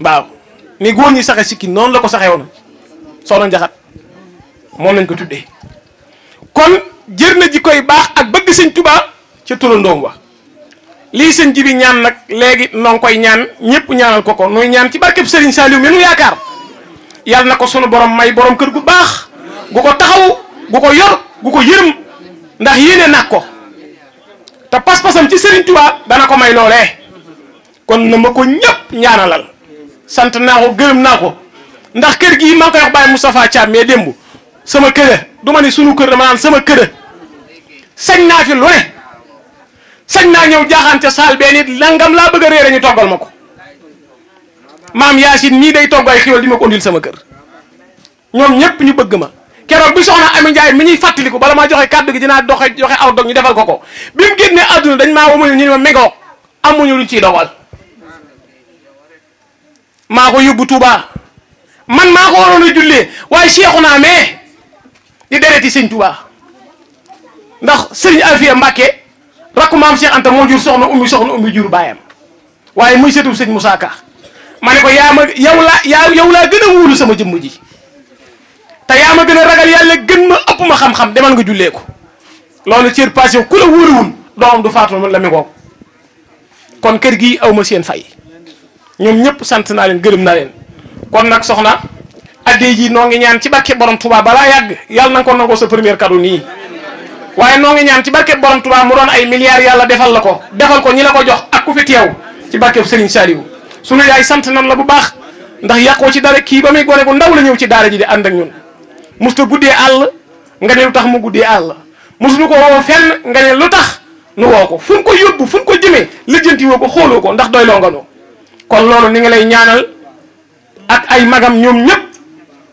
waaw ni góor ñi saxe sikkin noonu la ko saxee woon soxna njaxat moom lañ ko tuddee kon jër na ji koy baax ak bëgg sëñ tubaa ca turandoom wa lii sëñ ji bi ñaan nag léegi noo ngi koy ñaan ñëpp ñaanal ko ko nooy ñaan ci barkeb Serigne Saliou mi nu yaakaar yàlla na ko sunu borom may borom kër gu baax gu ko taxaw gu ko yor gu ko yërëm ndax yéene nag ko te pas-pasam ci Serigne Touba dana ko may loolee kon na ma ko ñëpp ñaanalal sant naa ko gërëm naa ko ndax kër gii maa ngi koy wax Baye Moustapha Thiam mais démb sama këre du ma ni sunu kër dama naan sama këre sañ naa fi lu ne sañ naa ñëw jaaxaan ca saal bee nit langam laa bëgg a réere ñu toggal ma ko maam Yaasin ñii day togg ay xiwal di ma ko sama kër ñoom ñëpp ñu bëgg ma keroog bi soxna Ami Njaay mi ñuy fàttaliku bala maa joxe kàddu gi dinaa doxe joxe aw dog ñu defal ko ko bi mu génnee àdduna dañ maa wamul ñu ne ma méngoo amuñu luñ ciy dogal ko yóbbu Touba man maa ko waroon a jullee waaye Cheikhouna mais di dereti sëñ Touba ndax sëriñ Afia Mbacke rakku maam Cheikh Anta moo jur soxna ummi soxna ummi jur baayam waaye muy setu sëñ Moussa Ka ma ne ko yaa ma yow laa yaa yow laa gën a wóolu sama jëmm ji te yaa ma gën a ragal yàlla gën ma ëpp ma xam-xam demal nga jullee ko loolu cër passé ku la wóoruwul doomam du faatu man la mi ngoog kon kër gi aw ma seen fay ñoom ñëpp sant naa leen gërëm naa leen kon nag soxna addee ji noo ngi ñaan ci barke borom Touba balaa yàgg yàlla na ko nangoo sa première cadeau nii waaye noo ngi ñaan ci barke borom Touba mu doon ay milliards yàlla defal la ko defal ko ñi la ko jox ak ku fi teew ci barke Serigne Saliou sunu yaay sant nan la bu baax ndax yàqoo ci dara kii ba muy gone gu ndaw la ñëw ci daara ji di ànd ak ñun musta guddee àll nga ne lu tax mu guddee àll musuñu ko woo fenn nga ne lu tax nu woo ko fu ñu ko yóbbu fu ñu ko jëmee lijjanti woo ko xooloo ko ndax doy loo nga noo kon loolu ni nga lay ñaanal ay magam ñoom ñëpp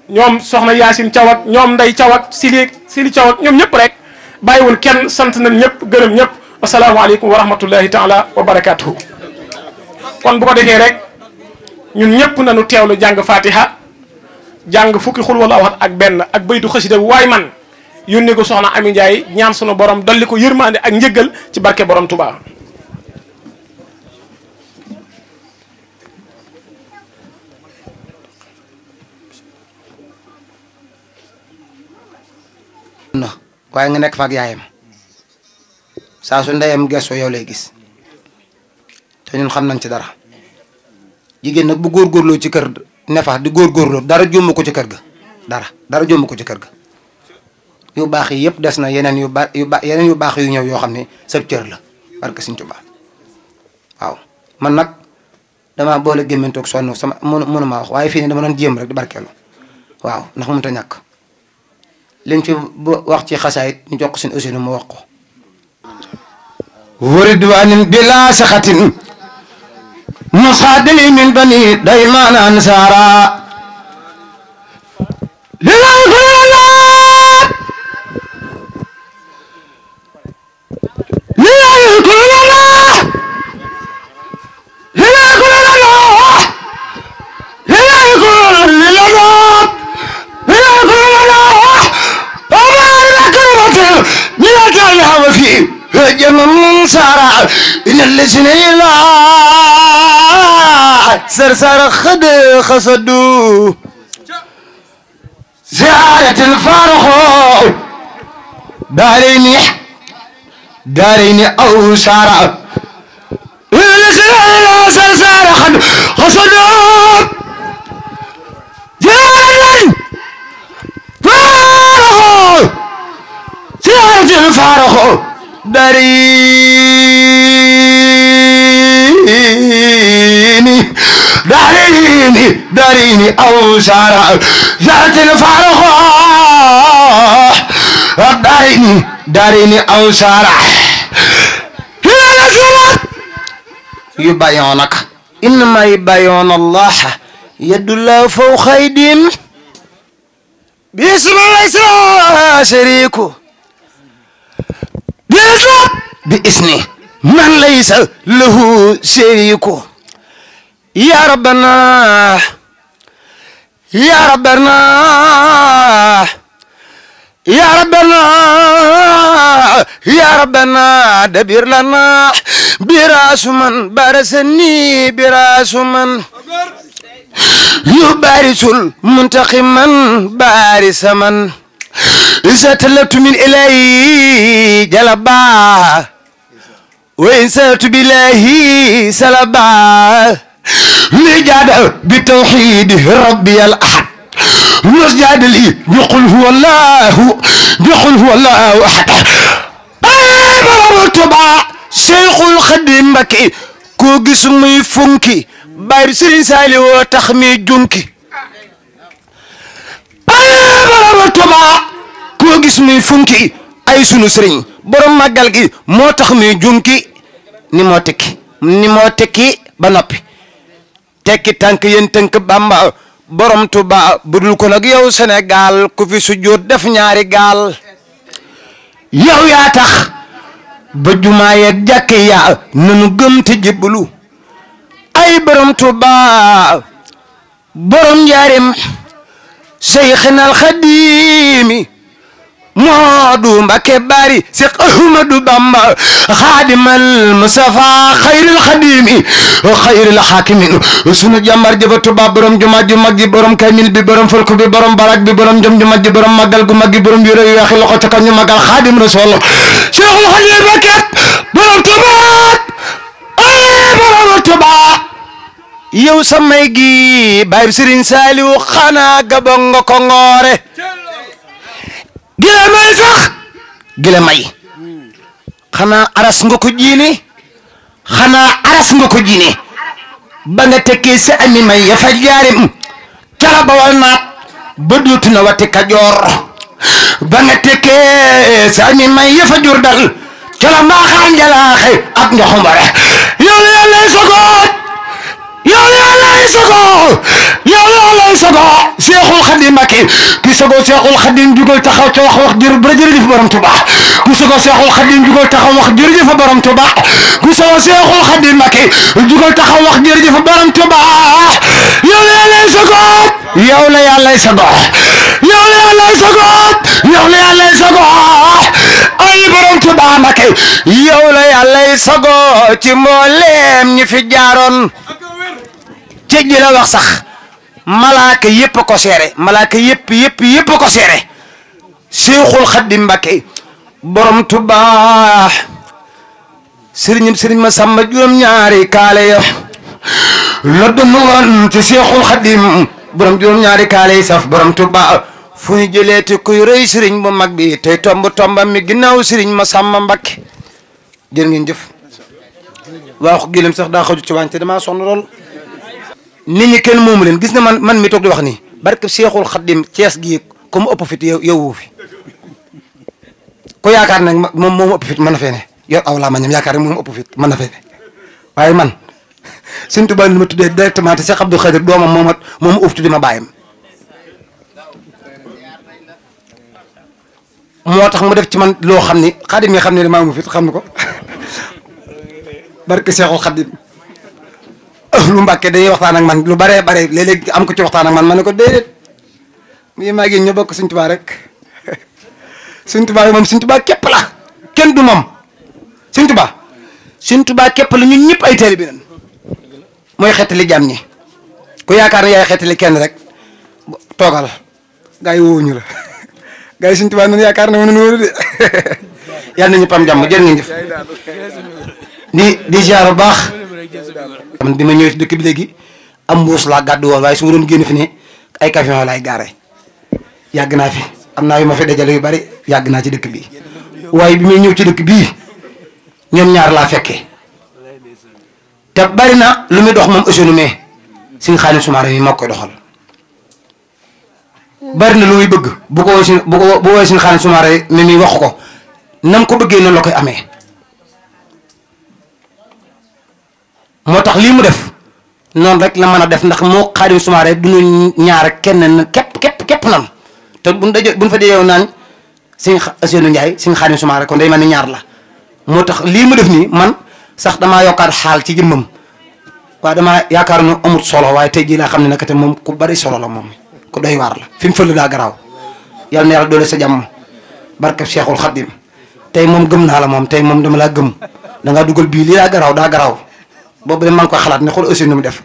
ñoom soxna yaasin caw ak ñoom nday caw ak sili sili caw ñoom ñëpp rek bàyyiwul kenn sant na ñëpp gërëm ñëpp asalaamaaleykum wa rahmatullahi taala wa barakaatuhu kon bu ko defee rek ñun ñëpp nañu lu jàng fatiha jàng fukki xul wala waxat ak benn ak baytu xasida bu waaye man yónni ko soxna Ami Njaay ñaan sunu borom dolli ko yërmaande ak njëggal ci barke borom tubaab àdduna waaye nga nekk fa ak yaayam saa su ndeyam gëstoo yow lay gis te ñun xam nañ ci dara jigéen nag bu góor góorgóorloo ci kër ne fa di góorgóorloo dara jomb ko ci kër ga dara dara jomb ko ci kër ga yu baax yi yëpp des na yeneen yu ba yu ba yeneen yu baax yu ñëw yoo xam ne sab cër la barke Sëñ Tuubaa waaw man nag damaa boole gémmantoog sonn sama mënu mënu maa wax waaye fii ne dama doon jéem rek di barkeelu waaw ndax mënut a ñàkk liñ fi wax ci xasaayit ñu jox ko seen wax ko waridwanin bila saxatin musaadili min bani daymaan ansaara جل جليلا سرسر خد خصدو زيارة الفارخ داريني داريني أو شارع الجليلا سرسر خد خصدو زيارة الفارخ زيارة الفارخ دريني دريني دريني أو شارع ذات الفرح دريني دريني أو شارع هنا نزلت يبايعونك إنما يبايعون الله يد الله فوق أيديهم باسم الله شريكه biisu bi isni man laysa lahu shariku ya rabbana ya rabbana ya rabbana ya rabbana dabir lana birasuman barasani birasuman yubarisul muntaqiman barisaman إذا تلبت من إلهي جلبا وإن سألت بإلهي سلبا لجاد بتوحيد ربي الأحد وزاد لي بقل هو الله بقل هو الله أحد تبع شيخ الخدم بكي كو جسمي فنكي بايب سرين سالي وتخمي جنكي أنا تبع koo gis muy funki ay sunu sëriñ borom màggal gi moo tax muy junki ni moo tekki ni moo tekki ba noppi tekki tànk yéen tënk bàmba borom tuba budul ko nag yow senegal ku fi def ñaari gaal yow yaa tax ba jumaa yeeg jàkk yaa nanu gëm te jébbalu ay borom tuba borom njaarim seyxinal xadiimi moodu mbake bari seex ahmadu bamba xaadimal mustafa xayril xadimi xayril xaakimi sunu jàmbar a tuba borom jumaa ju mag ji borom kaymil bi borom fulku bi borom barak bi borom jom ji borom magal gu mag gi borom yore yu weexi loxo ca kaw ñu magal xaadim rasul seexul xadim bakat borom tuba ay borom tuba yow samay gi bayib sëriñ saaliw xanaa gabon nga ko ngoore gile may sax gile may xanaa aras nga ko jiine xanaa aras ko jiine ba nga tekkee si ami may ya fa jaarim cara ba wal naat ba na wati kajoor ba nga tekkee si ami may ya fa jur dal cara mbaaxaan jalaaxe ak njoxumbare yàlla yàlla sogoot yow yàllaay sagoo yow yàllaay sagoo Seexul Xadim Mbakke ku sagoo Seexul Xadim jugal taxaw te wax wax jër jërëjëf borom Tuuba ku sagoo Seexul Xadim jugal taxaw wax jërëjëf borom Tuuba ku sagoo Seexul Xadim Mbakke jugal taxaw wax jërëjëf borom Tuuba yow yàllaay sagoo yow la yàllaay sagoo yow la yàllaay sagoo yow la yàllaay sagoo ay borom Tuuba Mbakke yow la yàllaay sagoo ci mbooleem ñi fi jaaroon géej wax sax malaaka yépp a ko seere malaaka yépp yépp yépp ko seere Seexul Xaddim Mbàkke borom Tuubaa sëriñam sëriñ ma sàmba juróom-ñaari kaale ya la dund woon ci Seexul Xaddim borom juróom-ñaari kaale yi saf borom Tuubaa fu ñu jëleeti kuy rëy sëriñ bu mag bi tey tomb tombam mi ginnaaw sëriñ ma sàmba Mbàkke jërë ngeen jëf waaw gilem sax daa xaju ci wàññi te damaa sonn lool nit ñi kenn moomu leen gis na man man mi toog di wax nii barke Seexul Xaddim Cees gi ko mu ëpp fit yow yow woo fi ku yaakaar nag moom moo ma ëpp fit mën na fee ne yor aw ma ñam yaakaar ne moom ëpp fit mën na ne waaye man Sëñ Tuubaa li ma tuddee directement te Cheikh Abdou Khadir doomam mooma mooma uftu ma bàyyam tax mu def ci man loo xam ni xadim yi xam ne ne maa mu fit ko barke Seexul lu Mbàkke day waxtaan ak man lu baree bare léeg am ko ci waxtaan man ma ne ko déedéet muy maa ngi ñu bokk Sëñ Tuubaa rek Sëñ Tuubaa yi moom Sëñ Tuubaa képp la kenn du moom Sëñ Tuubaa Sëñ Tuubaa képp la ñun ñëpp ay taalibe lañ mooy xeetali jàmm ñi ku yaakaar ne yaay xeetali kenn rek toogal gaa yi woowuñu la gaa yi Sëñ Tuubaa noonu yaakaar ne ma noonu wóoru de yàlla nañu pam jàmm jërë ngeen di di ziar bu baax man bi ma ñëwee ci dëkk bi léegi am mbuus laa gàddu woon waaye su ma doon génn fi ne ay camion laay gaare yàgg naa fi am naa yu ma fi dajale yu bari yàgg naa ci dëkk bi waaye bi may ñëw ci dëkk bii ñoom ñaar laa fekke te bari na lu muy dox moom Ousseynou mais si xaalis sumaare mi moo koy doxal na lu muy bu ko woowee suñu bu ko woowee suñu xaalis sumaare mi mi wax ko nam ko bëggee noonu la koy amee. moo tax lii mu def noonu rek la mën a def ndax moo Xaadim Soumaré du ñu ñaar kenn képp képp képp nan te bu daje buñ fa dajeewoon naan sëñ Ousseynou Ndiaye sëñ Xaadim Soumaré kon day mel ni ñaar la moo tax lii mu def nii man sax damaa yokkaat xaal ci jëmmam waaye damaa yaakaar ne amut solo waaye te jii laa xam ne nag te moom ku bari solo la moom ku doy waar la fi mu fël daa garaaw yàlla na yàlla doole sa jàmm barkeb Cheikhul Khadim tey moom gëm naa la moom tey moom dama laa gëm da dugal bii lii daa garaaw boobu de man ko xalaat ne xool aussi nu mu def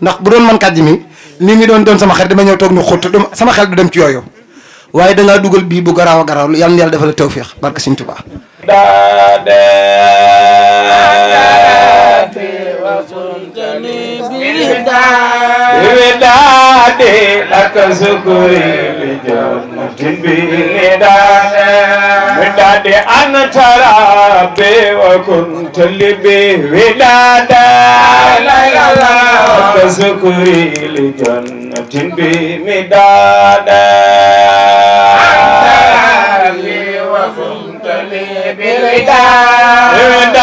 ndax bu doon man kàjj mi ni ngi doon doon sama xel ma ñëw toog ñu xóot sama xel du dem ci yooyu waaye dangaa dugal bii bu garaaw a garaaw yàlla na yàlla defal la tawféex barke Sëñ Tuubaa بودادي لك سكري بجنة بلدان ودادي أنا ترابي وكنت لبي ودادا لا لا لا لك سكري لجنة بمدادا أنت لي وكنت لي بلدان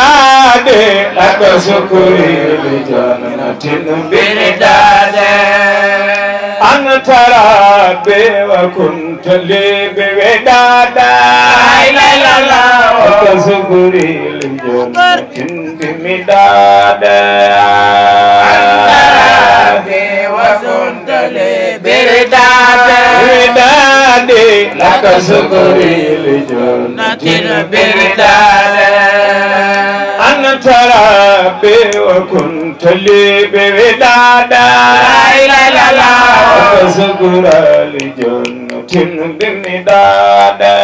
لك شكري لجنة برداد أنت ربي وكنت لي بودادا لا لا لا لك شكري لجنة بمدادا أنت ربي وكنت لي برداد لي لك شكري لجنة بردانا أنا ترابي وكنت لي بودادا لا لا لا لا وزغرا لجنة بمدادا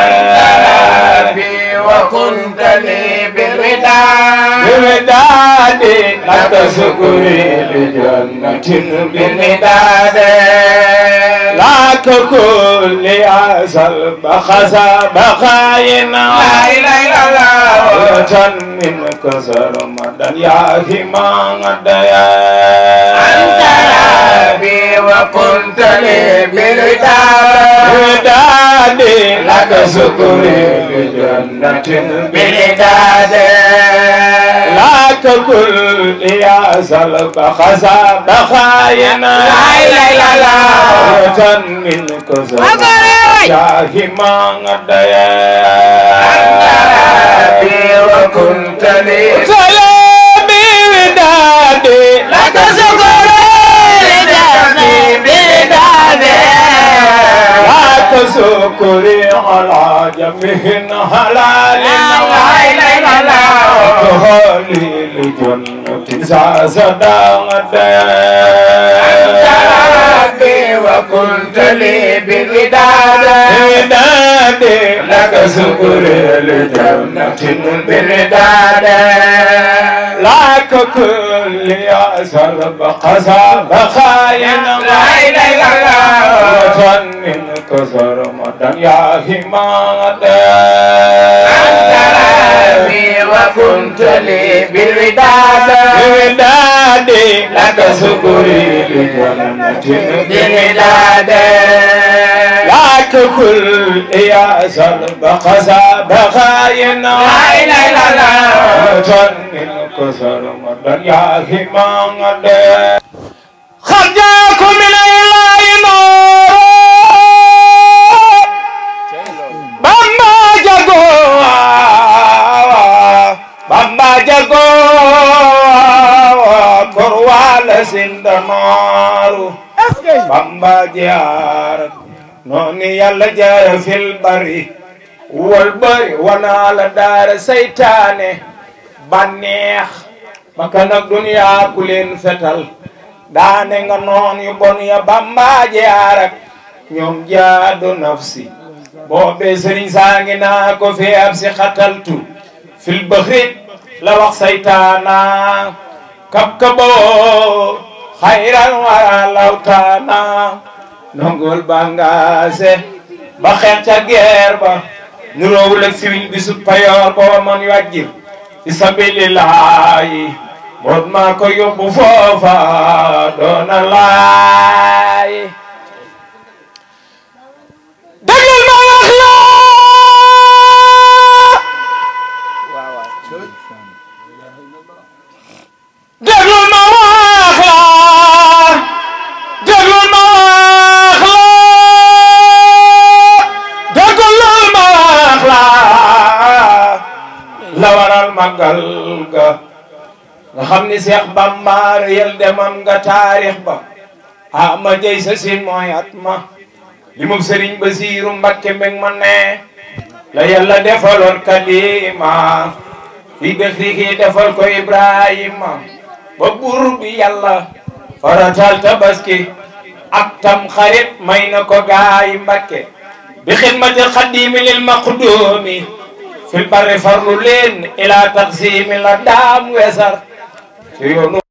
أنا ترابي وكنت لي بودادا عبادي لك شكري لجنة بمدادي لك كل أزل بخزى بخاين لا إله إلا الله وجن منك سرمدا يا همام الديا أنت ربي وكنت لي بلدادي لك شكري لجنة بلدادي لك تكل يا زلب خزا بخاينا لا لا لا لا من كزا شاهي ما غدايا أنت ربي وكنت لي شكري على جميع حلال وهولي لجنة زازة دغدا وكنت لي بالوداد بالوداد لك سكر لجنة بالوداد لك كل يا سرب قصب خاين لا إله إلا الله وطن من كسر مدن يا هماد كلامي وكنت لي بالوداد بالوداد لك سكري بجنة بالوداد لا تقل يا زلب قزا بخاين لا إله إلا الله جن الكسر مدن يا همام خرجاكم من la sindamaaru bamba jaar noonu yàlla jaara fil bari wal bari wanaa la daara saytaane banneex bakkan ak duniyaa leen fetal daane nga noon yu bon ya bamba jaar ñoom jaadu nafsi boobee sëriñ saa ngi fi ab xataltu fil baxri la wax saytaana kabkaboo xayral wara lawtaana nongol bangaase ba xeex ca geer ba nu roowul ak siwiñ bisu payoor booba man wajjir fi sabilillahi moot maa ko yóbbu foofa doona màggal ga xam ni seex bàmbaar yel demam nga taarix ba a ma jey sa sin mooy ma li mu sëriñ Basiiru Mbakke mbég ma ne la yàlla defaloon kalima fi def riki defal ko Ibrahima ba buur bi yàlla faratal tabaski ak tam xarit may na ko gaay Mbakke bi xidmatil xadimi lil maqdumi fil barri farlu leen ila taqsimi la daam weesar ci yoonu